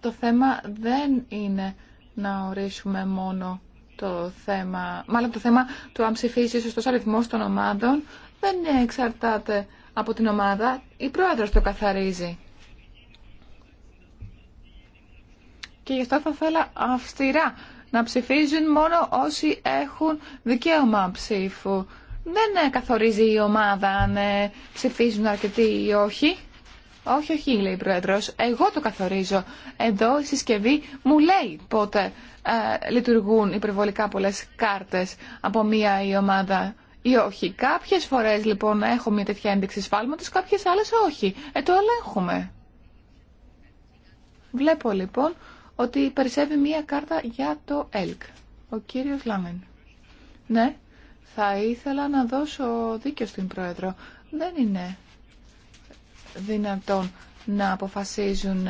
Speaker 2: το θέμα δεν είναι να ορίσουμε μόνο το θέμα, μάλλον το θέμα του αν ψηφίσει σωστό αριθμό των ομάδων δεν εξαρτάται από την ομάδα, η πρόεδρος το καθαρίζει. Και γι' αυτό θα θέλα αυστηρά να ψηφίζουν μόνο όσοι έχουν δικαίωμα ψήφου. Δεν ε, καθορίζει η ομάδα αν ε, ψηφίζουν αρκετοί ή όχι. Όχι, όχι, λέει η Πρόεδρος. Εγώ το καθορίζω. Εδώ η συσκευή μου λέει πότε ε, λειτουργούν υπερβολικά πολλές κάρτες από μία η ομάδα ή όχι. Κάποιες υπερβολικα πολλε λοιπόν έχω μια τέτοια ένδειξη σφάλματος, κάποιες ενδειξη σφαλματο Εδώ οχι Ε, το ελέγχουμε. Βλέπω λοιπόν ότι περισσεύει μία κάρτα για το ΕΛΚ. Ο κύριος Λάμεν. Ναι, θα ήθελα να δώσω δίκιο στην Πρόεδρο. Δεν είναι δυνατόν να αποφασίζουν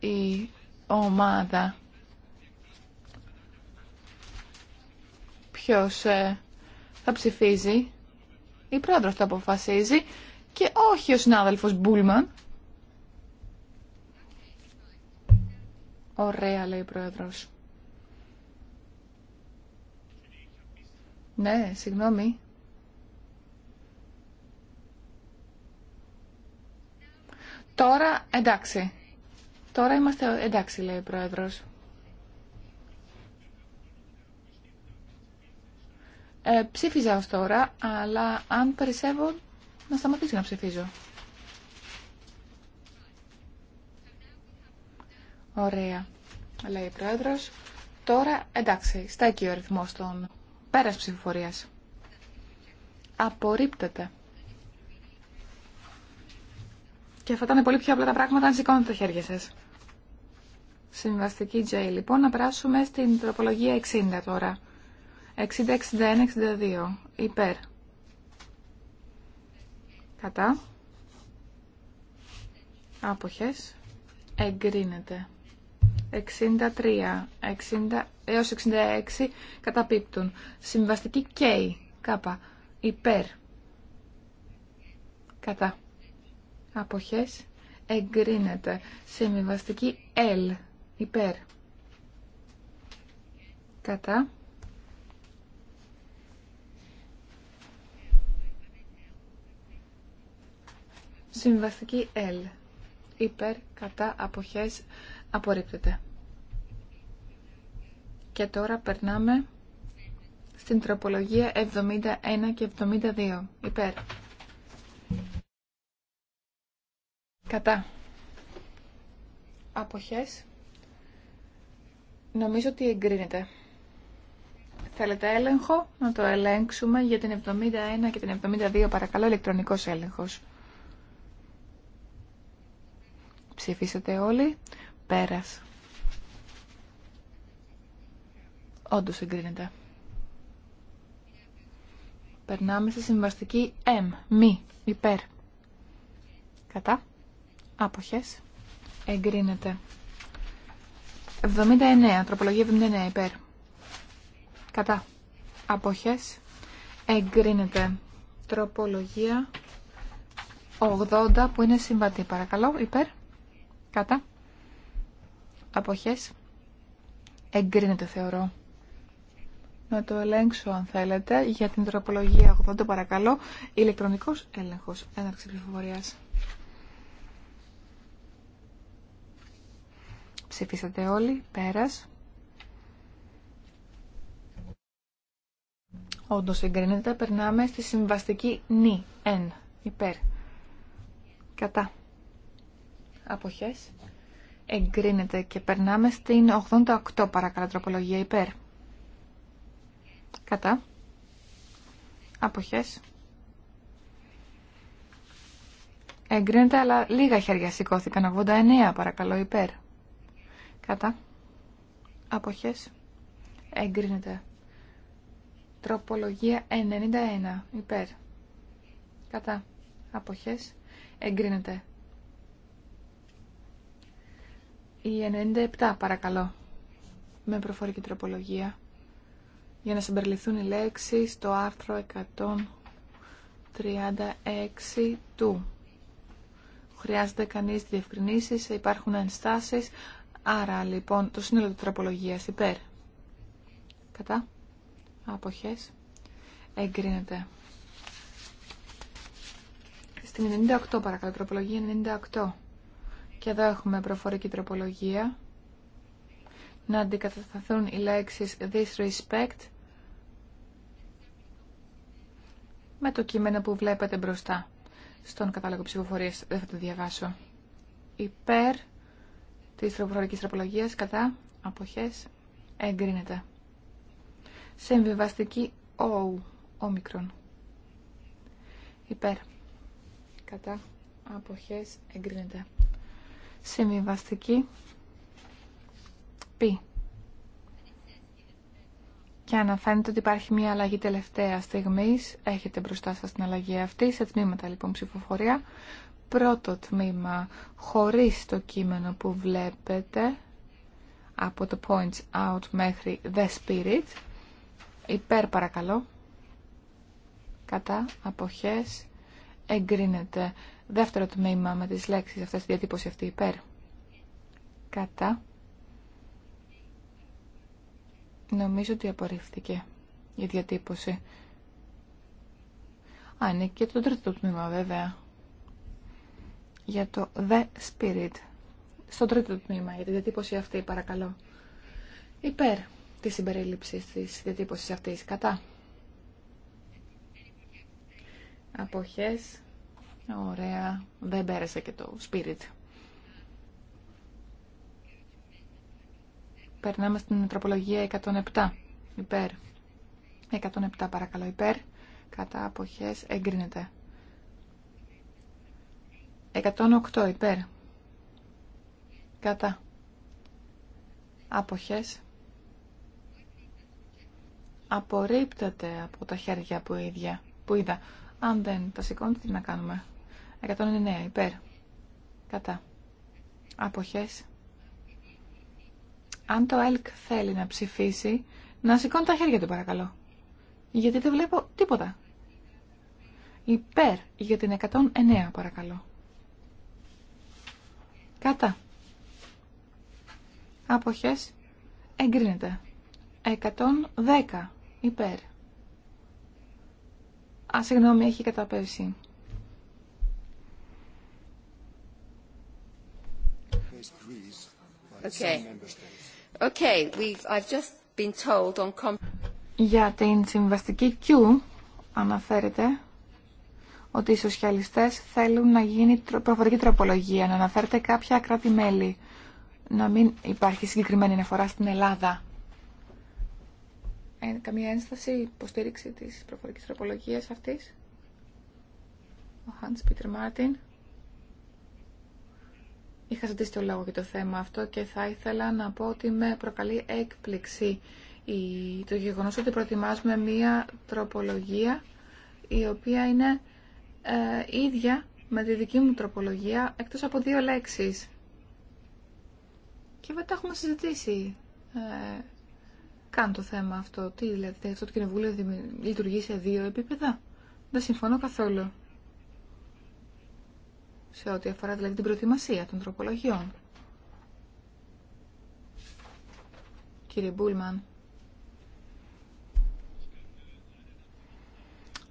Speaker 2: η ομάδα ποιος ε, θα ψηφίζει. Η Πρόεδρος θα αποφασίζει και όχι ο συνάδελφος Μπούλμαν. Ωραία, λέει ο Πρόεδρος. Ναι, συγγνώμη. Τώρα, εντάξει. Τώρα είμαστε εντάξει, λέει ο Πρόεδρος. Ε, ψήφιζα ως τώρα, αλλά αν περισσεύω, να σταματήσω να ψηφίζω. Ωραία, λέει η πρόεδρο. Τώρα, εντάξει, στέκει ο αριθμό των πέρα ψηφοφορία. Απορρίπτεται. Και θα ήταν πολύ πιο απλά τα πράγματα αν σηκώνετε τα χέρια σα. Συμβαστική J, λοιπόν, να περάσουμε στην τροπολογία 60 τώρα. 60, 61, 62. Υπέρ. Κατά. Άποχες. Εγκρίνεται. 63 60, έως 66 καταπίπτουν. Συμβαστική K, κάπα, υπέρ, κατά. Αποχές εγκρίνεται. Συμβαστική L, υπέρ, κατά. Συμβαστική L, υπέρ, κατά, αποχές Απορρίπτεται. Και τώρα περνάμε στην τροπολογία 71 και 72. Υπέρ. Κατά. Αποχές. Νομίζω ότι εγκρίνεται. Θέλετε έλεγχο, να το ελέγξουμε για την 71 και την 72, παρακαλώ, ηλεκτρονικός έλεγχος. Ψηφίσατε όλοι. Πέρας. Όντως εγκρίνεται. Περνάμε στη συμβαστική M, μη, υπέρ. Κατά. Άποχες. Εγκρίνεται. 79, τροπολογία 79, υπέρ. Κατά. Άποχες. Εγκρίνεται. Τροπολογία 80 που είναι συμβατή. Παρακαλώ, υπέρ. Κατά. Αποχές. Εγκρίνεται θεωρώ. Να το ελέγξω αν θέλετε. Για την τροπολογία το παρακαλώ. Ηλεκτρονικός έλεγχος. Έναρξη ψηφοφορίας. Ψηφίσατε όλοι. Πέρας. Όντω εγκρίνεται. Περνάμε στη συμβαστική νη. Εν. Υπέρ. Κατά. Αποχές. Εγκρίνεται και περνάμε στην 88 παρακαλώ τροπολογία υπέρ. Κατά. Αποχές. Εγκρίνεται αλλά λίγα χέρια σηκώθηκαν. 89 παρακαλώ υπέρ. Κατά. Αποχές. Εγκρίνεται. Τροπολογία 91 υπέρ. Κατά. Αποχές. Εγκρίνεται. Η 97 παρακαλώ. Με προφορική τροπολογία. Για να συμπεριληφθούν οι λέξει στο άρθρο 136 του. Χρειάζεται κανείς διευκρινήσεις, υπάρχουν ενστάσεις. Άρα λοιπόν το σύνολο της τροπολογία υπέρ. Κατά. Αποχές. Εγκρίνεται. Στην 98 παρακαλώ. Τροπολογία 98. Και εδώ έχουμε προφορική τροπολογία. Να αντικατασταθούν οι λέξεις disrespect με το κείμενο που βλέπετε μπροστά. Στον κατάλογο ψηφοφορία, δεν θα το διαβάσω. Υπέρ της προφορικής τροπολογίας κατά αποχές εγκρίνεται. Συμβιβαστική ο όμικρον. Υπέρ. Κατά αποχές εγκρίνεται. Συμβιβαστική π. Και αν φαίνεται ότι υπάρχει μια αλλαγή τελευταία στιγμή. Έχετε μπροστά σα την αλλαγή αυτή. Σε τμήματα λοιπόν ψηφοφορία. Πρώτο τμήμα Χωρί το κείμενο που βλέπετε από το points out μέχρι the spirit. Υπέρ παρακαλώ. Κατά αποχές εγκρίνεται. Δεύτερο τμήμα με τις λέξεις αυτές, τη διατύπωση αυτή υπέρ. Κατά. Νομίζω ότι απορρίφθηκε η διατύπωση. Α, είναι και το τρίτο τμήμα βέβαια. Για το The Spirit. Στο τρίτο τμήμα, για τη διατύπωση αυτή, παρακαλώ. Υπέρ τη συμπερίληψη τη διατύπωση αυτή. Κατά. Αποχές. Ωραία. Δεν πέρασε και το spirit. Περνάμε στην τροπολογία 107. Υπέρ. 107 παρακαλώ υπέρ. Κατά αποχές εγκρίνεται. 108 υπέρ. Κατά. Αποχές. Απορρίπτεται από τα χέρια που, ίδια, που είδα. Αν δεν τα σηκώνετε, τι να κάνουμε. 109 υπέρ. Κατά. Αποχές. Αν το ΕΛΚ θέλει να ψηφίσει, να σηκώνει τα χέρια του παρακαλώ. Γιατί δεν βλέπω τίποτα. Υπέρ για την 109 παρακαλώ. Κατά. Αποχές. Εγκρίνεται. 110 υπέρ. Α, συγγνώμη, έχει καταπέσει. Για την συμβαστική Q αναφέρεται ότι οι σοσιαλιστές θέλουν να γίνει προφορική τροπολογία, να αναφέρεται κάποια κράτη-μέλη, να μην υπάρχει συγκεκριμένη αναφορά στην Ελλάδα. Ε, καμία ένσταση, υποστήριξη της προφορικής τροπολογίας αυτής. Ο Hans Peter Martin. Είχα ζητήσει το λόγο για το θέμα αυτό και θα ήθελα να πω ότι με προκαλεί έκπληξη το γεγονός ότι προετοιμάζουμε μία τροπολογία η οποία είναι ε, ίδια με τη δική μου τροπολογία εκτός από δύο λέξεις. Και μετά έχουμε συζητήσει ε, καν το θέμα αυτό. Τι δηλαδή, αυτό το κοινοβούλιο λειτουργεί σε δύο επίπεδα. Δεν συμφωνώ καθόλου σε ό,τι αφορά δηλαδή την προετοιμασία των τροπολογιών. Κύριε Μπούλμαν,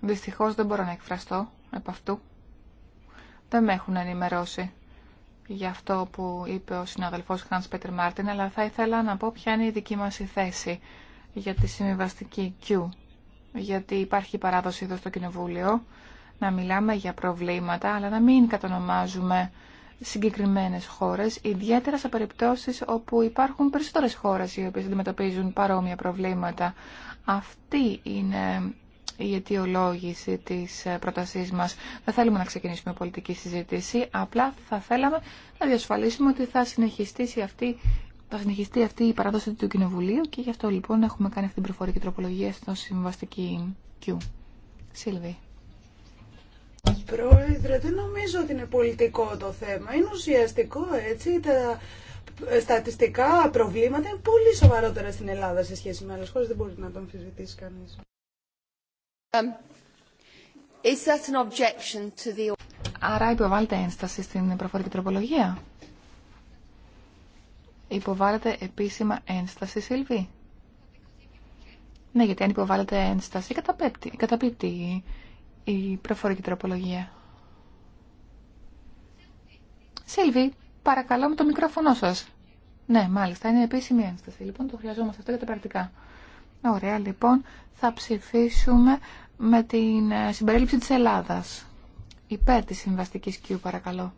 Speaker 2: δυστυχώς δεν μπορώ να εκφραστώ επ' αυτού. Δεν με έχουν ενημερώσει για αυτό που είπε ο συναδελφός Χάνς Πέτερ Μάρτιν, αλλά θα ήθελα να πω ποια είναι η δική μας η θέση για τη συμβιβαστική Q. Γιατί υπάρχει παράδοση εδώ στο Κοινοβούλιο να μιλάμε για προβλήματα, αλλά να μην κατονομάζουμε συγκεκριμένες χώρες, ιδιαίτερα σε περιπτώσεις όπου υπάρχουν περισσότερες χώρες οι οποίες αντιμετωπίζουν παρόμοια προβλήματα. Αυτή είναι η αιτιολόγηση της πρότασής μας. Δεν θέλουμε να ξεκινήσουμε πολιτική συζήτηση, απλά θα θέλαμε να διασφαλίσουμε ότι θα συνεχιστεί αυτή θα συνεχιστεί αυτή η παράδοση του Κοινοβουλίου και γι' αυτό λοιπόν έχουμε κάνει αυτή την προφορική τροπολογία στο συμβαστική Q. Σίλβη.
Speaker 3: Πρόεδρε, δεν νομίζω ότι είναι πολιτικό το θέμα. Είναι ουσιαστικό, έτσι. Τα στατιστικά προβλήματα είναι πολύ σοβαρότερα στην Ελλάδα σε σχέση με άλλες χώρες. Δεν μπορεί να το αμφισβητήσει κανείς. Um,
Speaker 2: Άρα υποβάλλεται ένσταση στην προφορική τροπολογία. Υποβάλλεται επίσημα ένσταση, Σίλβη. Ναι, γιατί αν υποβάλλεται ένσταση, καταπέπτει, καταπίπτει η προφορική τροπολογία. Σίλβη, παρακαλώ με το μικρόφωνο σας. Ναι, μάλιστα, είναι επίσημη ένσταση. Λοιπόν, το χρειαζόμαστε αυτό για τα πρακτικά. Ωραία, λοιπόν, θα ψηφίσουμε με την ε, συμπερίληψη της Ελλάδας. Υπέρ της συμβαστικής Q, παρακαλώ.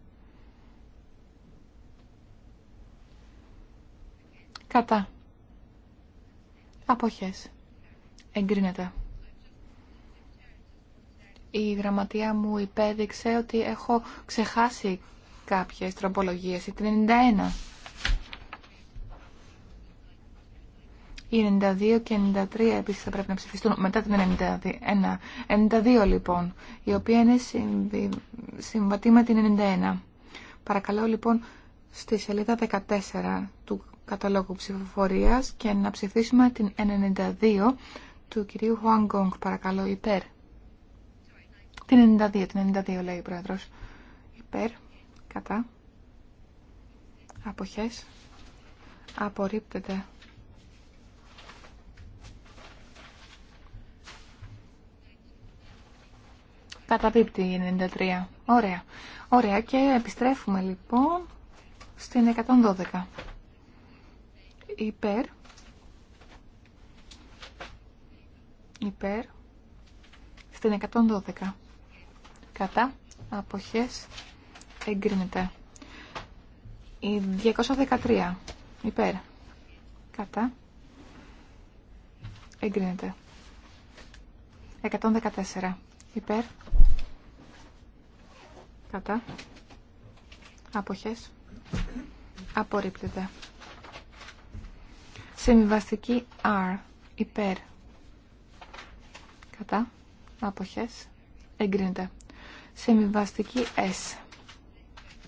Speaker 2: Κατά. Αποχές. Εγκρίνεται η γραμματεία μου υπέδειξε ότι έχω ξεχάσει κάποιες τροπολογίες, η 91. η 92 και 93 επίσης θα πρέπει να ψηφιστούν μετά την 91. 92 λοιπόν, η οποία είναι συμβατή με την 91. Παρακαλώ λοιπόν στη σελίδα 14 του καταλόγου ψηφοφορίας και να ψηφίσουμε την 92 του κυρίου Gong. Παρακαλώ υπέρ. Την 92, την 92 λέει ο πρόεδρος. Υπέρ, κατά, αποχές, απορρίπτεται. Καταπίπτει η 93. Ωραία. Ωραία και επιστρέφουμε λοιπόν στην 112. Υπέρ. Υπέρ. Στην 112 κατά αποχές εγκρίνεται. Η 213 υπέρ κατά εγκρίνεται. 114 υπέρ κατά αποχές απορρίπτεται. Συμβιβαστική R υπέρ κατά αποχές εγκρίνεται. Συμβιβαστική S.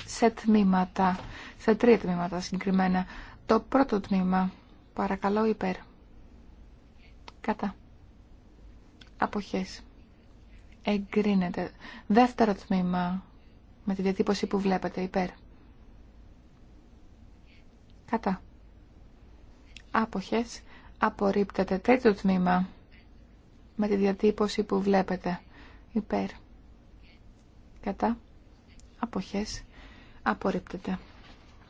Speaker 2: Σε τμήματα, σε τρία τμήματα συγκεκριμένα. Το πρώτο τμήμα, παρακαλώ υπέρ. Κατά. Αποχές. Εγκρίνεται. Δεύτερο τμήμα, με τη διατύπωση που βλέπετε, υπέρ. Κατά. Άποχες. Απορρίπτεται. Τρίτο τμήμα. Με τη διατύπωση που βλέπετε. Υπέρ κατά αποχές απορρίπτεται.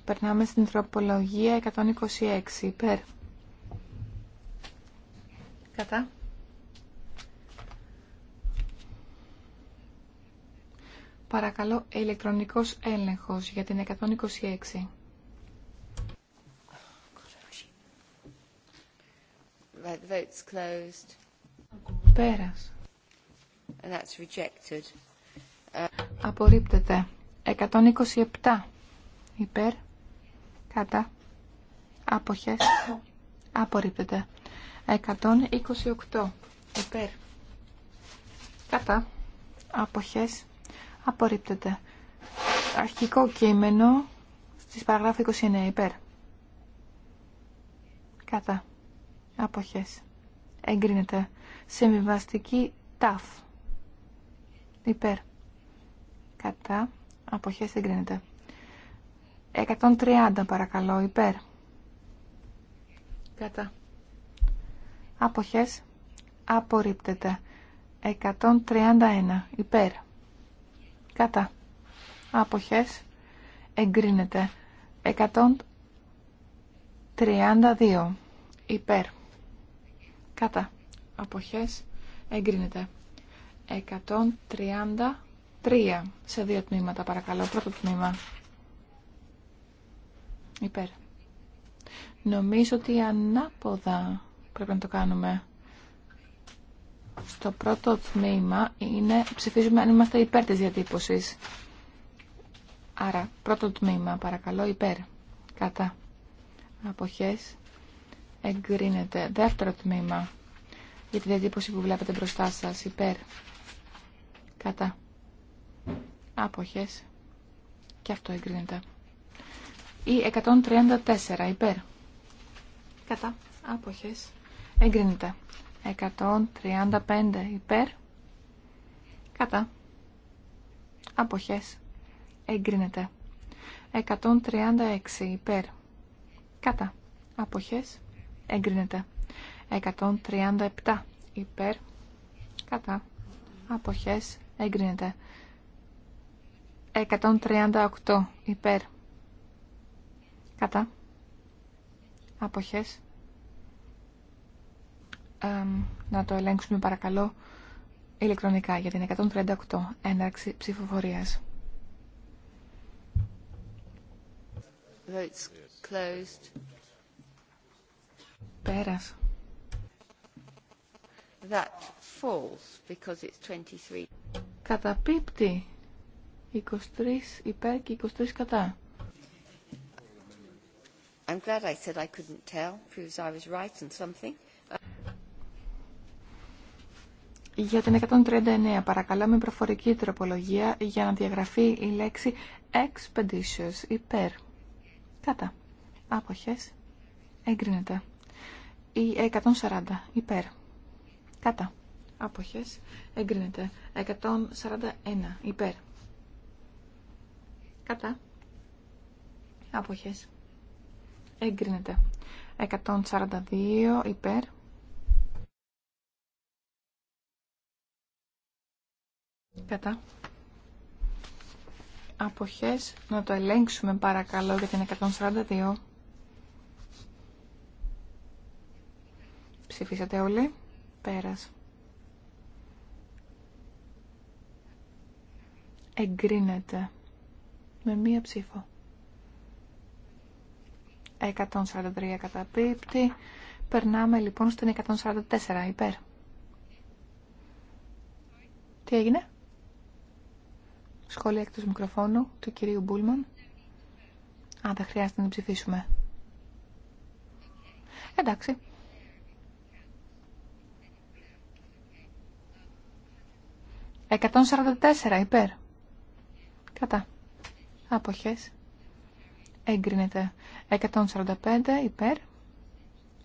Speaker 2: Περνάμε στην τροπολογία 126 υπέρ. Κατά. Παρακαλώ ηλεκτρονικός έλεγχος για την 126. Πέρας. And that's rejected απορρίπτεται 127 υπέρ κατά άποχες απορρίπτεται 128 υπέρ κατά άποχες απορρίπτεται αρχικό κείμενο στις παραγράφου 29 υπέρ κατά άποχες εγκρίνεται συμβιβαστική ταφ υπέρ κατά αποχές εγκρίνεται 130 παρακαλώ υπέρ κατά αποχές απορρίπτεται 131 υπέρ κατά αποχές εγκρίνεται 132 υπέρ κατά αποχές εγκρίνεται 130 τρία σε δύο τμήματα παρακαλώ. Πρώτο τμήμα. Υπέρ. Νομίζω ότι ανάποδα πρέπει να το κάνουμε. Στο πρώτο τμήμα είναι ψηφίζουμε αν είμαστε υπέρ της διατύπωσης. Άρα, πρώτο τμήμα, παρακαλώ, υπέρ. Κατά. Αποχές. Εγκρίνεται. Δεύτερο τμήμα. Για τη διατύπωση που βλέπετε μπροστά σας. Υπέρ. Κατά. Άποχες. Και αυτό εγκρίνεται. Ή 134 υπέρ. Κατά. Άποχες. Εγκρίνεται. 135 υπέρ. Κατά. Αποχές. Εγκρίνεται. 136 υπέρ. Κατά. Αποχές. Εγκρίνεται. 137 υπέρ. Κατά. Αποχές. Εγκρίνεται. 138 υπέρ. Κατά. Αποχές. να το ελέγξουμε παρακαλώ ηλεκτρονικά για την 138 έναρξη ψηφοφορίας.
Speaker 1: Votes closed. Πέρας. That falls because it's 23.
Speaker 2: Καταπίπτει 23 υπέρ και 23 κατά.
Speaker 1: I'm glad I said I couldn't tell, I was right
Speaker 2: something. Για την 139 με προφορική τροπολογία για να διαγραφεί η λέξη expeditious, υπέρ. Κατά. Άποχες. Έγκρινεται. Η 140, υπέρ. Κατά. Άποχες. Έγκρινεται. 141, υπέρ. Κατά. Αποχές. Εγκρίνεται. 142 υπέρ. Κατά. Αποχές. Να το ελέγξουμε παρακαλώ για την 142. Ψηφίσατε όλοι. Πέρας. Εγκρίνεται με μία ψήφο. 143 καταπίπτει. Περνάμε λοιπόν στην 144 υπέρ. Τι έγινε? Σχόλια εκτός μικροφώνου του κυρίου Μπούλμαν. Α, δεν χρειάζεται να ψηφίσουμε. Εντάξει. 144. υπέρ. Κατά. Αποχές. Εγκρίνεται. 145 υπέρ.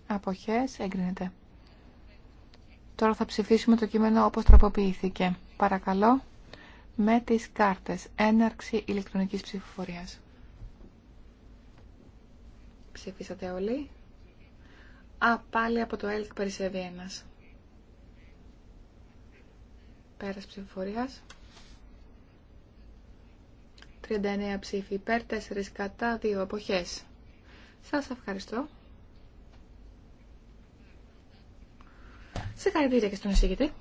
Speaker 2: Αποχές. Εγκρίνεται. Τώρα θα ψηφίσουμε το κείμενο όπως τροποποιήθηκε. Παρακαλώ με τις κάρτες. Έναρξη ηλεκτρονικής ψηφοφορίας. Ψηφίσατε όλοι. Α, πάλι από το ΕΛΚ περισσεύει ένας. Πέρας ψηφοφορίας. 39 ψήφοι υπέρ, 4 κατά, 2 αποχές. Σας ευχαριστώ. Σε καρδίδια και στον εισηγητή.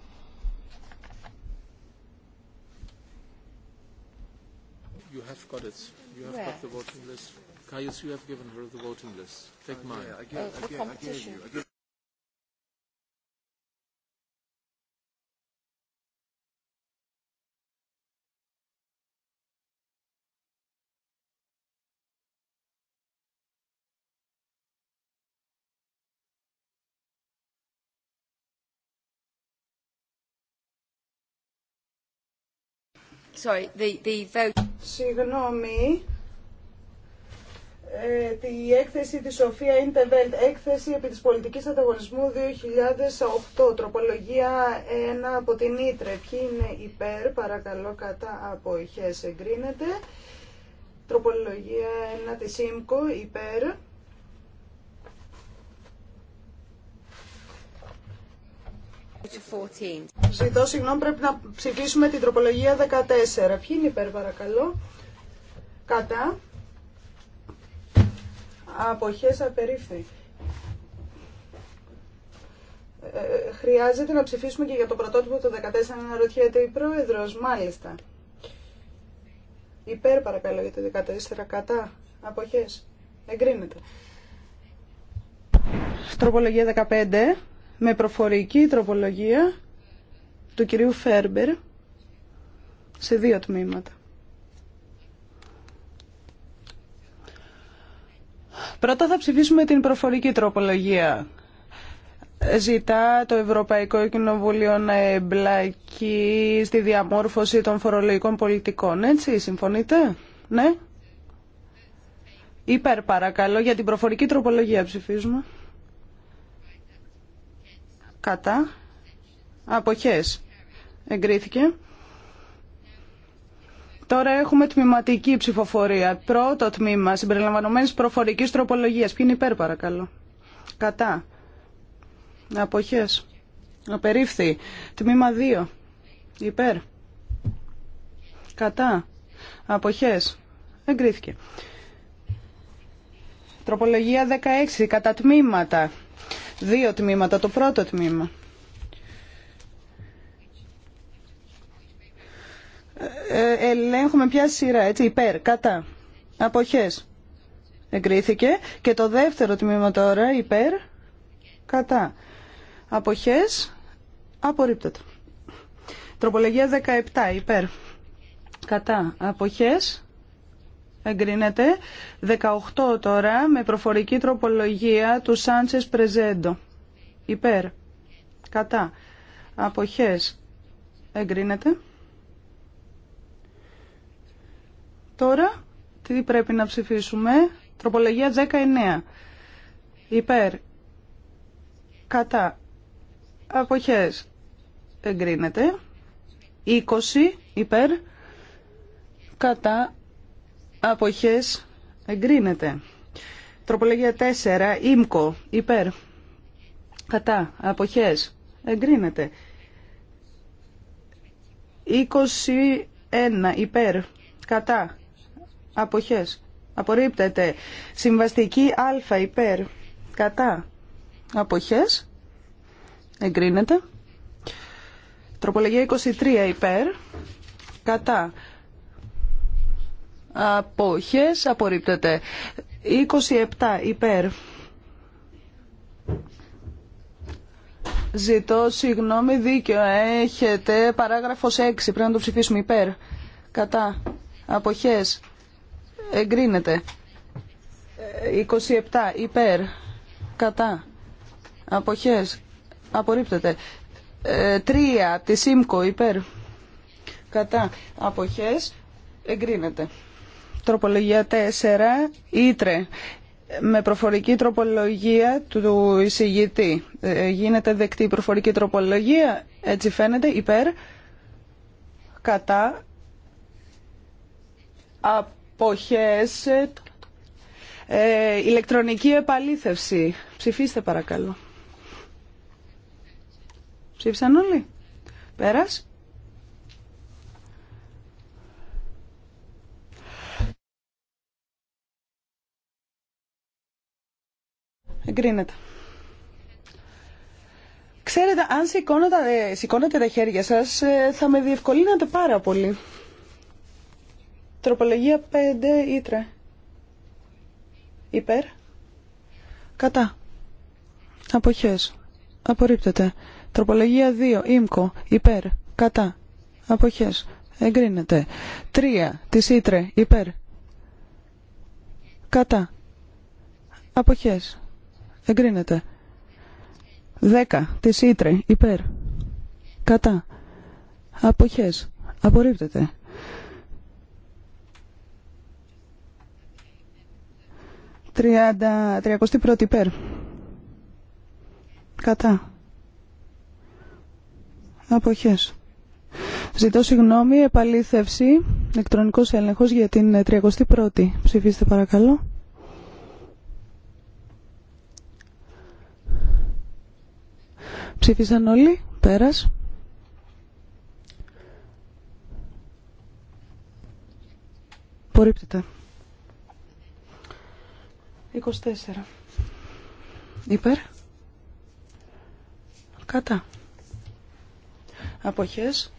Speaker 1: You have got it. You have got the voting list. Caius, you have given her the voting list. Take mine. I uh, I gave, I gave you.
Speaker 3: Sorry, the, the vote. Συγγνώμη. Ε, έκθεση της Σοφία Ιντεβέλτ, έκθεση επί της πολιτικής ανταγωνισμού 2008, τροπολογία 1 από την Ήτρε. Ποιοι είναι υπέρ, παρακαλώ, κατά αποϊχές εγκρίνεται. Τροπολογία 1 της ΣΥΜΚΟ, υπέρ Ζητώ συγγνώμη, πρέπει να ψηφίσουμε την τροπολογία 14. Ποιοι είναι υπέρ παρακαλώ. Κατά. Αποχές απερίφθη. Ε, ε, χρειάζεται να ψηφίσουμε και για το πρωτότυπο το 14 να ρωτιέται η Πρόεδρος. Μάλιστα. Υπέρ παρακαλώ για το 14. Κατά. Αποχές. Εγκρίνεται. Τροπολογία 15 με προφορική τροπολογία του κυρίου Φέρμπερ σε δύο τμήματα. Πρώτα θα ψηφίσουμε την προφορική τροπολογία. Ζητά το Ευρωπαϊκό Κοινοβούλιο να εμπλακεί στη διαμόρφωση των φορολογικών πολιτικών. Έτσι, συμφωνείτε, ναι. Υπέρ παρακαλώ, για την προφορική τροπολογία ψηφίζουμε κατά αποχές εγκρίθηκε. Τώρα έχουμε τμηματική ψηφοφορία. Πρώτο τμήμα συμπεριλαμβανομένη προφορική τροπολογία. Ποιοι είναι υπέρ, παρακαλώ. Κατά. Αποχέ. Απερίφθη. Τμήμα 2. Υπέρ. Κατά. Αποχέ. Εγκρίθηκε. Τροπολογία 16. Κατά τμήματα δύο τμήματα. Το πρώτο τμήμα. Ε, ε, ελέγχουμε ποια σειρά, έτσι, υπέρ, κατά, αποχές. Εγκρίθηκε. Και το δεύτερο τμήμα τώρα, υπέρ, κατά, αποχές, απορρίπτεται. Τροπολογία 17, υπέρ, κατά, αποχές, Εγκρίνεται. 18 τώρα με προφορική τροπολογία του Σάντσες Πρεζέντο. Υπέρ. Κατά. Αποχές. Εγκρίνεται. Τώρα τι πρέπει να ψηφίσουμε. Τροπολογία 19. Υπέρ. Κατά. Αποχές. Εγκρίνεται. 20. Υπέρ. Κατά αποχές εγκρίνεται. Τροπολογία 4, ΉΜΚΟ. υπέρ, κατά, αποχές, εγκρίνεται. 21, υπέρ, κατά, αποχές, απορρίπτεται. Συμβαστική Α, υπέρ, κατά, αποχές, εγκρίνεται. Τροπολογία 23, υπέρ, κατά, αποχές απορρίπτεται 27 υπέρ Ζητώ συγγνώμη δίκαιο. έχετε παράγραφος 6 πρέπει να το ψηφίσουμε υπέρ κατά αποχές εγκρίνεται 27 υπέρ κατά αποχές απορρίπτεται 3 ε, τη ΣΥΜΚΟ υπέρ κατά αποχές εγκρίνεται Τροπολογία 4, Ήτρε, με προφορική τροπολογία του εισηγητή. Ε, γίνεται δεκτή η προφορική τροπολογία, έτσι φαίνεται, υπέρ, κατά, αποχές, ε, ηλεκτρονική επαλήθευση. Ψηφίστε παρακαλώ. Ψήφισαν όλοι. Πέρας. Εγκρίνεται. Ξέρετε, αν σηκώνετε, ε, τα χέρια σας, ε, θα με διευκολύνατε πάρα πολύ. Τροπολογία 5, ήτρε. Υπέρ. Κατά. Αποχές. Απορρίπτεται. Τροπολογία 2, ΙΜΚΟ. Υπέρ. Κατά. Αποχές. Εγκρίνεται. 3, της ήτρε. Υπέρ. Κατά. Αποχές. Εγκρίνεται. 10 Τη Ήτρε. Υπέρ. Κατά. Κατά. Απορρίπτεται. τριακοστή πρώτη υπέρ. Κατά. Αποχές. Ζητώ συγγνώμη, επαλήθευση, ηλεκτρονικός έλεγχος για την 31η. Ε, Ψηφίστε παρακαλώ. Ψήφισαν όλοι. Πέρας. Απορρίπτεται. 24. Υπέρ. Κατά. Αποχές.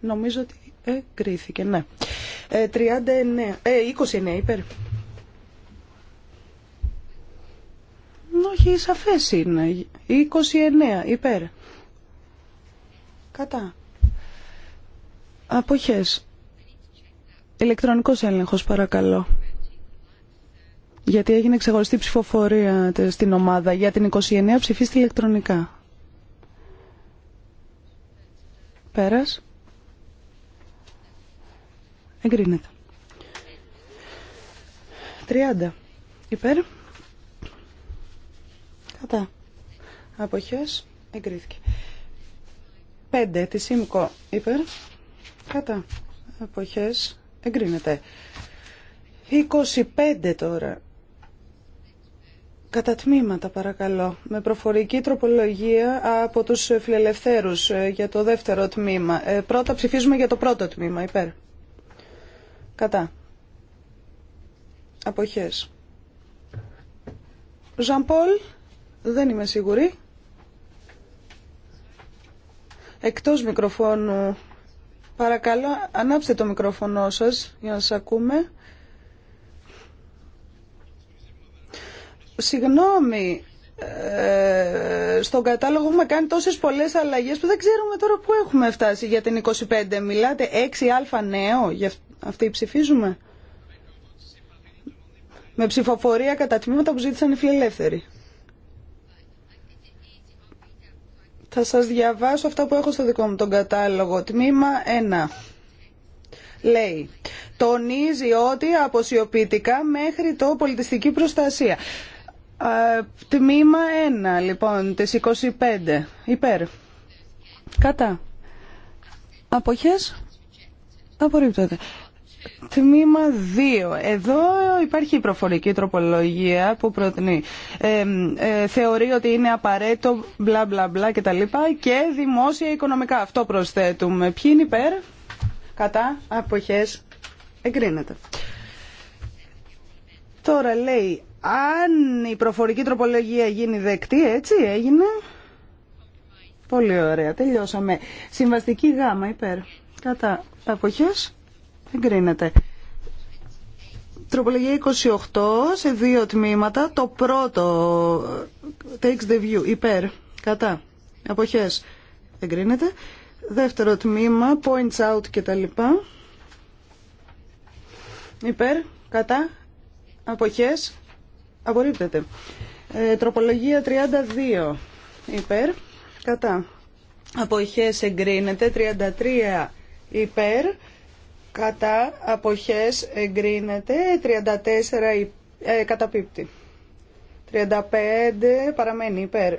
Speaker 3: Νομίζω ότι εγκρίθηκε. Ναι. Ε, 39. Ε, 29 υπέρ. Όχι, σαφέ είναι. 29, υπέρ. Κατά. Αποχές. Ηλεκτρονικός έλεγχο παρακαλώ. Γιατί έγινε ξεχωριστή ψηφοφορία στην ομάδα. Για την 29 ψηφίστε ηλεκτρονικά. Πέρας. Εγκρίνεται. 30. Υπέρ. Κατά. Αποχές. Εγκρίθηκε. 5 τη ΣΥΜΚΟ υπέρ. Κατά. Αποχές. Εγκρίνεται. 25 τώρα. Κατά τμήματα παρακαλώ. Με προφορική τροπολογία από τους φιλελευθέρους ε, για το δεύτερο τμήμα. Ε, πρώτα ψηφίζουμε για το πρώτο τμήμα υπέρ. Κατά. Αποχές. Ζανπόλ. Δεν είμαι σίγουρη. Εκτός μικροφώνου. Παρακαλώ, ανάψτε το μικρόφωνο σας για να σας ακούμε. Συγγνώμη, ε, στον κατάλογο έχουμε κάνει τόσες πολλές αλλαγές που δεν ξέρουμε τώρα πού έχουμε φτάσει για την 25. Μιλάτε 6α νέο, για αυτή ψηφίζουμε. Με ψηφοφορία κατά τμήματα που ζήτησαν οι φιλελεύθεροι. Θα σας διαβάσω αυτά που έχω στο δικό μου τον κατάλογο. Τμήμα 1 λέει τονίζει ότι αποσιοποιητικά μέχρι το πολιτιστική προστασία. τμήμα 1 λοιπόν τις 25 υπέρ. Κατά. Αποχές. Απορρίπτωται. Τμήμα 2. Εδώ υπάρχει η προφορική τροπολογία που προτείνει. Ε, ε θεωρεί ότι είναι απαραίτητο μπλα μπλα μπλα κτλ. Και, και δημόσια οικονομικά. Αυτό προσθέτουμε. Ποιοι είναι υπέρ, κατά, αποχές, εγκρίνεται. Τώρα λέει, αν η προφορική τροπολογία γίνει δεκτή, έτσι έγινε. Πολύ ωραία, τελειώσαμε. Συμβαστική γάμα υπέρ, κατά, αποχές, Εγκρίνεται. Τροπολογία 28 σε δύο τμήματα. Το πρώτο takes the view, υπέρ, κατά, αποχές, εγκρίνεται. Δεύτερο τμήμα, points out και τα λοιπά. Υπέρ, κατά, αποχές, απορρίπτεται. Ε, τροπολογία 32, υπέρ, κατά, αποχές εγκρίνεται. 33, υπέρ, κατά αποχές εγκρίνεται 34 ε, καταπίπτει 35 παραμένει υπέρ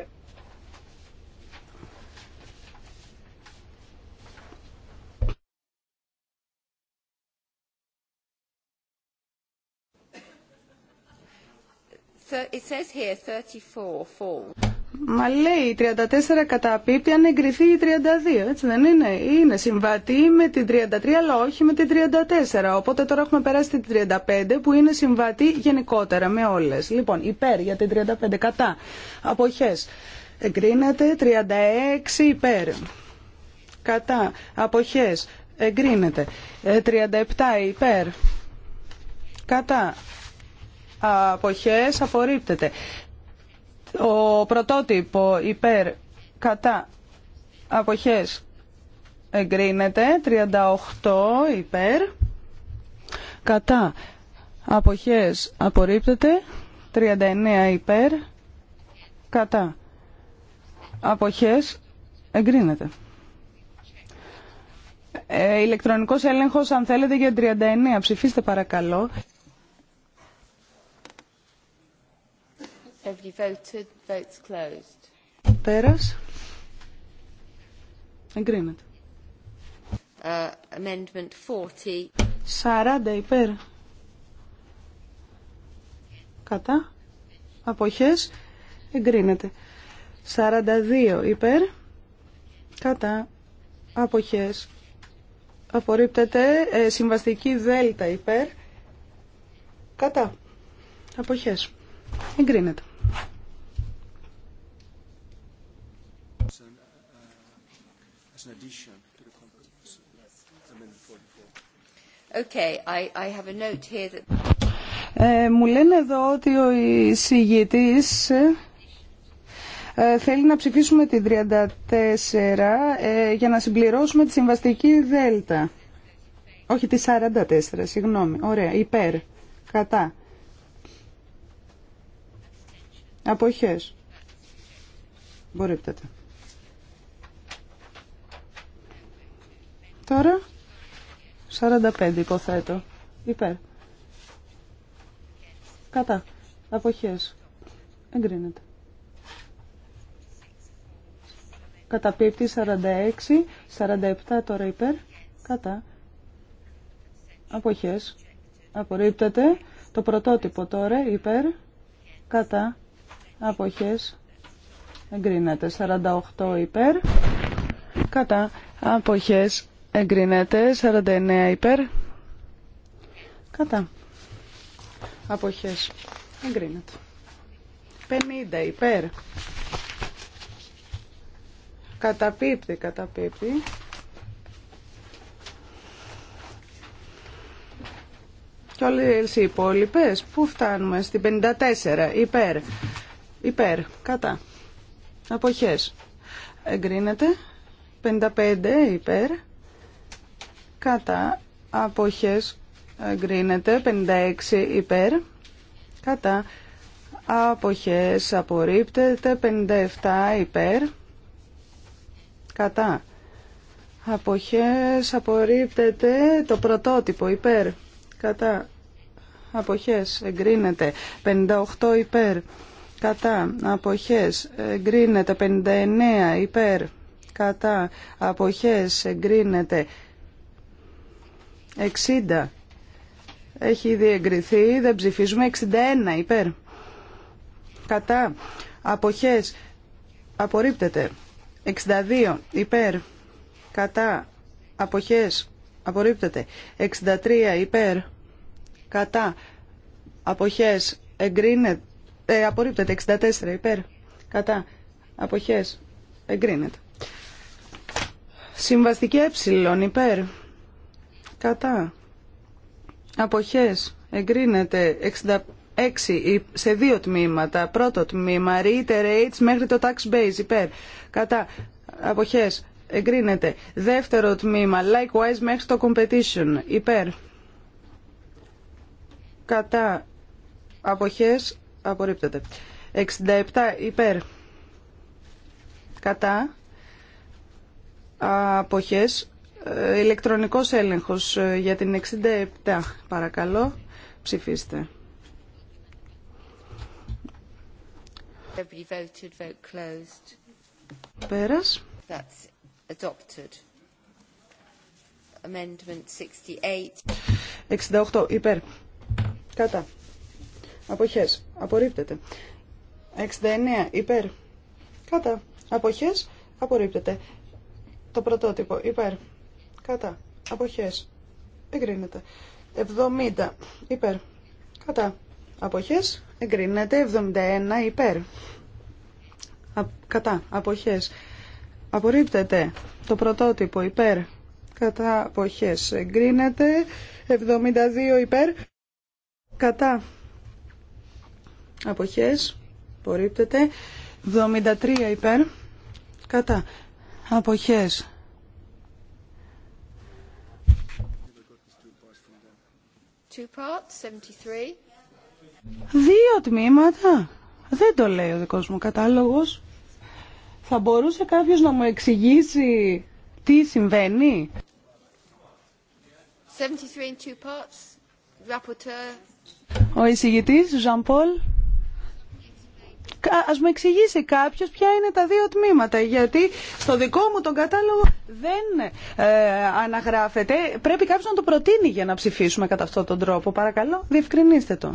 Speaker 1: It says here 34
Speaker 3: Μα λέει 34 κατά πίπτη αν εγκριθεί η 32, έτσι δεν είναι. Είναι συμβατή με την 33 αλλά όχι με την 34. Οπότε τώρα έχουμε περάσει την 35 που είναι συμβατή γενικότερα με όλες. Λοιπόν, υπέρ για την 35 κατά. Αποχές. Εγκρίνεται 36 υπέρ. Κατά. Αποχές. Εγκρίνεται. 37 ε, υπέρ. Κατά. Αποχές απορρίπτεται. Ο πρωτότυπο υπέρ κατά αποχές εγκρίνεται. 38 υπέρ κατά αποχές απορρίπτεται. 39 υπέρ κατά αποχές εγκρίνεται. Ε, ηλεκτρονικός έλεγχος αν θέλετε για 39. Ψηφίστε παρακαλώ.
Speaker 1: Everybody voted. Votes closed.
Speaker 3: Πέρας. Εγκρίνεται.
Speaker 1: Uh, amendment 40.
Speaker 3: 40 υπέρ. Κατά. Αποχές. Εγκρίνεται. 42 υπέρ. Κατά. Αποχές. Απορρίπτεται. Ε, συμβαστική δέλτα υπέρ. Κατά. Αποχές. Εγκρίνεται. μου λένε εδώ ότι ο εισηγητής ε, θέλει να ψηφίσουμε τη 34 ε, για να συμπληρώσουμε τη συμβαστική δέλτα. Όχι, τη 44, συγγνώμη. Ωραία, υπέρ, κατά. Αποχές. Μπορείτε. Τώρα 45 υποθέτω. Υπέρ. Κατά. Αποχές. Εγκρίνεται. Καταπίπτει 46, 47 τώρα υπέρ. Κατά. Αποχές. Απορρίπτεται. Το πρωτότυπο τώρα υπέρ. Κατά. Αποχές. Εγκρίνεται. 48 υπέρ. Κατά. Αποχές Εγκρίνεται 49 υπέρ. Κατά. Αποχές. Εγκρίνεται. 50 υπέρ. Καταπίπτει, καταπίπτει. Και όλες οι υπόλοιπες. Πού φτάνουμε. Στην 54 υπέρ. Υπέρ. Κατά. Αποχές. Εγκρίνεται. 55 υπέρ κατά αποχές εγκρίνεται 56 υπέρ κατά αποχές απορρίπτεται 57 υπέρ κατά αποχές απορρίπτεται το πρωτότυπο υπέρ κατά αποχές εγκρίνεται 58 υπέρ κατά αποχές εγκρίνεται 59 υπέρ κατά αποχές εγκρίνεται 60. Έχει ήδη εγκριθεί. Δεν ψηφίζουμε. 61 υπέρ. Κατά. Αποχές. Απορρίπτεται. 62 υπέρ. Κατά. Αποχές. Απορρίπτεται. 63 υπέρ. Κατά. Αποχές. Εγκρίνεται. Ε, απορρίπτεται. 64 υπέρ. Κατά. Αποχές. Εγκρίνεται. Συμβαστική ε υπέρ κατά αποχές εγκρίνεται 66 σε δύο τμήματα. Πρώτο τμήμα reiterates μέχρι το tax base υπέρ κατά αποχές εγκρίνεται. Δεύτερο τμήμα likewise μέχρι το competition υπέρ κατά αποχές απορρίπτεται. 67 υπέρ κατά αποχές ε, ηλεκτρονικός έλεγχος ε, για την 67 παρακαλώ ψηφίστε Πέρας. Amendment 68. 68 υπέρ. Κατά. Αποχές. Απορρίπτεται. 69 υπέρ. Κατά. Αποχές. Απορρίπτεται. Το πρωτότυπο υπέρ. Κατά. Αποχές. Εγκρίνεται. 70. Υπέρ. Κατά. Αποχές. Εγκρίνεται. 71. Υπέρ. Α, κατά. Αποχές. Απορρίπτεται. Το πρωτότυπο. Υπέρ. Κατά. Αποχές. Εγκρίνεται. 72. Υπέρ. Κατά. Αποχές. Απορρίπτεται. 73. Υπέρ. Κατά. Αποχές
Speaker 1: Two parts, 73.
Speaker 3: Δύο τμήματα. Δεν το λέει ο δικός μου κατάλογος. Θα μπορούσε κάποιος να μου εξηγήσει τι συμβαίνει.
Speaker 1: 73 in two parts. Rapporteur.
Speaker 3: Ο εισηγητής, Jean-Paul. Ας μου εξηγήσει κάποιος ποια είναι τα δύο τμήματα, γιατί στο δικό μου τον κατάλογο δεν ε, αναγράφεται. Πρέπει κάποιος να το προτείνει για να ψηφίσουμε κατά αυτόν τον τρόπο. Παρακαλώ, διευκρινίστε το.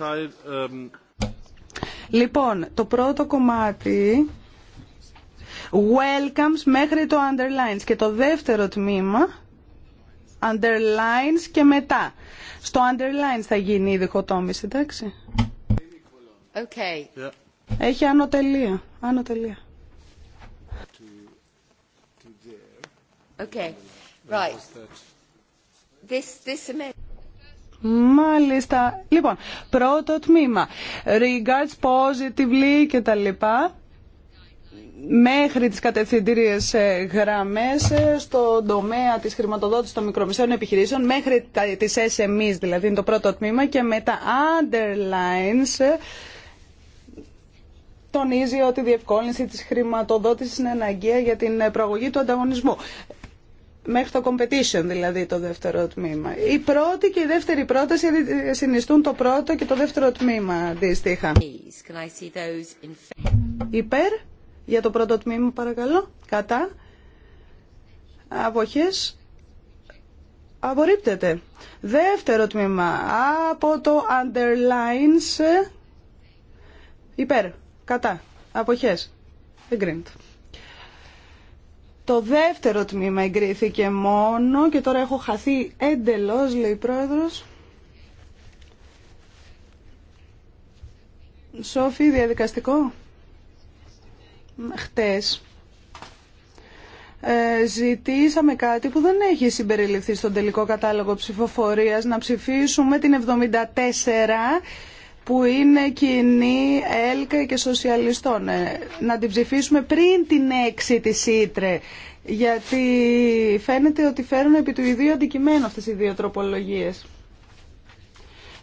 Speaker 4: Ähm,
Speaker 3: λοιπόν, το πρώτο κομμάτι welcomes μέχρι το underlines και το δεύτερο τμήμα underlines και μετά. Στο underlines θα γίνει η διχοτόμηση, εντάξει.
Speaker 1: Okay. Yeah.
Speaker 3: Έχει Ανωτελεία. To,
Speaker 1: Okay. Right. This, this...
Speaker 3: Μάλιστα. Λοιπόν, πρώτο τμήμα. Regards positively και τα λοιπά μέχρι τις κατευθυντήριες ε, γραμμές ε, στον τομέα της χρηματοδότησης των μικρομεσαίων επιχειρήσεων, μέχρι τις SMEs δηλαδή είναι το πρώτο τμήμα και με τα underlines ε, τονίζει ότι η διευκόλυνση της χρηματοδότησης είναι αναγκαία για την προαγωγή του ανταγωνισμού. Μέχρι το competition δηλαδή το δεύτερο τμήμα. Η πρώτη και η δεύτερη πρόταση συνιστούν το πρώτο και το δεύτερο τμήμα αντίστοιχα. Υπέρ. Για το πρώτο τμήμα παρακαλώ. Κατά. Αποχές. Απορρίπτεται. Δεύτερο τμήμα. Από το underlines. Υπέρ. Κατά. Αποχές. Εγκρίνεται. Το δεύτερο τμήμα εγκρίθηκε μόνο και τώρα έχω χαθεί εντελώς, λέει η πρόεδρος. Σόφη, διαδικαστικό χτες ε, ζητήσαμε κάτι που δεν έχει συμπεριληφθεί στον τελικό κατάλογο ψηφοφορίας να ψηφίσουμε την 74 που είναι κοινή ΕΛΚΑ και Σοσιαλιστών. Ε, να την ψηφίσουμε πριν την 6 της Ήτρε, γιατί φαίνεται ότι φέρουν επί του ιδίου αντικειμένου αυτές οι δύο τροπολογίες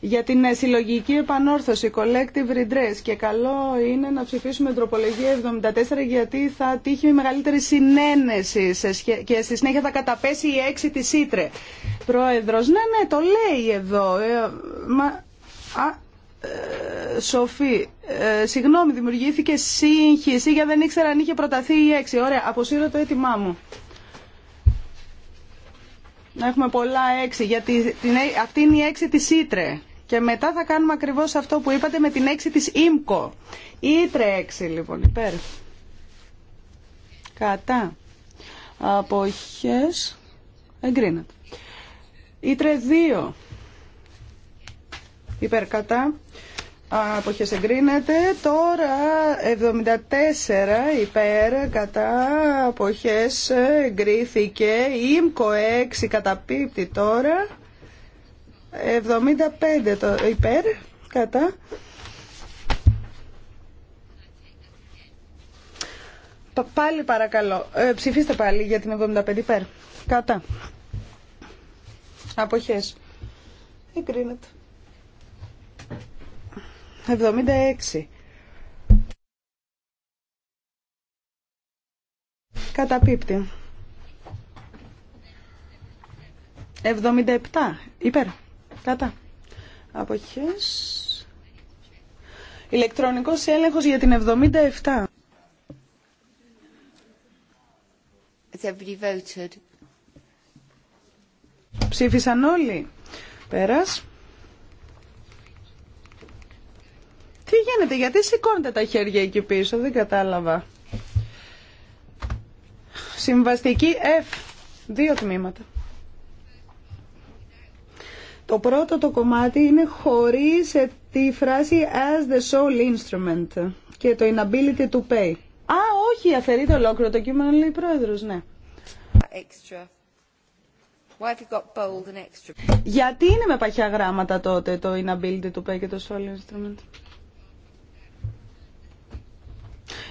Speaker 3: για την ε, συλλογική επανόρθωση, collective redress και καλό είναι να ψηφίσουμε τροπολογία 74 γιατί θα τύχει η μεγαλύτερη συνένεση και στη συνέχεια θα καταπέσει η έξι τη Ήτρε. Πρόεδρος, ναι, ναι, το λέει εδώ. Ε, μα, α, ε, Σοφή, ε, συγγνώμη, δημιουργήθηκε σύγχυση για δεν ήξερα αν είχε προταθεί η έξι Ωραία, αποσύρω το έτοιμά μου. Να έχουμε πολλά έξι γιατί την, ε, αυτή είναι η έξι της Ήτρε. Και μετά θα κάνουμε ακριβώ αυτό που είπατε με την 6 τη ΙΜΚΟ. Ήτρε 6 λοιπόν, υπέρ. Κατά. Αποχές. Εγκρίνεται. Ήτρε 2. Υπέρ κατά. Αποχές εγκρίνεται. Τώρα 74 υπέρ κατά αποχές εγκρίθηκε. Ήμκο 6 καταπίπτει τώρα. 75 το υπέρ, κατά. Πάλι παρακαλώ, ε, ψηφίστε πάλι για την 75 υπέρ, κατά. Αποχές. Εγκρίνεται. 76. Καταπίπτει. 77. Υπέρ. Κατά. Αποχές. Ηλεκτρονικός έλεγχος για την 77. Ψήφισαν όλοι. Πέρας. Τι γίνεται, γιατί σηκώνετε τα χέρια εκεί πίσω, δεν κατάλαβα. Συμβαστική F. Δύο τμήματα. Το πρώτο το κομμάτι είναι χωρίς ε, τη φράση as the sole instrument και το inability to pay. Α, όχι, αφαιρείται ολόκληρο το κείμενο, λέει η πρόεδρος, ναι. Γιατί είναι με παχιά γράμματα τότε το inability to pay και το sole instrument.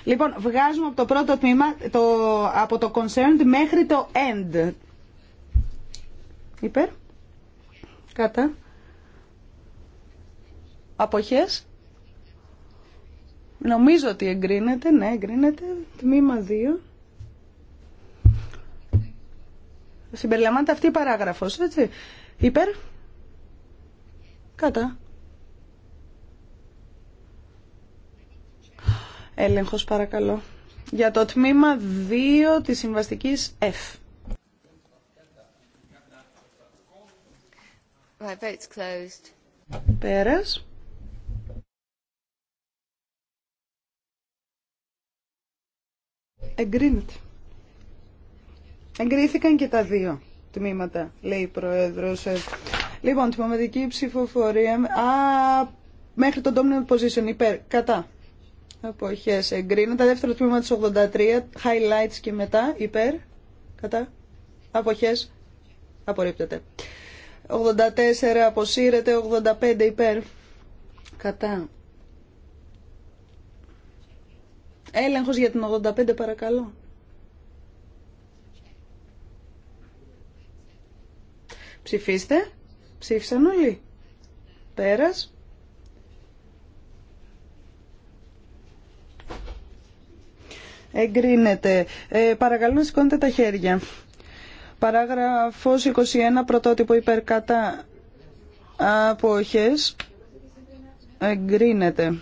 Speaker 3: Λοιπόν, βγάζουμε από το πρώτο τμήμα, από το concerned μέχρι το end. Υπέρ. Κατά. Αποχές. Νομίζω ότι εγκρίνεται. Ναι, εγκρίνεται. Τμήμα 2. Συμπεριλαμβάνεται αυτή η παράγραφος, έτσι. Υπέρ. Κατά. Έλεγχος παρακαλώ. Για το τμήμα 2 της συμβαστικής F. Πέρας. Εγκρίνεται. Εγκρίθηκαν και τα δύο τμήματα, λέει η Πρόεδρος. Ε, λοιπόν, τμηματική ψηφοφορία. Α, μέχρι τον dominant position, υπέρ, κατά. Αποχές, εγκρίνεται. Δεύτερο τμήμα της 83, highlights και μετά, υπέρ, κατά. Αποχές, απορρίπτεται. 84 αποσύρεται, 85 υπέρ. Κατά. Έλεγχος για την 85 παρακαλώ. Ψηφίστε. Ψήφισαν όλοι. Πέρας. Εγκρίνεται. Ε, παρακαλώ να σηκώνετε τα χέρια. Παράγραφος 21 πρωτότυπο υπερκατά αποχές εγκρίνεται.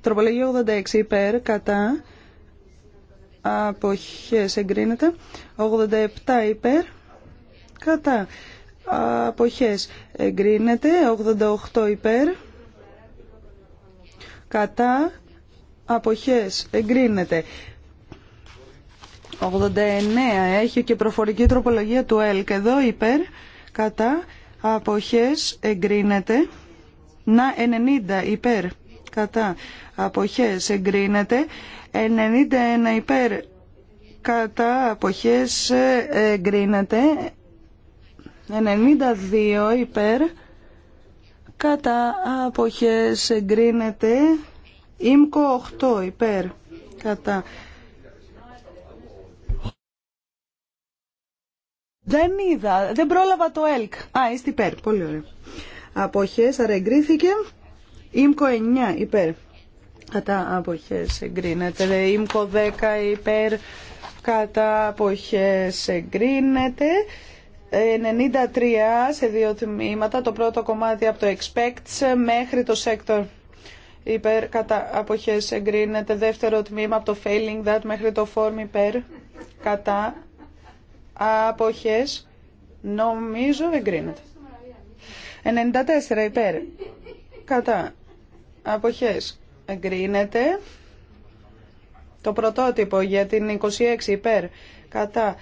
Speaker 3: Τροπολογία 86 υπέρ κατά αποχές εγκρίνεται. 87 υπέρ κατά αποχές εγκρίνεται. 88 υπέρ κατά αποχές εγκρίνεται. 89 έχει και προφορική τροπολογία του ΕΛΚ. Εδώ υπέρ, κατά, αποχές εγκρίνεται. Να 90 υπέρ, κατά, αποχές εγκρίνεται. 91 υπέρ, κατά, αποχές εγκρίνεται. 92 υπέρ, κατά, αποχές εγκρίνεται. Ήμκο 8 υπέρ, κατά, Δεν είδα, δεν πρόλαβα το ΕΛΚ. Α, είστε υπέρ. Πολύ ωραία. Αποχές, άρα εγκρίθηκε. Ήμκο 9 υπέρ. Κατά αποχές εγκρίνεται. Ίμκο 10 υπέρ. Κατά αποχές εγκρίνεται. 93 ε, σε δύο τμήματα. Το πρώτο κομμάτι από το expects μέχρι το sector υπέρ. Κατά αποχές εγκρίνεται. Δεύτερο τμήμα από το failing that μέχρι το form υπέρ. Κατά Αποχές. Νομίζω εγκρίνεται. 94 υπέρ. Κατά. Αποχές. Εγκρίνεται. Το πρωτότυπο για την 26 υπέρ. Κατά.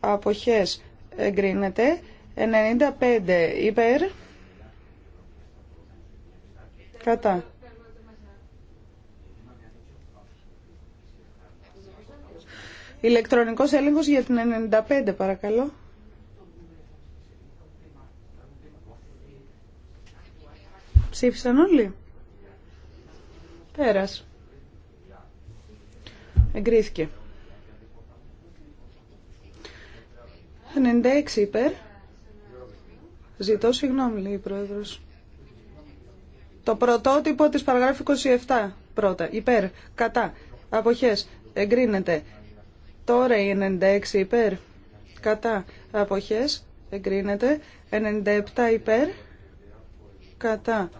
Speaker 3: Αποχές. Εγκρίνεται. 95 υπέρ. Κατά. Ηλεκτρονικός έλεγχος για την 95 παρακαλώ. Ψήφισαν όλοι. Πέρας. Εγκρίθηκε. 96 υπέρ. Ζητώ συγγνώμη, λέει η Πρόεδρος. Το πρωτότυπο της παραγράφου 27 πρώτα. Υπέρ. Κατά. Αποχές. Εγκρίνεται. Τώρα η 96 υπέρ. Κατά. Αποχές. Εγκρίνεται. 97 υπέρ. Κατά.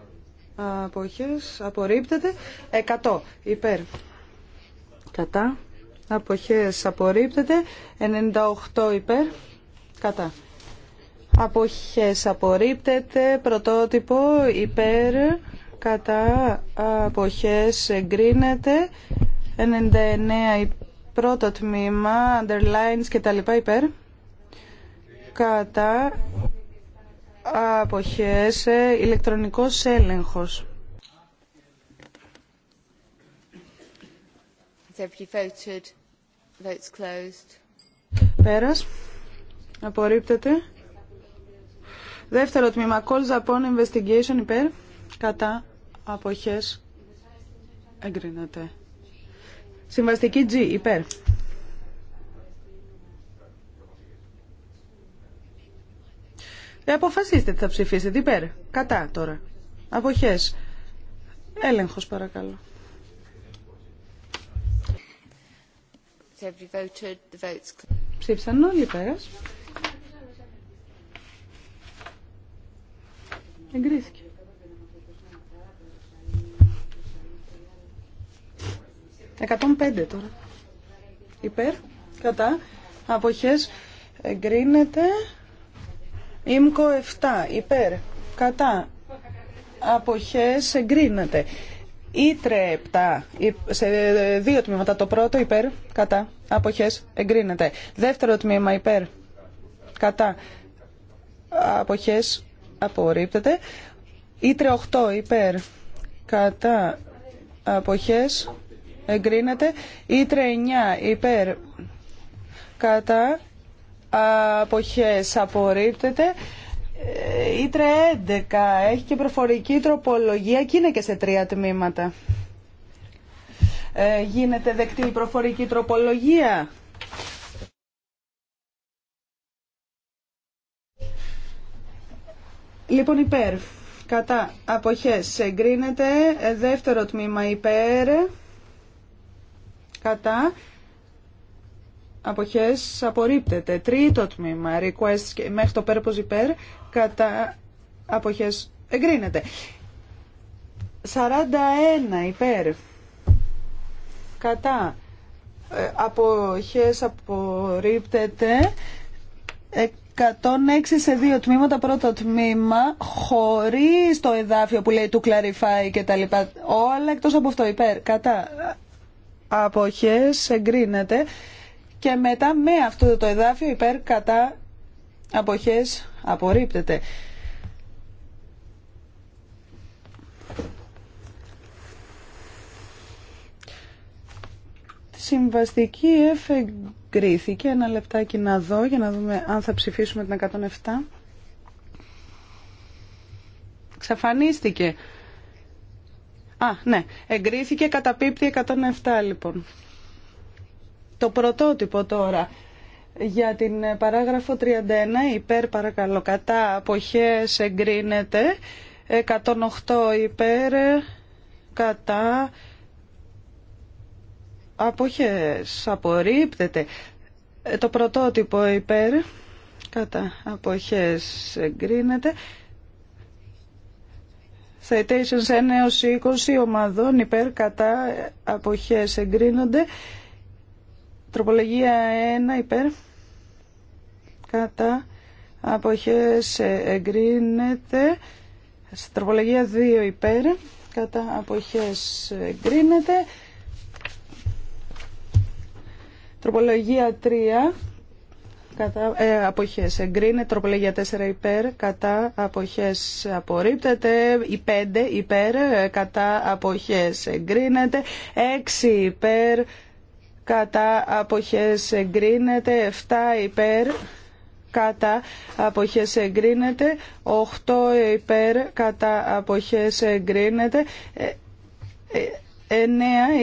Speaker 3: Αποχές. Απορρίπτεται. 100 υπέρ. Κατά. Αποχές. Απορρίπτεται. 98 υπέρ. Κατά. Αποχές. Απορρίπτεται. Πρωτότυπο υπέρ. Κατά. Αποχές. Εγκρίνεται. 99 υπέρ Πρώτο τμήμα, underlines και τα λοιπά υπέρ. Κατά αποχές, ε, ηλεκτρονικός έλεγχος.
Speaker 1: Voted.
Speaker 3: Πέρας. Απορρίπτεται. Δεύτερο τμήμα. Calls upon investigation υπέρ. Κατά αποχές. Εγκρίνεται. Συμβαστική G, υπέρ. Ε, αποφασίστε τι θα ψηφίσετε. Υπέρ. Κατά τώρα. Αποχές. Έλεγχος παρακαλώ. Ψήφισαν όλοι πέρας. Εγκρίθηκε. 105 τώρα. Υπέρ, κατά, αποχές εγκρίνεται. ΙΜΚΟ 7, υπέρ, κατά, αποχές εγκρίνεται. Ήτρε 7, σε δύο τμήματα. Το πρώτο υπέρ, κατά, αποχές εγκρίνεται. Δεύτερο τμήμα υπέρ, κατά, αποχές απορρίπτεται. Ήτρε 8, υπέρ, κατά, αποχές εγκρίνεται. Ήτρε 9 υπέρ κατά αποχές απορρίπτεται. Ήτρε 11 έχει και προφορική τροπολογία και είναι και σε τρία τμήματα. Ε, γίνεται δεκτή η προφορική τροπολογία. Λοιπόν υπέρ, κατά αποχές εγκρίνεται, ε, δεύτερο τμήμα υπέρ, κατά αποχές απορρίπτεται. Τρίτο τμήμα, request μέχρι το purpose υπέρ, κατά αποχές εγκρίνεται. 41 υπέρ, κατά ε, αποχές απορρίπτεται. 106 σε δύο τμήματα, πρώτο τμήμα, χωρίς το εδάφιο που λέει του clarify και τα λοιπά. Όλα εκτός από αυτό, υπέρ, κατά, αποχές εγκρίνεται και μετά με αυτό το εδάφιο υπέρ κατά αποχές απορρίπτεται. Συμβαστική εφεγκρίθηκε Ένα λεπτάκι να δω για να δούμε αν θα ψηφίσουμε την 107. Ξαφανίστηκε. Α, ναι. Εγκρίθηκε κατά πίπτη 107 λοιπόν. Το πρωτότυπο τώρα για την ε, παράγραφο 31 υπέρ παρακαλώ κατά αποχές εγκρίνεται 108 υπέρ ε, κατά αποχές απορρίπτεται ε, το πρωτότυπο υπέρ κατά αποχές εγκρίνεται Citations 1 έως 20 ομαδών υπέρ κατά αποχές εγκρίνονται. Τροπολογία 1 υπέρ κατά αποχές εγκρίνεται. Τροπολογία 2 υπέρ κατά αποχές εγκρίνεται. Τροπολογία 3 Κατά ε, αποχές εγκρίνεται, τροπολογία 4 υπέρ, κατά αποχές απορρίπτεται, η 5 ε, υπέρ, κατά αποχές εγκρίνεται, 6 υπέρ, κατά αποχές εγκρίνεται, 7 υπέρ, κατά αποχές εγκρίνεται, 8 ε, υπέρ, κατά αποχές εγκρίνεται, 9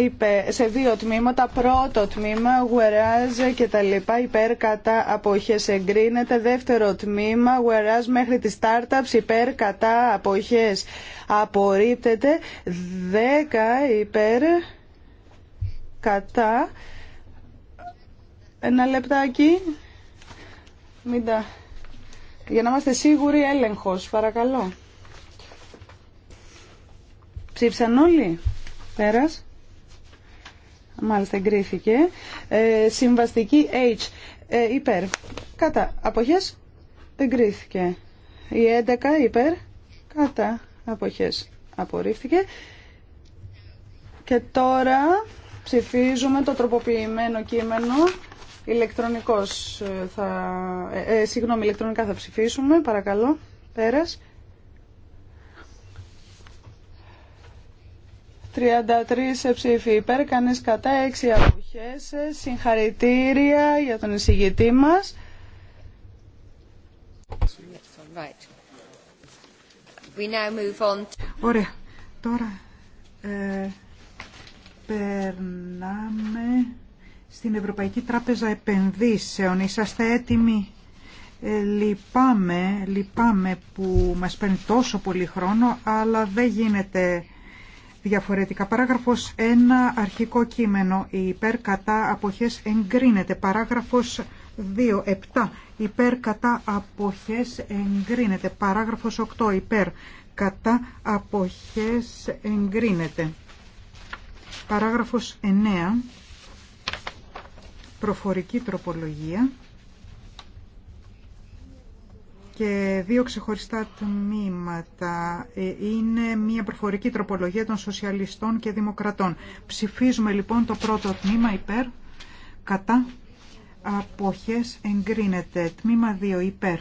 Speaker 3: είπε σε δύο τμήματα. Πρώτο τμήμα, whereas και τα λοιπά, υπέρ κατά αποχές εγκρίνεται. Δεύτερο τμήμα, whereas μέχρι τις startups, υπέρ κατά αποχές απορρίπτεται. δέκα υπέρ κατά. Ένα λεπτάκι. Μην τα... Για να είμαστε σίγουροι έλεγχος, παρακαλώ. Ψήφισαν όλοι. Πέρας. Μάλιστα εγκρίθηκε. Ε, συμβαστική H. Ε, υπέρ. Κατά. Αποχές. Εγκρίθηκε. Η 11 υπέρ. Κατά. Αποχές. Απορρίφθηκε. Και τώρα ψηφίζουμε το τροποποιημένο κείμενο. Ηλεκτρονικός ε, θα... Ε, συγγνώμη, ηλεκτρονικά θα ψηφίσουμε. Παρακαλώ. Πέρας. 33 ψήφοι υπέρ, κανείς κατά, 6 αποχές. Συγχαρητήρια για τον εισηγητή μας.
Speaker 4: Ωραία. Τώρα ε, περνάμε στην Ευρωπαϊκή Τράπεζα Επενδύσεων. Είσαστε έτοιμοι. Ε, λυπάμαι, λυπάμαι που μας παίρνει τόσο πολύ χρόνο, αλλά δεν γίνεται διαφορετικά. Παράγραφος 1, αρχικό κείμενο, υπέρ κατά αποχές εγκρίνεται. Παράγραφος 2, 7, υπέρ κατά αποχές εγκρίνεται. Παράγραφος 8, υπέρ κατά αποχές εγκρίνεται. Παράγραφος 9, προφορική τροπολογία και δύο ξεχωριστά τμήματα. Ε, είναι μια προφορική τροπολογία των σοσιαλιστών και δημοκρατών. Ψηφίζουμε λοιπόν το πρώτο τμήμα υπέρ, κατά, αποχές εγκρίνεται. Τμήμα 2 υπέρ,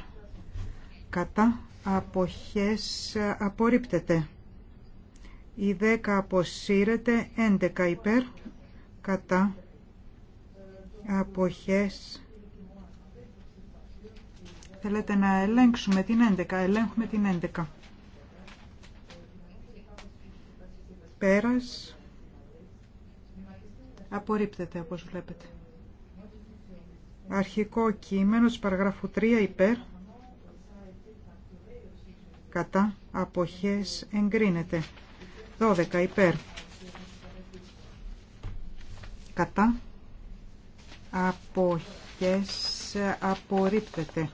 Speaker 4: κατά, αποχές ε, απορρίπτεται. Η 10 αποσύρεται, 11 υπέρ, κατά, αποχές Θέλετε να ελέγξουμε την 11. Ελέγχουμε την 11. Πέρας. Απορρίπτεται όπως βλέπετε. Αρχικό κείμενο της παραγράφου 3 υπέρ. Κατά αποχές εγκρίνεται. 12 υπέρ. Κατά αποχές απορρίπτεται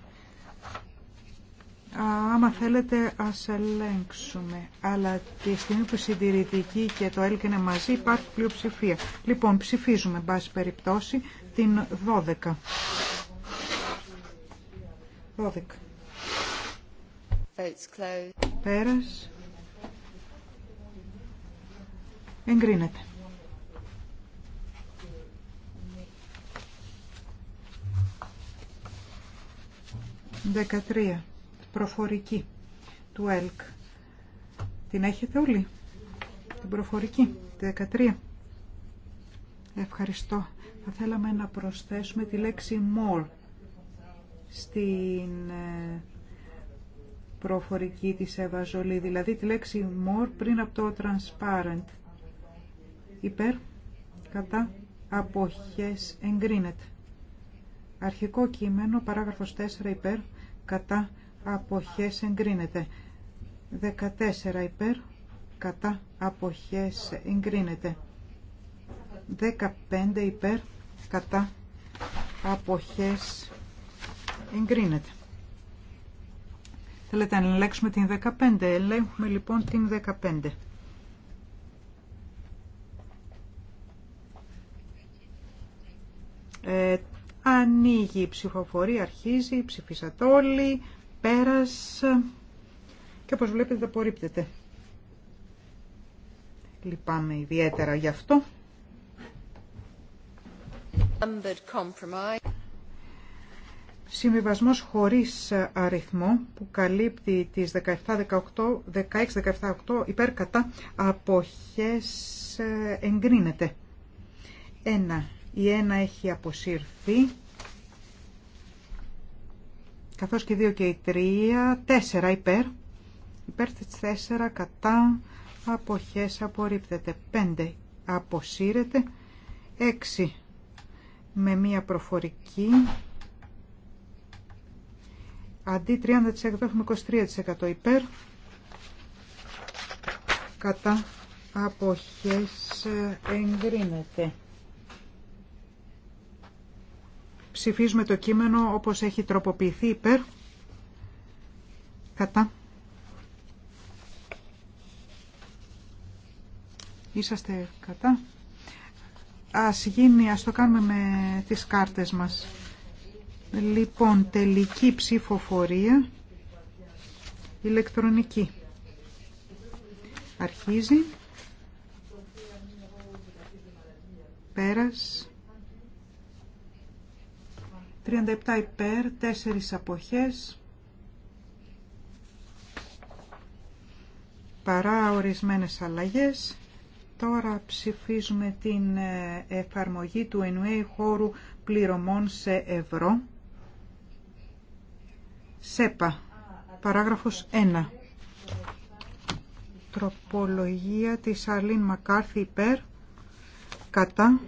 Speaker 4: άμα θέλετε ας ελέγξουμε. Αλλά τη στιγμή που συντηρητική και το ΕΛΚ μαζί υπάρχει πλειοψηφία. Λοιπόν, ψηφίζουμε, μπάση περιπτώσει, την 12. 12. Πέρας. Εγκρίνεται. Δεκατρία προφορική του ΕΛΚ. Την έχετε όλοι, την προφορική, τη 13. Ευχαριστώ. Θα θέλαμε να προσθέσουμε τη λέξη more στην ε, προφορική της Ευαζολή, δηλαδή τη λέξη more πριν από το transparent. Υπέρ, κατά, αποχές εγκρίνεται. Αρχικό κείμενο, παράγραφος 4 υπέρ, κατά, αποχές εγκρίνεται. 14 υπέρ κατά αποχές εγκρίνεται. 15 υπέρ κατά αποχές εγκρίνεται. Θέλετε να ελέγξουμε την 15. Ελέγχουμε λοιπόν την 15. Ε, ανοίγει η ψηφοφορία, αρχίζει, ψηφίσατε όλοι, πέρας και όπως βλέπετε απορρίπτεται. Λυπάμαι ιδιαίτερα γι' αυτό. Συμβιβασμός χωρίς αριθμό που καλύπτει τις 17-18, 16-17-8 17 18 κατά αποχές ε, εγκρίνεται. Ένα. Η ένα έχει αποσύρθει καθώς και 2 και 3, 4 υπέρ, υπέρ της 4 κατά αποχές απορρίπτεται, 5 αποσύρεται, 6 με μία προφορική, αντί 30% έχουμε 23% υπέρ, κατά αποχές ε,
Speaker 3: εγκρίνεται.
Speaker 4: Ψηφίζουμε το κείμενο όπως έχει τροποποιηθεί υπέρ. Κατά. Είσαστε κατά. Ας γίνει, ας το κάνουμε με τις κάρτες μας. Λοιπόν, τελική ψηφοφορία ηλεκτρονική. Αρχίζει. Πέρας. 37 υπέρ, 4 αποχές. Παρά ορισμένες αλλαγές, τώρα ψηφίζουμε την ε, εφαρμογή του ΕΝΟΕΙ χώρου πληρωμών σε ευρώ. ΣΕΠΑ, παράγραφος 1. Τροπολογία της Αρλίν Μακάρθη υπέρ, κατά,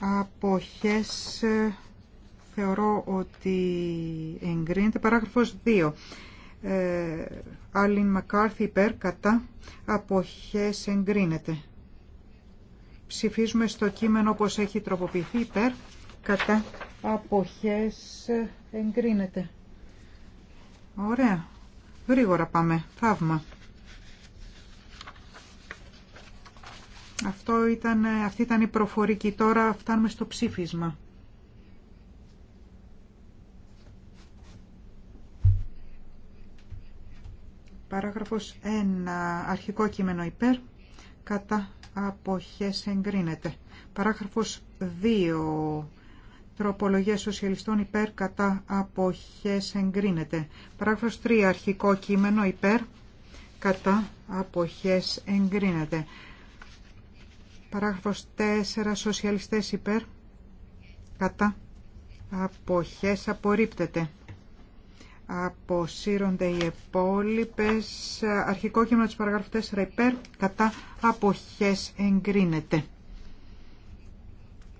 Speaker 4: αποχές ε, θεωρώ ότι εγκρίνεται. Παράγραφος 2. Ε, Άλλην Μακάρθι υπέρ κατά αποχές εγκρίνεται. Ψηφίζουμε στο κείμενο όπως έχει τροποποιηθεί υπέρ κατά αποχές εγκρίνεται. Ωραία. Γρήγορα πάμε. Θαύμα. Αυτό ήταν, αυτή ήταν η προφορική. Τώρα φτάνουμε στο ψήφισμα. Παράγραφος 1. Αρχικό κείμενο υπέρ. Κατά αποχές εγκρίνεται. Παράγραφος 2. Τροπολογία σοσιαλιστών υπέρ κατά αποχές εγκρίνεται. Παράγραφος 3. Αρχικό κείμενο υπέρ κατά αποχές εγκρίνεται. Παράγραφος 4. Σοσιαλιστές υπέρ κατά αποχές απορρίπτεται. Αποσύρονται οι επόλοιπες. Αρχικό κείμενο της παραγράφου 4 υπέρ. Κατά αποχές εγκρίνεται.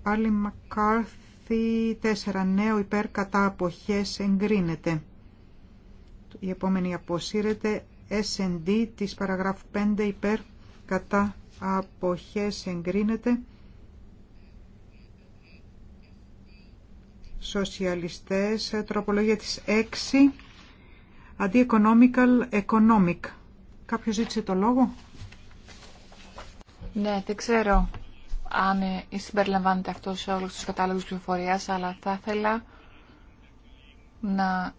Speaker 4: Άλλη Μακάρθη 4 νέο υπέρ. Κατά αποχές εγκρίνεται. Η επόμενη αποσύρεται. SND της παραγράφου 5 υπέρ. Κατά αποχές εγκρίνεται. σοσιαλιστές, ε, τροπολογία της 6, αντί economical economic. Κάποιος ζήτησε το λόγο.
Speaker 2: Ναι, δεν ξέρω αν ε, συμπεριλαμβάνεται αυτό σε όλους τους κατάλογους πληροφορία, αλλά θα ήθελα να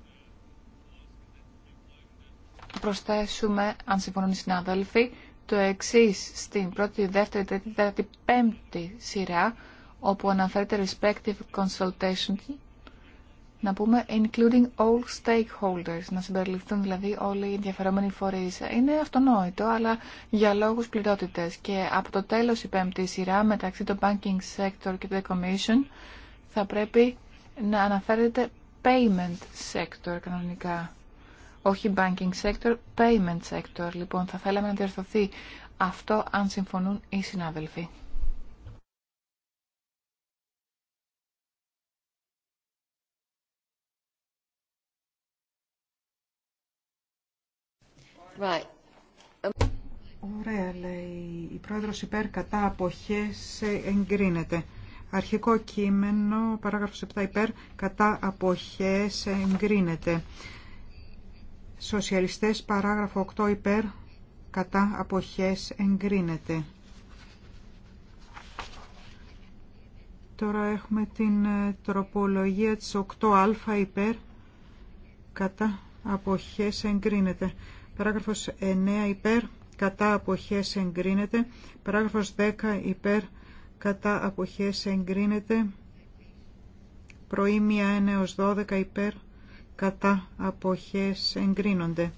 Speaker 2: προσθέσουμε, αν συμφωνούν οι συνάδελφοι, το εξή στην πρώτη, δεύτερη, τρίτη, τέταρτη, πέμπτη σειρά όπου αναφέρεται respective consultation, να πούμε including all stakeholders, να συμπεριληφθούν δηλαδή όλοι οι ενδιαφερόμενοι φορείς. Είναι αυτονόητο, αλλά για λόγους πληρότητες. Και από το τέλος η πέμπτη σειρά μεταξύ το banking sector και το commission θα πρέπει να αναφέρεται payment sector κανονικά. Όχι banking sector, payment sector. Λοιπόν, θα θέλαμε να διορθωθεί αυτό αν συμφωνούν οι συνάδελφοι.
Speaker 4: Ωραία, λέει η πρόεδρος υπέρ κατά αποχές ε, εγκρίνεται. Αρχικό κείμενο, παράγραφος 7 υπέρ, κατά αποχές εγκρίνεται. Σοσιαλιστές, παράγραφο 8 υπέρ, κατά αποχές εγκρίνεται. Τώρα έχουμε την ε, τροπολογία της 8α υπέρ, κατά αποχές εγκρίνεται. Παράγραφος 9 υπέρ κατά αποχές εγκρίνεται. Παράγραφος 10 υπέρ κατά αποχές εγκρίνεται. Προήμια 1 έως 12 υπέρ κατά αποχές εγκρίνονται.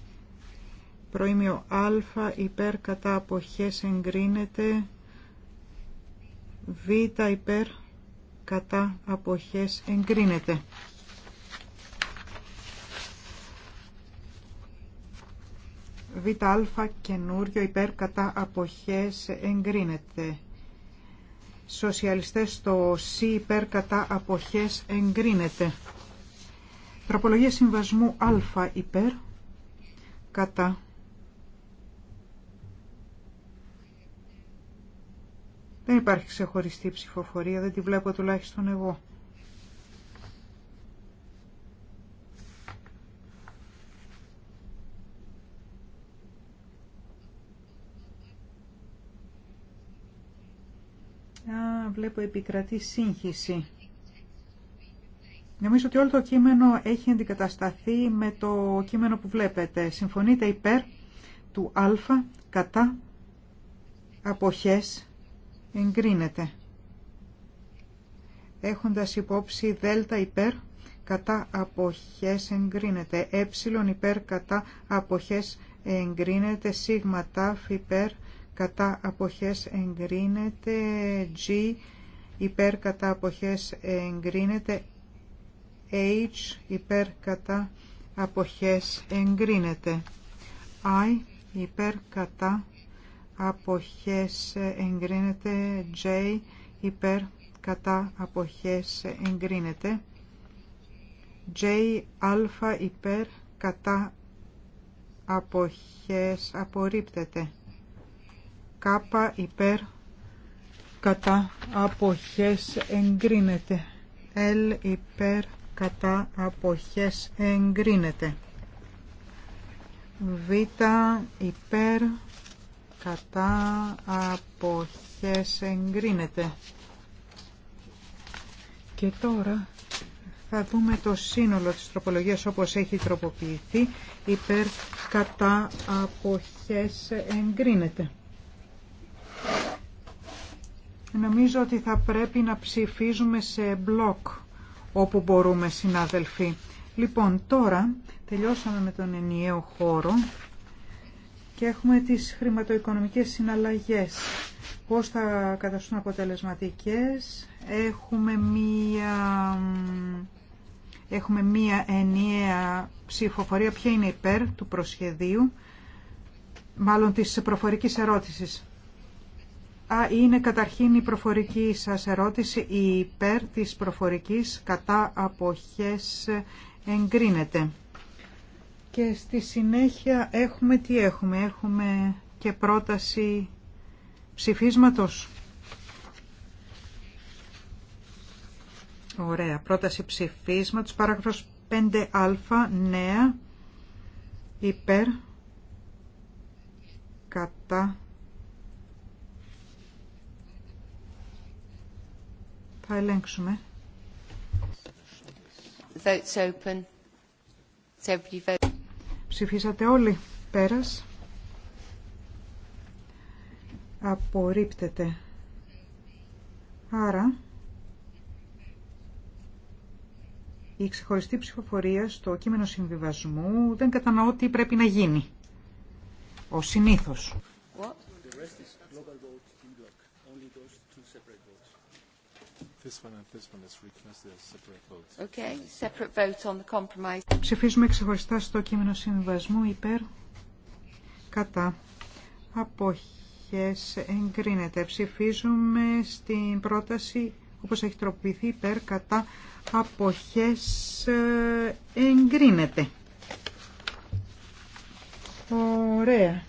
Speaker 4: Προήμιο α υπέρ κατά αποχές εγκρίνεται. Β υπέρ κατά αποχές εγκρίνεται. ΒΑ καινούριο υπέρ κατά αποχές εγκρίνεται. Σοσιαλιστές στο ΣΥ υπέρ κατά αποχές εγκρίνεται. Τροπολογία συμβασμού Α υπέρ κατά Δεν υπάρχει ξεχωριστή ψηφοφορία, δεν τη βλέπω τουλάχιστον εγώ. βλέπω επικρατή σύγχυση. Νομίζω ότι όλο το κείμενο έχει αντικατασταθεί με το κείμενο που βλέπετε. Συμφωνείτε υπέρ του α κατά αποχές εγκρίνεται. Έχοντας υπόψη δέλτα υπέρ κατά αποχές εγκρίνεται. Ε υπέρ κατά αποχές εγκρίνεται. Σίγμα υπέρ κατά αποχές εγκρίνεται, G υπέρ κατά αποχές εγκρίνεται, H υπέρ κατά αποχές εγκρίνεται, I υπέρ κατά αποχές εγκρίνεται, J υπέρ κατά αποχές εγκρίνεται, J α υπέρ κατά αποχές απορρίπτεται κάπα υπέρ κατά αποχές εγκρίνεται. L υπέρ κατά αποχές εγκρίνεται. Β υπέρ κατά αποχές εγκρίνεται. Και τώρα θα δούμε το σύνολο της τροπολογίας όπως έχει τροποποιηθεί υπέρ κατά αποχές εγκρίνεται. Νομίζω ότι θα πρέπει να ψηφίζουμε σε μπλοκ όπου μπορούμε συνάδελφοι. Λοιπόν, τώρα τελειώσαμε με τον ενιαίο χώρο και έχουμε τις χρηματοοικονομικές συναλλαγές. Πώς θα καταστούν αποτελεσματικές. Έχουμε μία, έχουμε μία ενιαία ψηφοφορία. Ποια είναι υπέρ του προσχεδίου, μάλλον της προφορικής ερώτησης. Α, είναι καταρχήν η προφορική σας ερώτηση, η υπέρ της προφορικής κατά αποχές εγκρίνεται. Και στη συνέχεια έχουμε τι έχουμε, έχουμε και πρόταση ψηφίσματος. Ωραία, πρόταση ψηφίσματος, παράγραφος 5α, νέα, υπέρ, κατά, Θα ελέγξουμε. Ψηφίσατε όλοι. Πέρας. Απορρίπτεται. Άρα, η ξεχωριστή ψηφοφορία στο κείμενο συμβιβασμού δεν κατανοώ τι πρέπει να γίνει. Ο συνήθως. What? Ψηφίζουμε ξεχωριστά στο κείμενο συμβασμού υπέρ κατά αποχές εγκρίνεται. Ψηφίζουμε στην πρόταση όπως έχει τροποποιηθεί υπέρ κατά αποχές ε, εγκρίνεται. Ωραία.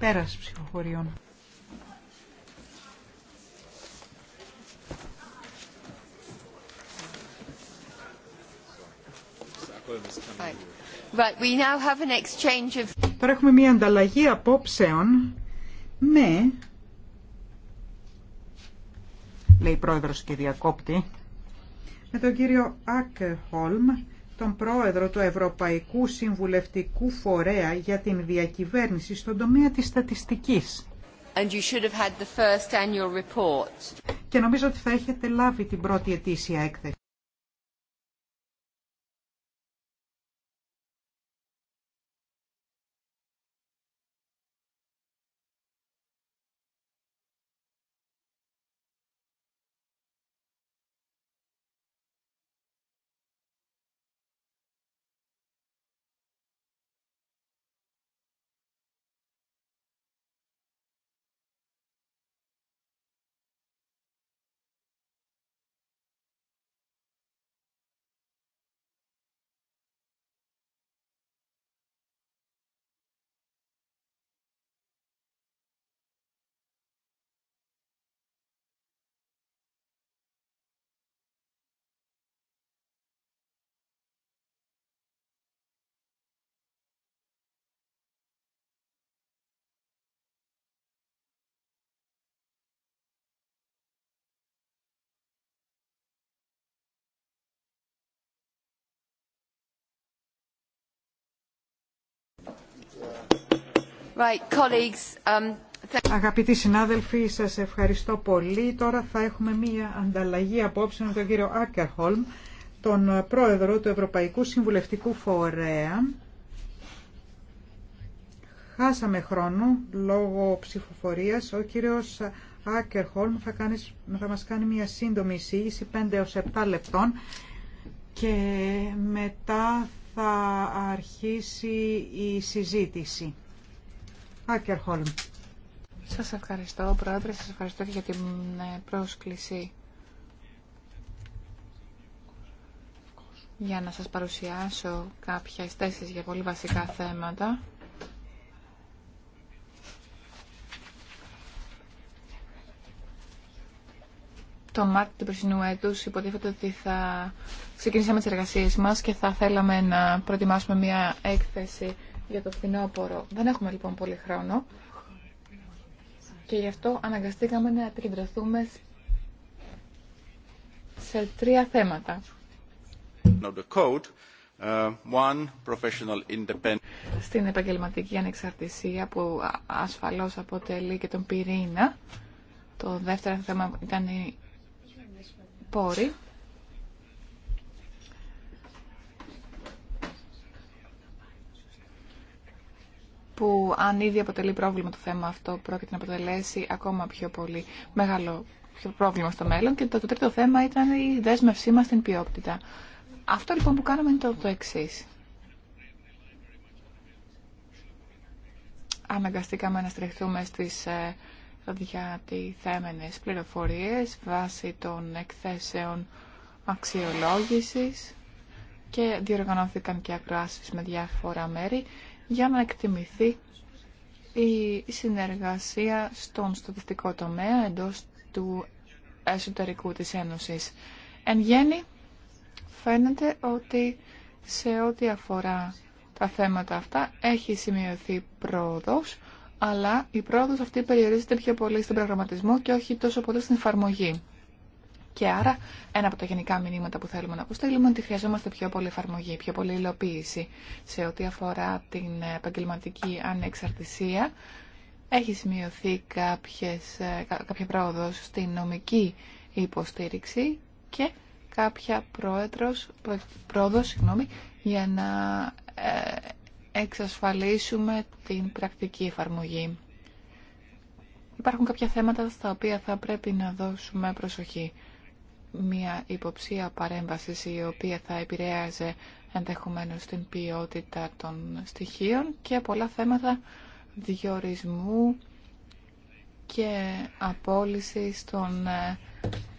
Speaker 4: Πέρας ψυχοχωριών. Τώρα έχουμε μια ανταλλαγή απόψεων με, λέει η πρόεδρος και διακόπτη, με τον κύριο Ακερχόλμ, τον πρόεδρο του Ευρωπαϊκού Συμβουλευτικού Φορέα για την διακυβέρνηση στον τομέα της στατιστικής.
Speaker 1: And you have had the first report.
Speaker 4: Και νομίζω ότι θα έχετε λάβει την πρώτη ετήσια έκθεση.
Speaker 1: Um,
Speaker 4: Αγαπητοί συνάδελφοι, σας ευχαριστώ πολύ. Τώρα θα έχουμε μία ανταλλαγή απόψε με τον κύριο Άκερχολμ, τον πρόεδρο του Ευρωπαϊκού Συμβουλευτικού Φορέα. Χάσαμε χρόνο λόγω ψηφοφορίας. Ο κύριος Άκερχολμ θα, κάνει, θα μας κάνει μία σύντομη εισήγηση 5 7 λεπτών και μετά θα αρχίσει η συζήτηση. Σα Σας ευχαριστώ, Πρόεδρε. Σας ευχαριστώ και για την ε,
Speaker 2: πρόσκληση για να σας παρουσιάσω κάποιες θέσεις για πολύ βασικά θέματα. Το Μάρτιο του περσινού έτου υποτίθεται ότι θα ξεκινήσαμε τις εργασίες μας και θα θέλαμε να προετοιμάσουμε μια έκθεση για το φθινόπωρο. Δεν έχουμε λοιπόν πολύ χρόνο και γι' αυτό αναγκαστήκαμε να επικεντρωθούμε σε τρία θέματα. Uh, Στην επαγγελματική ανεξαρτησία που ασφαλώς αποτελεί και τον πυρήνα. Το δεύτερο θέμα ήταν οι πόροι που αν ήδη αποτελεί πρόβλημα το θέμα αυτό, πρόκειται να αποτελέσει ακόμα πιο πολύ μεγάλο πιο πρόβλημα στο μέλλον. Και το, τρίτο θέμα ήταν η δέσμευσή μας στην ποιότητα. Αυτό λοιπόν που κάναμε είναι το, το εξή. Αναγκαστήκαμε να στριχθούμε στις ε, διατηθέμενες πληροφορίες βάσει των εκθέσεων αξιολόγησης και διοργανώθηκαν και ακροάσεις με διάφορα μέρη για να εκτιμηθεί η συνεργασία στον στατιστικό τομέα εντός του εσωτερικού της Ένωσης. Εν γέννη, φαίνεται ότι σε ό,τι αφορά τα θέματα αυτά έχει σημειωθεί πρόοδος, αλλά η πρόοδος αυτή περιορίζεται πιο πολύ στον προγραμματισμό και όχι τόσο πολύ στην εφαρμογή. Και άρα ένα από τα γενικά μηνύματα που θέλουμε να αποστείλουμε είναι ότι χρειαζόμαστε πιο πολύ εφαρμογή, πιο πολύ υλοποίηση σε ό,τι αφορά την επαγγελματική ανεξαρτησία. Έχει σημειωθεί κάποιες, ε, κάποια πρόοδο στην νομική υποστήριξη και κάποια πρόεδρος, πρόοδος συγγνώμη, για να ε, εξασφαλίσουμε την πρακτική εφαρμογή. Υπάρχουν κάποια θέματα στα οποία θα πρέπει να δώσουμε προσοχή μια υποψία παρέμβασης η οποία θα επηρέαζε ενδεχομένως την ποιότητα των στοιχείων και πολλά θέματα διορισμού και απόλυσης των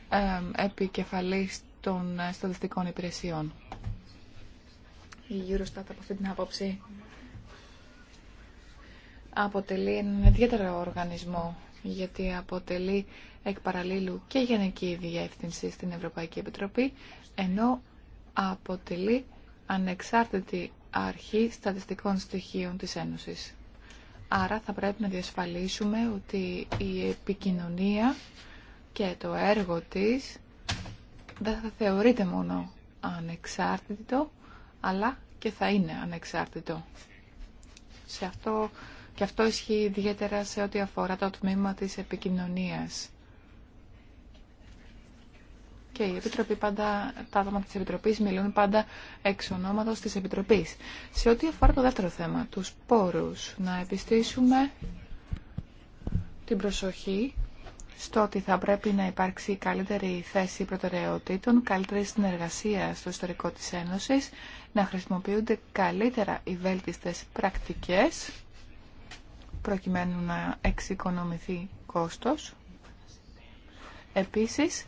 Speaker 2: ε, επικεφαλής των ε, στατιστικών υπηρεσιών. Η Eurostat από αυτή την άποψη αποτελεί έναν ιδιαίτερο οργανισμό γιατί αποτελεί εκ παραλλήλου και γενική διεύθυνση στην Ευρωπαϊκή Επιτροπή, ενώ αποτελεί ανεξάρτητη αρχή στατιστικών στοιχείων της Ένωσης. Άρα θα πρέπει να διασφαλίσουμε ότι η επικοινωνία και το έργο της δεν θα θεωρείται μόνο ανεξάρτητο, αλλά και θα είναι ανεξάρτητο. Σε αυτό και αυτό ισχύει ιδιαίτερα σε ό,τι αφορά το τμήμα της επικοινωνίας. Και η Επιτροπή πάντα, τα άτομα της Επιτροπής μιλούν πάντα εξ ονόματος της Επιτροπής. Σε ό,τι αφορά το δεύτερο θέμα, τους πόρους, να επιστήσουμε την προσοχή στο ότι θα πρέπει να υπάρξει καλύτερη θέση προτεραιοτήτων, καλύτερη συνεργασία στο ιστορικό της Ένωσης, να χρησιμοποιούνται καλύτερα οι βέλτιστες πρακτικές προκειμένου να εξοικονομηθεί κόστος. Επίσης,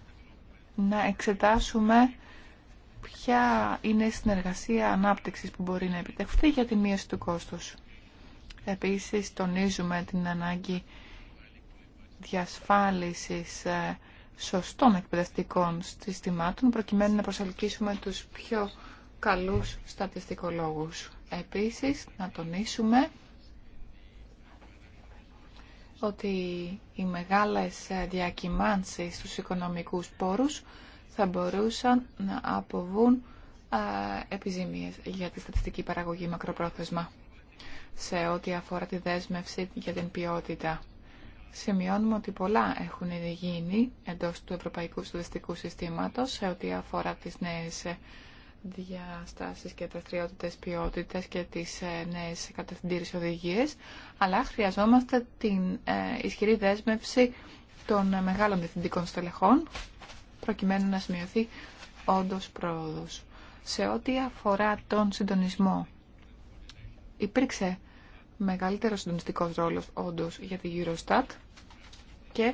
Speaker 2: να εξετάσουμε ποια είναι η συνεργασία ανάπτυξης που μπορεί να επιτευχθεί για τη μείωση του κόστους. Επίσης, τονίζουμε την ανάγκη διασφάλισης ε, σωστών εκπαιδευτικών συστημάτων προκειμένου να προσελκύσουμε τους πιο καλούς στατιστικολόγους. Επίσης, να τονίσουμε ότι οι μεγάλες διακυμάνσεις στους οικονομικούς πόρους θα μπορούσαν να αποβούν επιζημίες για τη στατιστική παραγωγή μακροπρόθεσμα σε ό,τι αφορά τη δέσμευση για την ποιότητα. Σημειώνουμε ότι πολλά έχουν γίνει εντός του Ευρωπαϊκού Στατιστικού Συστήματος σε ό,τι αφορά τις νέες διαστάσεις και δραστηριότητες ποιότητες και τις ε, νέες κατευθυντήρες οδηγίες, αλλά χρειαζόμαστε την ε, ισχυρή δέσμευση των μεγάλων διευθυντικών στελεχών, προκειμένου να σημειωθεί όντως πρόοδος. Σε ό,τι αφορά τον συντονισμό, υπήρξε μεγαλύτερο συντονιστικός ρόλος όντως για τη Eurostat και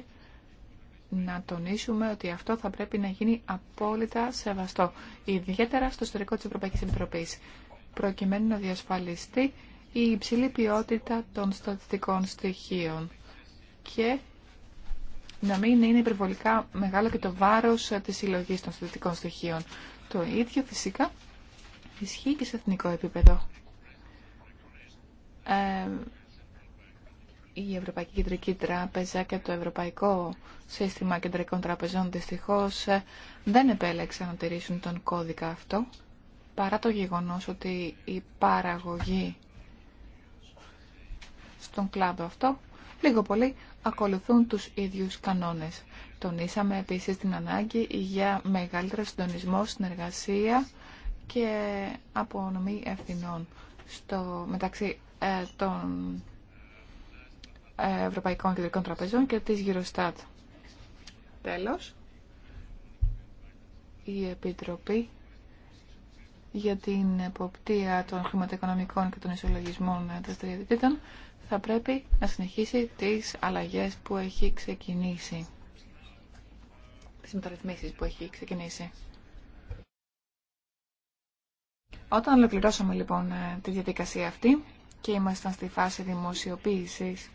Speaker 2: να τονίσουμε ότι αυτό θα πρέπει να γίνει απόλυτα σεβαστό, ιδιαίτερα στο ιστορικό της Ευρωπαϊκής Επιτροπής, προκειμένου να διασφαλιστεί η υψηλή ποιότητα των στατιστικών στοιχείων και να μην είναι υπερβολικά μεγάλο και το βάρος της συλλογή των στατιστικών στοιχείων. Το ίδιο φυσικά ισχύει και σε εθνικό επίπεδο. Ε, η Ευρωπαϊκή Κεντρική Τράπεζα και το Ευρωπαϊκό Σύστημα Κεντρικών Τραπεζών δυστυχώς δεν επέλεξαν να τηρήσουν τον κώδικα αυτό παρά το γεγονός ότι η παραγωγή στον κλάδο αυτό λίγο πολύ ακολουθούν τους ίδιους κανόνες. Τονίσαμε επίσης την ανάγκη για μεγαλύτερο συντονισμό, συνεργασία και απονομή ευθυνών στο, μεταξύ ε, των Ευρωπαϊκών Κεντρικών Τραπεζών και της Eurostat. Τέλος, η Επιτροπή για την εποπτεία των χρηματοοικονομικών και των ισολογισμών δραστηριοτήτων θα πρέπει να συνεχίσει τις αλλαγές που έχει ξεκινήσει. Τις μεταρρυθμίσεις που έχει ξεκινήσει. Όταν ολοκληρώσαμε λοιπόν τη διαδικασία αυτή και ήμασταν στη φάση δημοσιοποίησης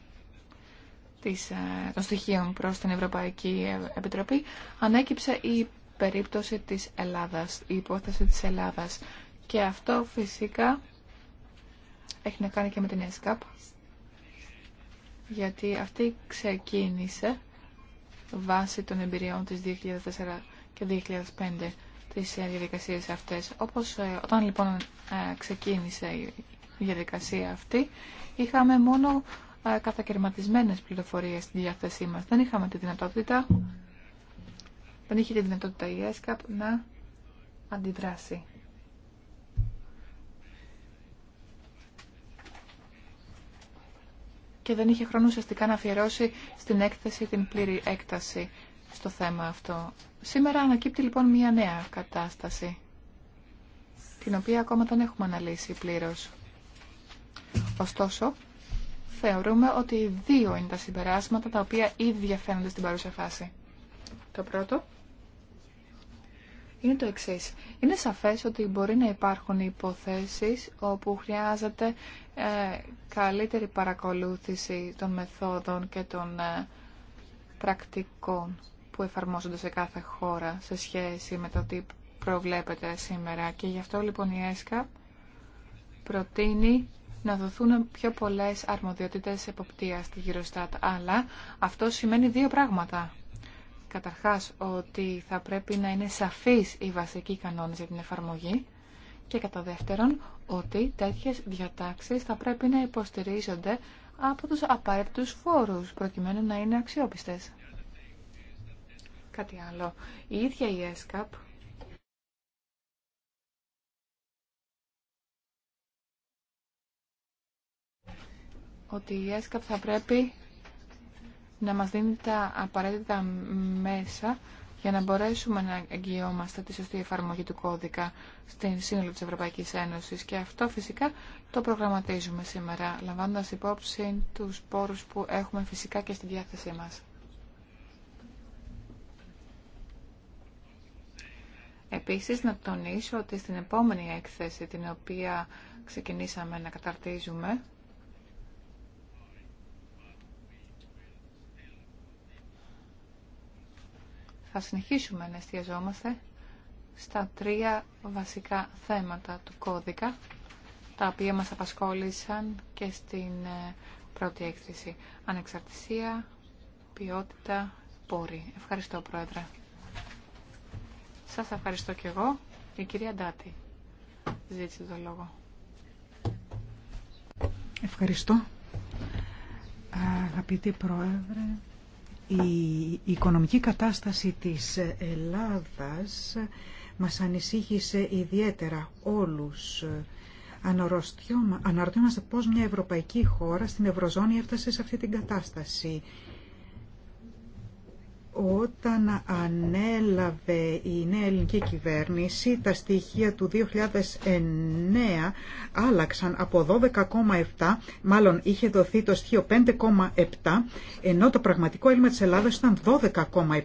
Speaker 2: της, ε, των στοιχείων προς την Ευρωπαϊκή Επιτροπή ανέκυψε η περίπτωση της Ελλάδας, η υπόθεση της Ελλάδας. Και αυτό φυσικά έχει να κάνει και με την ΕΣΚΑΠ, γιατί αυτή ξεκίνησε βάσει των εμπειριών της 2004 και 2005 τις ε, διαδικασίες αυτές. Όπως ε, όταν λοιπόν ξεκίνησε η διαδικασία αυτή, είχαμε μόνο κατακαιρματισμένες πληροφορίες στην διάθεσή μας. Δεν είχαμε τη δυνατότητα, δεν είχε τη δυνατότητα η ΕΣΚΑΠ να αντιδράσει. Και δεν είχε χρόνο ουσιαστικά να αφιερώσει στην έκθεση την πλήρη έκταση στο θέμα αυτό. Σήμερα ανακύπτει λοιπόν μια νέα κατάσταση, την οποία ακόμα δεν έχουμε αναλύσει πλήρως. Ωστόσο, θεωρούμε ότι δύο είναι τα συμπεράσματα τα οποία ήδη διαφαίνονται στην παρούσα φάση. Το πρώτο είναι το εξή. Είναι σαφές ότι μπορεί να υπάρχουν υποθέσεις όπου χρειάζεται ε, καλύτερη παρακολούθηση των μεθόδων και των ε, πρακτικών που εφαρμόζονται σε κάθε χώρα σε σχέση με το τι προβλέπεται σήμερα. Και γι' αυτό λοιπόν η ΕΣΚΑ προτείνει να δοθούν πιο πολλές αρμοδιότητες εποπτείας στη στάτ. Αλλά αυτό σημαίνει δύο πράγματα. Καταρχάς ότι θα πρέπει να είναι σαφείς οι βασικοί κανόνες για την εφαρμογή και κατά δεύτερον ότι τέτοιες διατάξεις θα πρέπει να υποστηρίζονται από τους απαραίτητους φόρους προκειμένου να είναι αξιόπιστες. Κάτι άλλο. Η ίδια η ΕΣΚΑΠ ότι η ΕΣΚΑΠ θα πρέπει να μας δίνει τα απαραίτητα μέσα για να μπορέσουμε να εγγυόμαστε τη σωστή εφαρμογή του κώδικα στην σύνολο της Ευρωπαϊκής Ένωσης και αυτό φυσικά το προγραμματίζουμε σήμερα, λαμβάνοντας υπόψη τους πόρους που έχουμε φυσικά και στη διάθεσή μας. Επίσης, να τονίσω ότι στην επόμενη έκθεση την οποία ξεκινήσαμε να καταρτίζουμε, θα συνεχίσουμε να εστιαζόμαστε στα τρία βασικά θέματα του κώδικα, τα οποία μας απασχόλησαν και στην ε, πρώτη έκθεση. Ανεξαρτησία, ποιότητα, πόρη. Ευχαριστώ, Πρόεδρε. Σας ευχαριστώ και εγώ. Η κυρία Ντάτη ζήτησε το λόγο.
Speaker 4: Ευχαριστώ. Αγαπητή Πρόεδρε, η οικονομική κατάσταση της Ελλάδας μας ανησύχησε ιδιαίτερα όλους. Αναρωτιόμαστε πώς μια ευρωπαϊκή χώρα στην Ευρωζώνη έφτασε σε αυτή την κατάσταση. Όταν ανέλαβε η νέα ελληνική κυβέρνηση, τα στοιχεία του 2009 άλλαξαν από 12,7, μάλλον είχε δοθεί το στοιχείο 5,7, ενώ το πραγματικό έλλειμμα της Ελλάδας ήταν 12,7.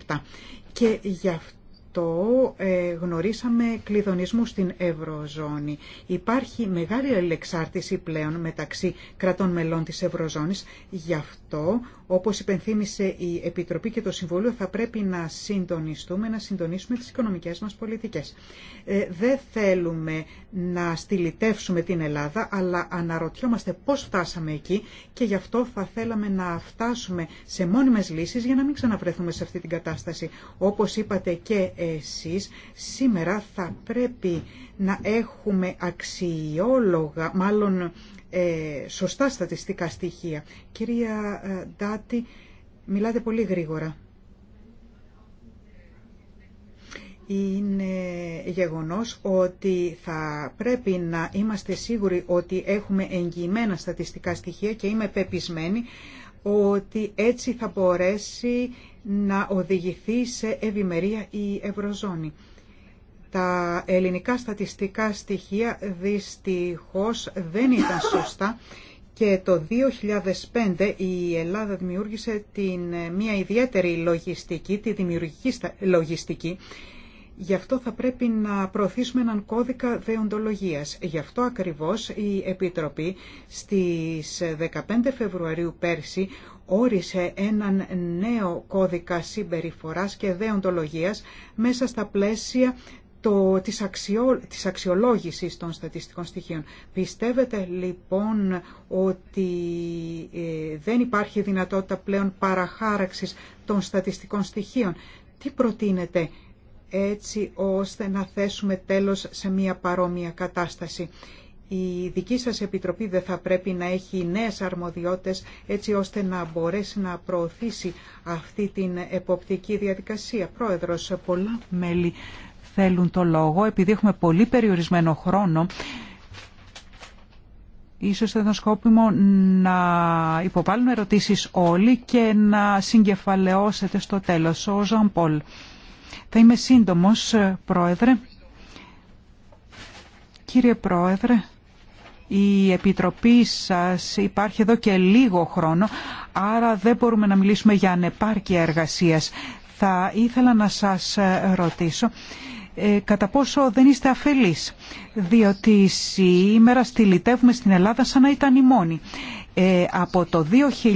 Speaker 4: Και γι' αυτό αυτό ε, γνωρίσαμε κλειδονισμού στην Ευρωζώνη. Υπάρχει μεγάλη ελεξάρτηση πλέον μεταξύ κρατών μελών της Ευρωζώνης. Γι' αυτό, όπως υπενθύμησε η Επιτροπή και το Συμβούλιο, θα πρέπει να συντονιστούμε, να συντονίσουμε τις οικονομικές μας πολιτικές. Ε, δεν θέλουμε να στυλιτεύσουμε την Ελλάδα, αλλά αναρωτιόμαστε πώς φτάσαμε εκεί και γι' αυτό θα θέλαμε να φτάσουμε σε μόνιμες λύσεις για να μην ξαναβρεθούμε σε αυτή την κατάσταση. Όπως είπατε και εσείς, σήμερα θα πρέπει να έχουμε αξιόλογα, μάλλον ε, σωστά στατιστικά στοιχεία. Κυρία ε, Ντάτη, μιλάτε πολύ γρήγορα. Είναι γεγονός ότι θα πρέπει να είμαστε σίγουροι ότι έχουμε εγγυημένα στατιστικά στοιχεία και είμαι πεπισμένη ότι έτσι θα μπορέσει να οδηγηθεί σε ευημερία η Ευρωζώνη. Τα ελληνικά στατιστικά στοιχεία δυστυχώς δεν ήταν σωστά και το 2005 η Ελλάδα δημιούργησε την, ε, μια ιδιαίτερη λογιστική, τη δημιουργική λογιστική, Γι' αυτό θα πρέπει να προωθήσουμε έναν κώδικα δεοντολογίας. Γι' αυτό ακριβώς η Επιτροπή στις 15 Φεβρουαρίου πέρσι όρισε έναν νέο κώδικα συμπεριφοράς και δεοντολογίας μέσα στα πλαίσια το, της, αξιό, της αξιολόγησης των στατιστικών στοιχείων. Πιστεύετε λοιπόν ότι ε, δεν υπάρχει δυνατότητα πλέον παραχάραξης των στατιστικών στοιχείων. Τι προτείνετε έτσι ώστε να θέσουμε τέλος σε μια παρόμοια κατάσταση. Η δική σας Επιτροπή δεν θα πρέπει να έχει νέες αρμοδιότητες έτσι ώστε να μπορέσει να προωθήσει αυτή την εποπτική διαδικασία. Πρόεδρος, πολλά μέλη θέλουν το λόγο. Επειδή έχουμε πολύ περιορισμένο χρόνο, ίσως θα ήταν σκόπιμο να υποβάλουμε ερωτήσεις όλοι και να συγκεφαλαιώσετε στο τέλος. Ο Ζαν Πολ. Θα είμαι σύντομος, ε, Πρόεδρε. Κύριε Πρόεδρε, η Επιτροπή σας υπάρχει εδώ και λίγο χρόνο, άρα δεν μπορούμε να μιλήσουμε για ανεπάρκεια εργασίας. Θα ήθελα να σας ε, ρωτήσω ε, κατά πόσο δεν είστε αφελείς, διότι σήμερα στυλιτεύουμε στην Ελλάδα σαν να ήταν η μόνη. από το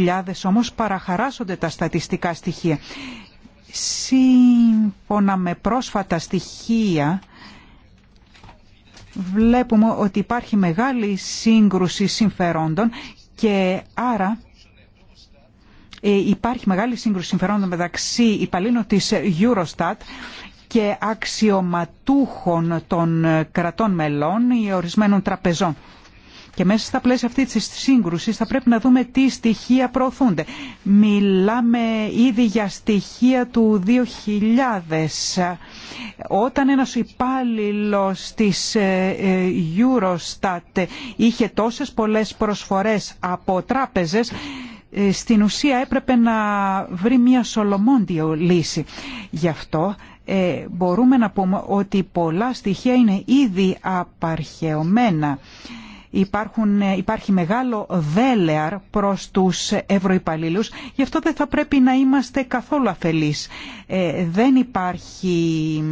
Speaker 4: 2000 όμως παραχαράσσονται τα στατιστικά στοιχεία Σύμφωνα με πρόσφατα στοιχεία, βλέπουμε ότι υπάρχει μεγάλη σύγκρουση συμφερόντων και άρα ε, υπάρχει μεγάλη σύγκρουση συμφερόντων μεταξύ υπαλλήλων της Eurostat και αξιωματούχων των κρατών μελών ή ορισμένων τραπεζών. Και μέσα στα πλαίσια αυτή της σύγκρουσης θα πρέπει να δούμε τι στοιχεία προωθούνται. Μιλάμε ήδη για στοιχεία του 2000. Όταν ένας υπάλληλο τη ε, ε, Eurostat είχε τόσες πολλές προσφορές από τράπεζες, ε, στην ουσία έπρεπε να βρει μια σολομόντιο λύση. Γι' αυτό μπορούμε να πούμε ότι πολλά στοιχεία είναι ήδη απαρχαιωμένα Υπάρχουν, ε, υπάρχει μεγάλο δέλεαρ προς τους ευρωϊπαλλήλους, γι' αυτό δεν θα πρέπει να είμαστε καθόλου αφελείς. Ε, δεν, υπάρχει,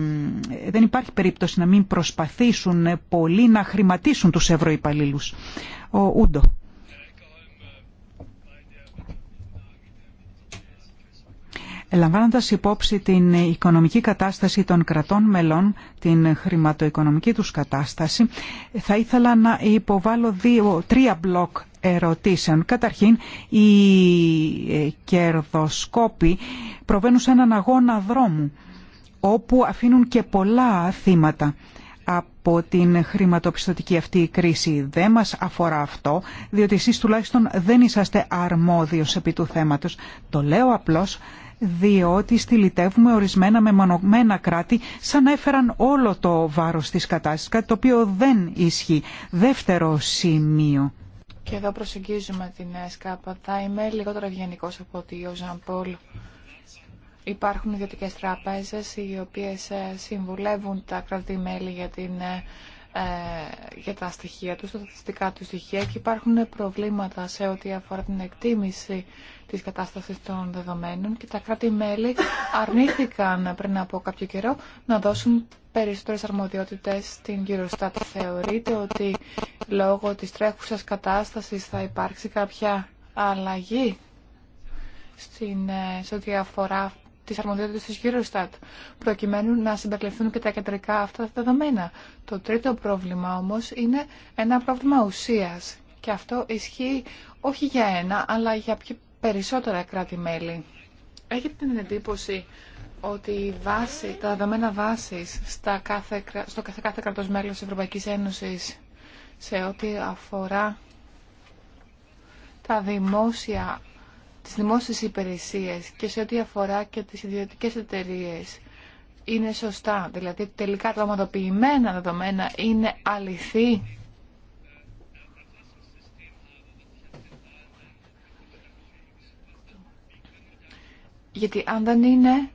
Speaker 4: δεν υπάρχει περίπτωση να μην προσπαθήσουν πολλοί να χρηματίσουν τους ευρωϊπαλλήλους. Ο Ούντο. Ελαμβάνοντα υπόψη την οικονομική κατάσταση των κρατών μελών, την χρηματοοικονομική τους κατάσταση, θα ήθελα να υποβάλω δύο, τρία μπλοκ ερωτήσεων. Καταρχήν, οι κερδοσκόποι προβαίνουν σε έναν αγώνα δρόμου, όπου αφήνουν και πολλά θύματα από την χρηματοπιστωτική αυτή κρίση. Δεν μας αφορά αυτό, διότι εσείς τουλάχιστον δεν είσαστε αρμόδιος επί του θέματος. Το λέω απλώς διότι στυλιτεύουμε ορισμένα μεμονωμένα κράτη σαν να έφεραν όλο το βάρος της κατάστασης, κάτι το οποίο δεν ισχύει. Δεύτερο σημείο.
Speaker 2: Και εδώ προσεγγίζουμε την ΕΣΚΑΠΑ. Θα είμαι λιγότερο ευγενικό από ότι ο Υπάρχουν ιδιωτικέ τράπεζε οι οποίε ε, συμβουλεύουν τα κρατή-μέλη για, την, ε, ε, για τα στοιχεία του, τα στατιστικά του στοιχεία και υπάρχουν προβλήματα σε ό,τι αφορά την εκτίμηση της κατάστασης των δεδομένων και τα κράτη-μέλη αρνήθηκαν πριν από κάποιο καιρό να δώσουν περισσότερες αρμοδιότητες στην Eurostat. Θεωρείτε ότι λόγω της τρέχουσας κατάστασης θα υπάρξει κάποια αλλαγή στην, ε, σε ό,τι αφορά τις αρμοδιότητες της Eurostat, προκειμένου να συμπεριληφθούν και τα κεντρικά αυτά τα δεδομένα. Το τρίτο πρόβλημα όμως είναι ένα πρόβλημα ουσίας. Και αυτό ισχύει όχι για ένα, αλλά για περισσότερα κράτη-μέλη. Έχετε την εντύπωση ότι η τα δεδομένα βάση στα κάθε, στο κάθε, κάθε κρατός μέλος της Ευρωπαϊκής Ένωσης σε ό,τι αφορά τα δημόσια, τις δημόσιες υπηρεσίες και σε ό,τι αφορά και τις ιδιωτικές εταιρείες είναι σωστά. Δηλαδή τελικά τα ομαδοποιημένα δεδομένα είναι αληθή Γιατί αν δεν είναι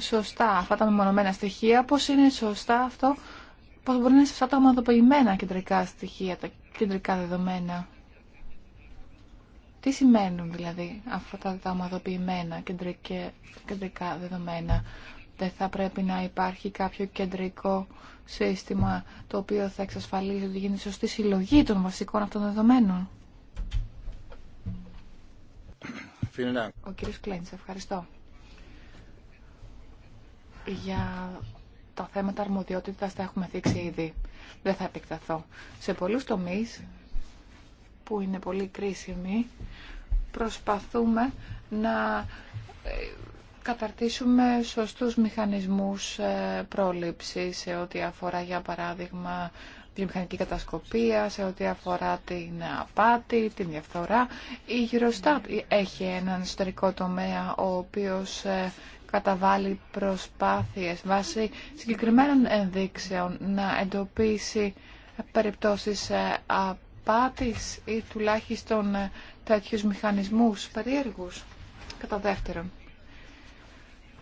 Speaker 2: σωστά αυτά τα μεμονωμένα στοιχεία, πώς είναι σωστά αυτό, πώς μπορεί να είναι σωστά τα ομαδοποιημένα κεντρικά στοιχεία, τα κεντρικά δεδομένα. Τι σημαίνουν δηλαδή αυτά τα ομαδοποιημένα κεντρικά δεδομένα. Δεν θα πρέπει να υπάρχει κάποιο κεντρικό σύστημα το οποίο θα εξασφαλίζει ότι γίνεται σωστή συλλογή των βασικών αυτών δεδομένων. Ο κύριος Κλέντς, ευχαριστώ. Για τα θέματα αρμοδιότητας τα έχουμε δείξει ήδη. Δεν θα επεκταθώ. Σε πολλούς τομείς που είναι πολύ κρίσιμοι προσπαθούμε να ε, καταρτήσουμε σωστούς μηχανισμούς ε, πρόληψης σε ό,τι αφορά για παράδειγμα τη μηχανική κατασκοπία, σε ό,τι αφορά την απάτη, την διαφθορά. Η Eurostat έχει έναν ιστορικό τομέα ο οποίος ε, καταβάλει προσπάθειες βάσει συγκεκριμένων ενδείξεων να εντοπίσει περιπτώσεις ε, απάτης ή τουλάχιστον ε, τέτοιους μηχανισμούς περίεργους. Κατά δεύτερον,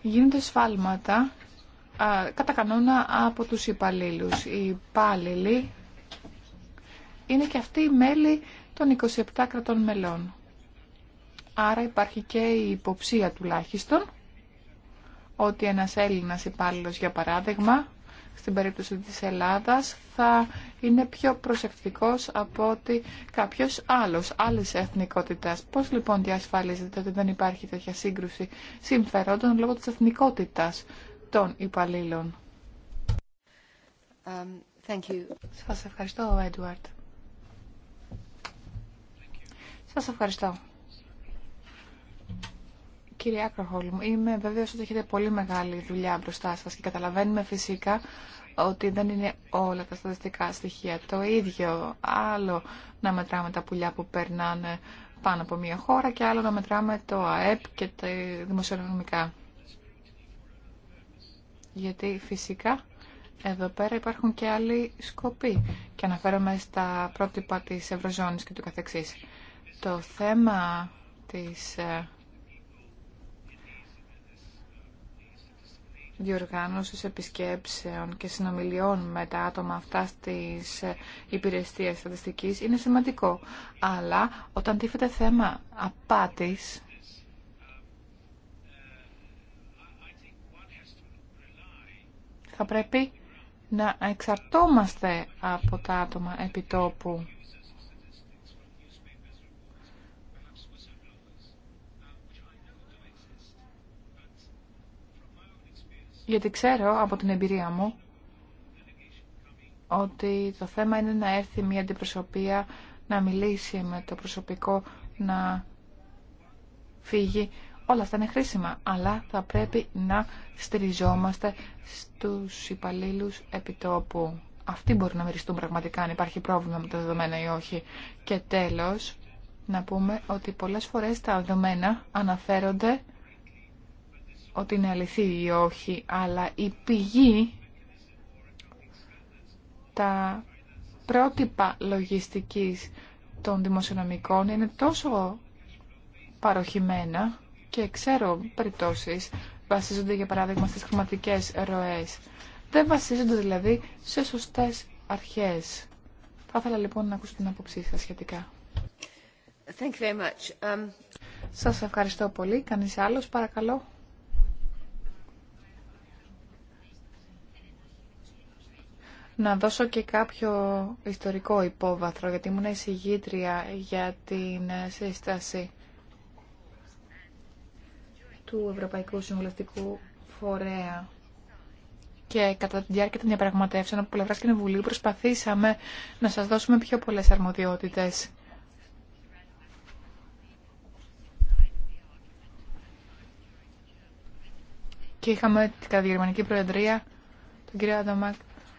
Speaker 2: γίνονται σφάλματα κατά κανόνα από τους υπαλλήλους. Οι υπάλληλοι είναι και αυτοί οι μέλη των 27 κρατών μελών. Άρα υπάρχει και η υποψία τουλάχιστον ότι ένας Έλληνας υπάλληλο, για παράδειγμα, στην περίπτωση της Ελλάδας θα είναι πιο προσεκτικός από ότι κάποιος άλλος, άλλης εθνικότητας. Πώς λοιπόν διασφαλίζεται ότι δεν υπάρχει τέτοια σύγκρουση συμφερόντων λόγω της εθνικότητας των υπαλλήλων. Um, σας ευχαριστώ, Έντουαρτ. Σας ευχαριστώ. Κύριε Άκροχολμ, είμαι βέβαιος ότι έχετε πολύ μεγάλη δουλειά μπροστά σας και καταλαβαίνουμε φυσικά ότι δεν είναι όλα τα στατιστικά στοιχεία το ίδιο. Άλλο να μετράμε τα πουλιά που περνάνε πάνω από μια χώρα και άλλο να μετράμε το ΑΕΠ και τα δημοσιονομικά γιατί φυσικά εδώ πέρα υπάρχουν και άλλοι σκοποί και αναφέρομαι στα πρότυπα της Ευρωζώνης και του καθεξής. Το θέμα της ε, διοργάνωσης επισκέψεων και συνομιλιών με τα άτομα αυτά στις ε, υπηρεσίες στατιστικής είναι σημαντικό. Αλλά όταν τίθεται θέμα απάτης, θα πρέπει να εξαρτώμαστε από τα άτομα επιτόπου. Γιατί ξέρω από την εμπειρία μου ότι το θέμα είναι να έρθει μια αντιπροσωπεία να μιλήσει με το προσωπικό να φύγει Όλα αυτά είναι χρήσιμα, αλλά θα πρέπει να στηριζόμαστε στους υπαλλήλου επιτόπου. Αυτοί μπορούν να μυριστούν πραγματικά αν υπάρχει πρόβλημα με τα δεδομένα ή όχι. Και τέλος, να πούμε ότι πολλές φορές τα δεδομένα αναφέρονται ότι είναι αληθή ή όχι, αλλά η πηγή, τα πρότυπα λογιστικής των δημοσιονομικών είναι τόσο παροχημένα και ξέρω περιπτώσει βασίζονται για παράδειγμα στι χρηματικέ ροέ, Δεν βασίζονται δηλαδή σε σωστέ αρχέ. Θα ήθελα λοιπόν να ακούσω την άποψή σα σχετικά. Um, σας ευχαριστώ πολύ. κανεί άλλος παρακαλώ. Να δώσω και κάποιο ιστορικό υπόβαθρο, γιατί ήμουν εισηγήτρια για την σύσταση του Ευρωπαϊκού Συμβουλευτικού Φορέα. Και κατά τη διάρκεια των διαπραγματεύσεων από πλευρά Κοινοβουλίου προσπαθήσαμε να σας δώσουμε πιο πολλές αρμοδιότητες. Και είχαμε την τη Προεδρία τον κύριο Ανταμάκ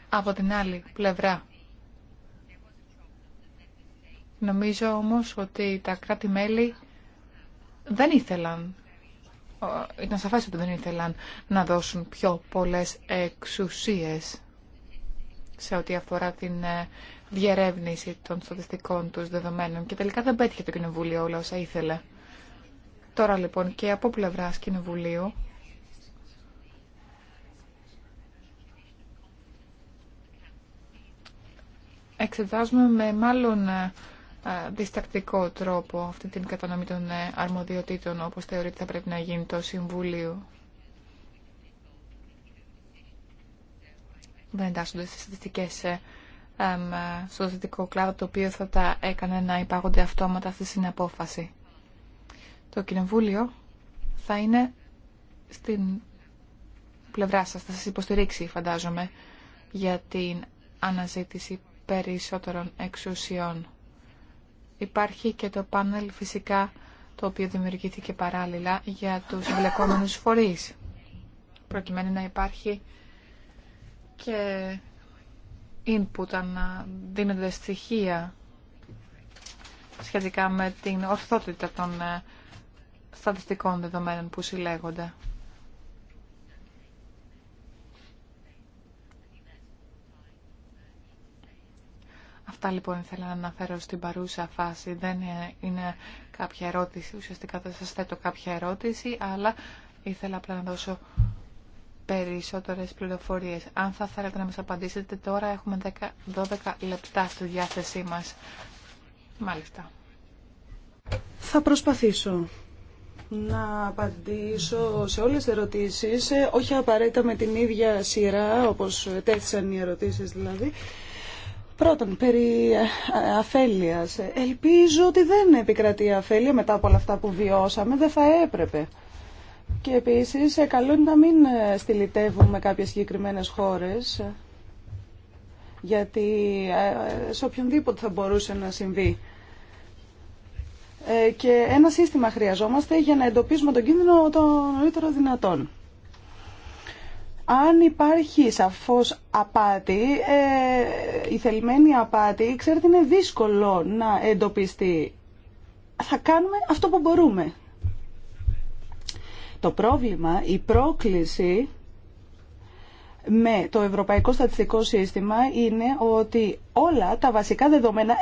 Speaker 2: από την άλλη πλευρά. Νομίζω όμως ότι τα κράτη-μέλη δεν ήθελαν ήταν σαφές ότι δεν ήθελαν να δώσουν πιο πολλές εξουσίες σε ό,τι αφορά την ε, διερεύνηση των στατιστικών τους δεδομένων και τελικά δεν πέτυχε το Κοινοβούλιο όλα όσα ήθελε. Τώρα λοιπόν και από πλευρά Κοινοβουλίου εξετάζουμε με μάλλον ε, διστακτικό τρόπο αυτή την κατανομή των ε, αρμοδιοτήτων όπως θεωρείται θα πρέπει να γίνει το Συμβούλιο. Δεν εντάσσονται στις στατιστικές ε, ε, στο δυτικό κλάδο το οποίο θα τα έκανε να υπάγονται αυτόματα στη απόφαση. Το Κοινοβούλιο θα είναι στην πλευρά σας, θα σας υποστηρίξει φαντάζομαι για την αναζήτηση περισσότερων εξουσιών. Υπάρχει και το πάνελ φυσικά το οποίο δημιουργήθηκε παράλληλα για τους εμπλεκόμενους φορείς προκειμένου να υπάρχει και input, να δίνονται στοιχεία σχετικά με την ορθότητα των ε, στατιστικών δεδομένων που συλλέγονται. Αυτά λοιπόν ήθελα να αναφέρω στην παρούσα φάση. Δεν είναι κάποια ερώτηση, ουσιαστικά θα σας θέτω κάποια ερώτηση, αλλά ήθελα απλά να δώσω περισσότερες πληροφορίες. Αν θα θέλετε να μας απαντήσετε τώρα, έχουμε 10, 12 λεπτά
Speaker 3: στη διάθεσή μας. Μάλιστα. Θα προσπαθήσω να απαντήσω σε όλες τις ερωτήσεις, όχι απαραίτητα με την ίδια σειρά, όπως τέθησαν οι ερωτήσεις δηλαδή. Πρώτον, περί ε, αφέλειας. Ελπίζω ότι δεν επικρατεί αφέλεια μετά από όλα αυτά που βιώσαμε, δεν θα έπρεπε. Και επίσης, ε, καλό είναι να μην ε, στυλιτεύουμε κάποιες συγκεκριμένες χώρες, γιατί σε οποιονδήποτε θα μπορούσε να συμβεί. Και ένα σύστημα χρειαζόμαστε για να εντοπίσουμε τον κίνδυνο το νωρίτερο δυνατόν αν υπάρχει σαφώς απάτη, ε, η θελημένη απάτη, ξέρετε είναι δύσκολο να εντοπιστεί. Θα κάνουμε αυτό που μπορούμε. Το πρόβλημα, η πρόκληση με το Ευρωπαϊκό Στατιστικό Σύστημα είναι ότι όλα τα βασικά δεδομένα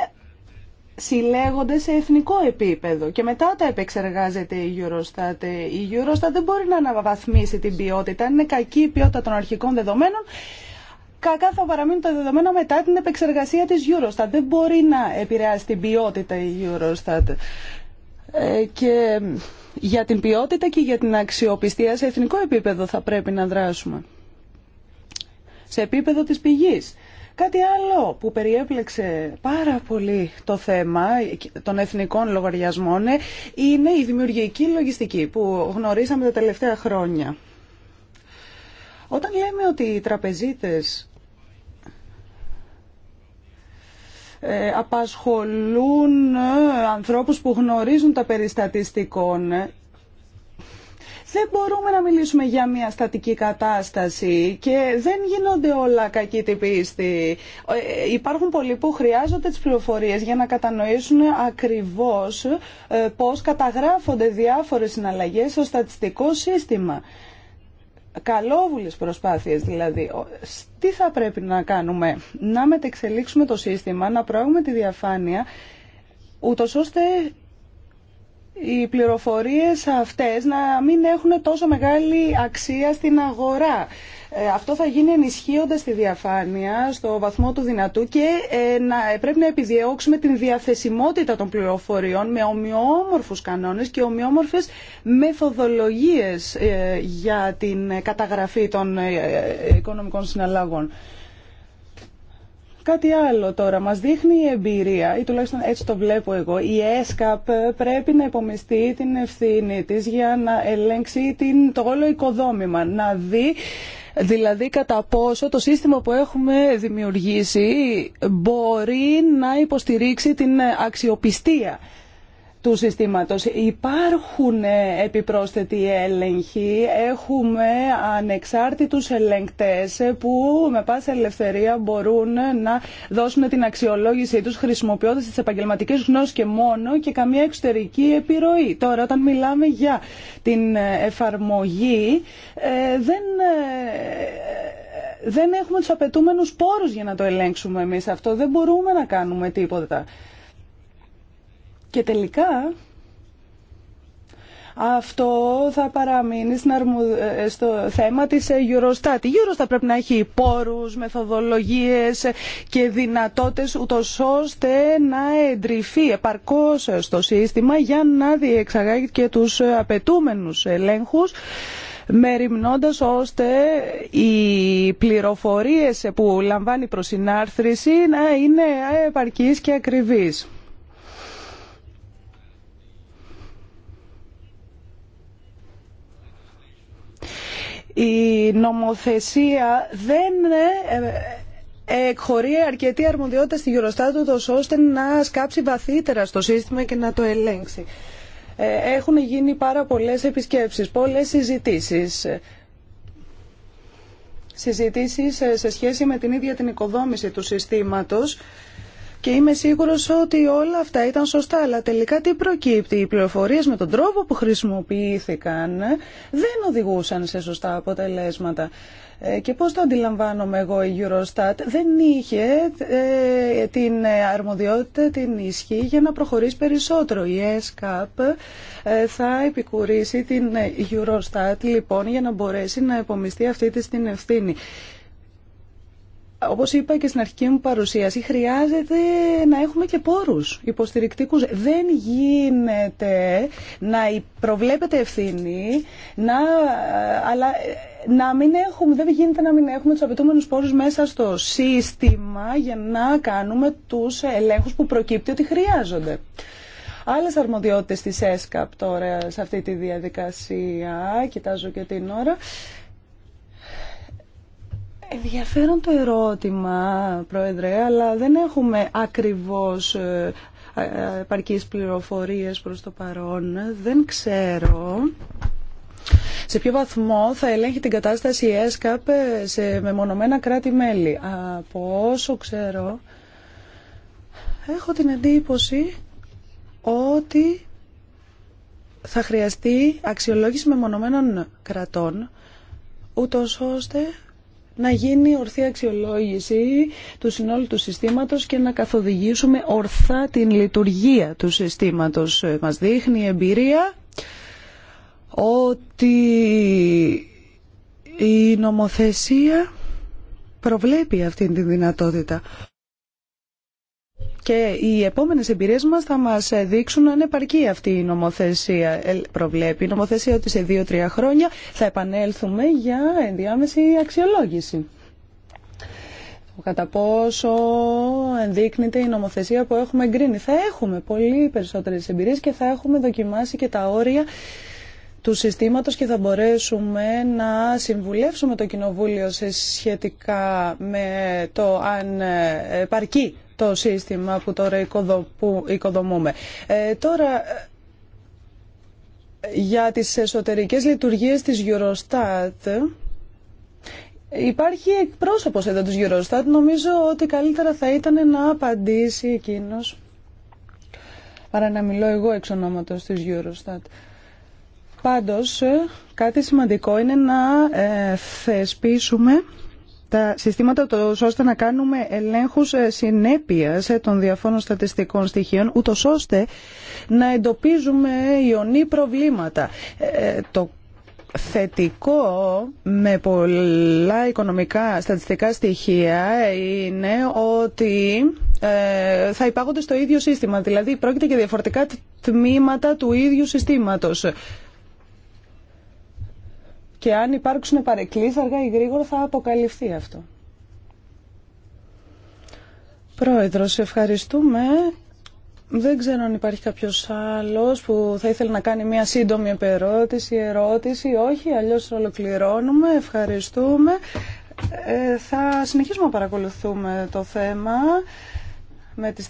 Speaker 3: συλλέγονται σε εθνικό επίπεδο και μετά τα επεξεργάζεται η Eurostat. Η Eurostat δεν μπορεί να αναβαθμίσει την ποιότητα. Είναι κακή η ποιότητα των αρχικών δεδομένων. Κακά θα παραμείνουν τα δεδομένα μετά την επεξεργασία της Eurostat. Δεν μπορεί να επηρεάσει την ποιότητα η Eurostat. Ε, και για την ποιότητα και για την αξιοπιστία σε εθνικό επίπεδο θα πρέπει να δράσουμε. Σε επίπεδο της πηγής. Κάτι άλλο που περιέπλεξε πάρα πολύ το θέμα των εθνικών λογαριασμών είναι η δημιουργική λογιστική που γνωρίσαμε τα τελευταία χρόνια. Όταν λέμε ότι οι τραπεζίτες ε, απασχολούν ε, ανθρώπους που γνωρίζουν τα περιστατιστικών δεν μπορούμε να μιλήσουμε για μια στατική κατάσταση και δεν γίνονται όλα κακοί την ε, Υπάρχουν πολλοί που χρειάζονται τις πληροφορίες για να κατανοήσουν ακριβώς ε, πώς καταγράφονται διάφορες συναλλαγές στο στατιστικό σύστημα. Καλόβουλες προσπάθειες δηλαδή. Τι θα πρέπει να κάνουμε, να μετεξελίξουμε το σύστημα, να προάγουμε τη διαφάνεια, ούτως ώστε οι πληροφορίες αυτές να μην έχουν τόσο μεγάλη αξία στην αγορά. Ε, αυτό θα γίνει ενισχύοντας τη διαφάνεια στο βαθμό του δυνατού και ε, να, ε, πρέπει να επιδιώξουμε την διαθεσιμότητα των πληροφοριών με ομοιόμορφους κανόνες και ομοιόμορφες μεθοδολογίες για την καταγραφή των οικονομικών συναλλαγών. Κάτι άλλο τώρα, μας δείχνει η εμπειρία, ή τουλάχιστον έτσι το βλέπω εγώ, η ΕΣΚΑΠ πρέπει να υπομειστεί την ευθύνη της για να ελέγξει την, το όλο οικοδόμημα, να δει δηλαδή κατά πόσο το σύστημα που έχουμε δημιουργήσει μπορεί να υποστηρίξει την αξιοπιστία του συστήματος. Υπάρχουν ε, επιπρόσθετοι έλεγχοι, έχουμε ανεξάρτητους ελεγκτές που με πάση ελευθερία μπορούν να δώσουν την αξιολόγησή τους χρησιμοποιώντας τις επαγγελματικές γνώσεις και μόνο και καμία εξωτερική επιρροή. Τώρα όταν μιλάμε για την ε, εφαρμογή ε, δεν δεν έχουμε τους απαιτούμενους πόρους για να το ελέγξουμε εμείς αυτό. Δεν μπορούμε να κάνουμε τίποτα. Και τελικά αυτό θα παραμείνει ε, στο θέμα της ε, Eurostat. Η Eurostat πρέπει να έχει πόρους, μεθοδολογίες και δυνατότητες ούτως ώστε να εντρυφεί επαρκώς στο σύστημα για να διεξαγάγει και τους απαιτούμενους ελέγχους μεριμνώντας ώστε οι πληροφορίες που λαμβάνει προς συνάρθρηση να είναι επαρκείς και ακριβείς. Η νομοθεσία δεν ε, ε, εκχωρεί αρκετή αρμοδιότητα στη Eurostat ώστε να σκάψει βαθύτερα στο σύστημα και να το ελέγξει. Ε, έχουν γίνει πάρα πολλές επισκέψεις, πολλές συζητήσεις. Συζητήσεις σε σχέση με την ίδια την οικοδόμηση του συστήματος και είμαι σίγουρος ότι όλα αυτά ήταν σωστά, αλλά τελικά τι προκύπτει. Οι πληροφορίε με τον τρόπο που χρησιμοποιήθηκαν δεν οδηγούσαν σε σωστά αποτελέσματα. Ε, και πώς το αντιλαμβάνομαι εγώ η Eurostat δεν είχε ε, την αρμοδιότητα, την ισχύ για να προχωρήσει περισσότερο. Η ESCAP ε, θα επικουρήσει την Eurostat λοιπόν για να μπορέσει να επομιστεί αυτή τη την ευθύνη όπως είπα και στην αρχική μου παρουσίαση, χρειάζεται να έχουμε και πόρους υποστηρικτικούς. Δεν γίνεται να προβλέπετε ευθύνη, να, αλλά να μην έχουμε, δεν γίνεται να μην έχουμε τους απαιτούμενους πόρους μέσα στο σύστημα για να κάνουμε τους ελέγχους που προκύπτει ότι χρειάζονται. Άλλε αρμοδιότητες της ΕΣΚΑΠ τώρα σε αυτή τη διαδικασία, κοιτάζω και την ώρα, Ενδιαφέρον το ερώτημα, Πρόεδρε, αλλά δεν έχουμε ακριβώς ε, ε, επαρκείς πληροφορίες προς το παρόν. Δεν ξέρω σε ποιο βαθμό θα ελέγχει την κατάσταση η ΕΣΚΑΠ σε μεμονωμένα κράτη-μέλη. Από όσο ξέρω, έχω την εντύπωση ότι θα χρειαστεί αξιολόγηση μεμονωμένων κρατών, ούτως ώστε να γίνει ορθή αξιολόγηση του συνόλου του συστήματος και να καθοδηγήσουμε ορθά την λειτουργία του συστήματος. Μας δείχνει η εμπειρία ότι η νομοθεσία προβλέπει αυτή τη δυνατότητα και οι επόμενες εμπειρίες μας θα μας δείξουν αν επαρκεί αυτή η νομοθεσία. Ε, προβλέπει η νομοθεσία ότι σε δύο-τρία χρόνια θα επανέλθουμε για ενδιάμεση αξιολόγηση. Κατά πόσο ενδείκνεται η νομοθεσία που έχουμε εγκρίνει. Θα έχουμε πολύ περισσότερες εμπειρίες και θα έχουμε δοκιμάσει και τα όρια του συστήματος και θα μπορέσουμε να συμβουλεύσουμε το Κοινοβούλιο σχετικά με το αν επαρκεί το σύστημα που τώρα οικοδομούμε. Ε, τώρα, ε, για τις εσωτερικές λειτουργίες της Eurostat, Υπάρχει εκπρόσωπος εδώ της Eurostat, νομίζω ότι καλύτερα θα ήταν να απαντήσει εκείνος παρά να μιλώ εγώ εξ ονόματος της Eurostat. Πάντως, ε, κάτι σημαντικό είναι να θεσπίσουμε τα συστήματα ώστε να κάνουμε ελέγχους ε, συνέπειας ε, των διαφόρων στατιστικών στοιχείων ούτως ώστε να εντοπίζουμε ιονή προβλήματα. Ε, το θετικό με πολλά οικονομικά στατιστικά στοιχεία είναι ότι θα υπάγονται στο ίδιο σύστημα. Δηλαδή πρόκειται για διαφορετικά τμήματα του ίδιου συστήματος και αν υπάρξουν παρεκκλήσεις αργά ή γρήγορα θα αποκαλυφθεί αυτό. Πρόεδρος, ευχαριστούμε. Δεν ξέρω αν υπάρχει κάποιος άλλος που θα ήθελε να κάνει μια σύντομη επερώτηση, ερώτηση, όχι, αλλιώς ολοκληρώνουμε, ευχαριστούμε. Ε, θα συνεχίσουμε να παρακολουθούμε το θέμα με τις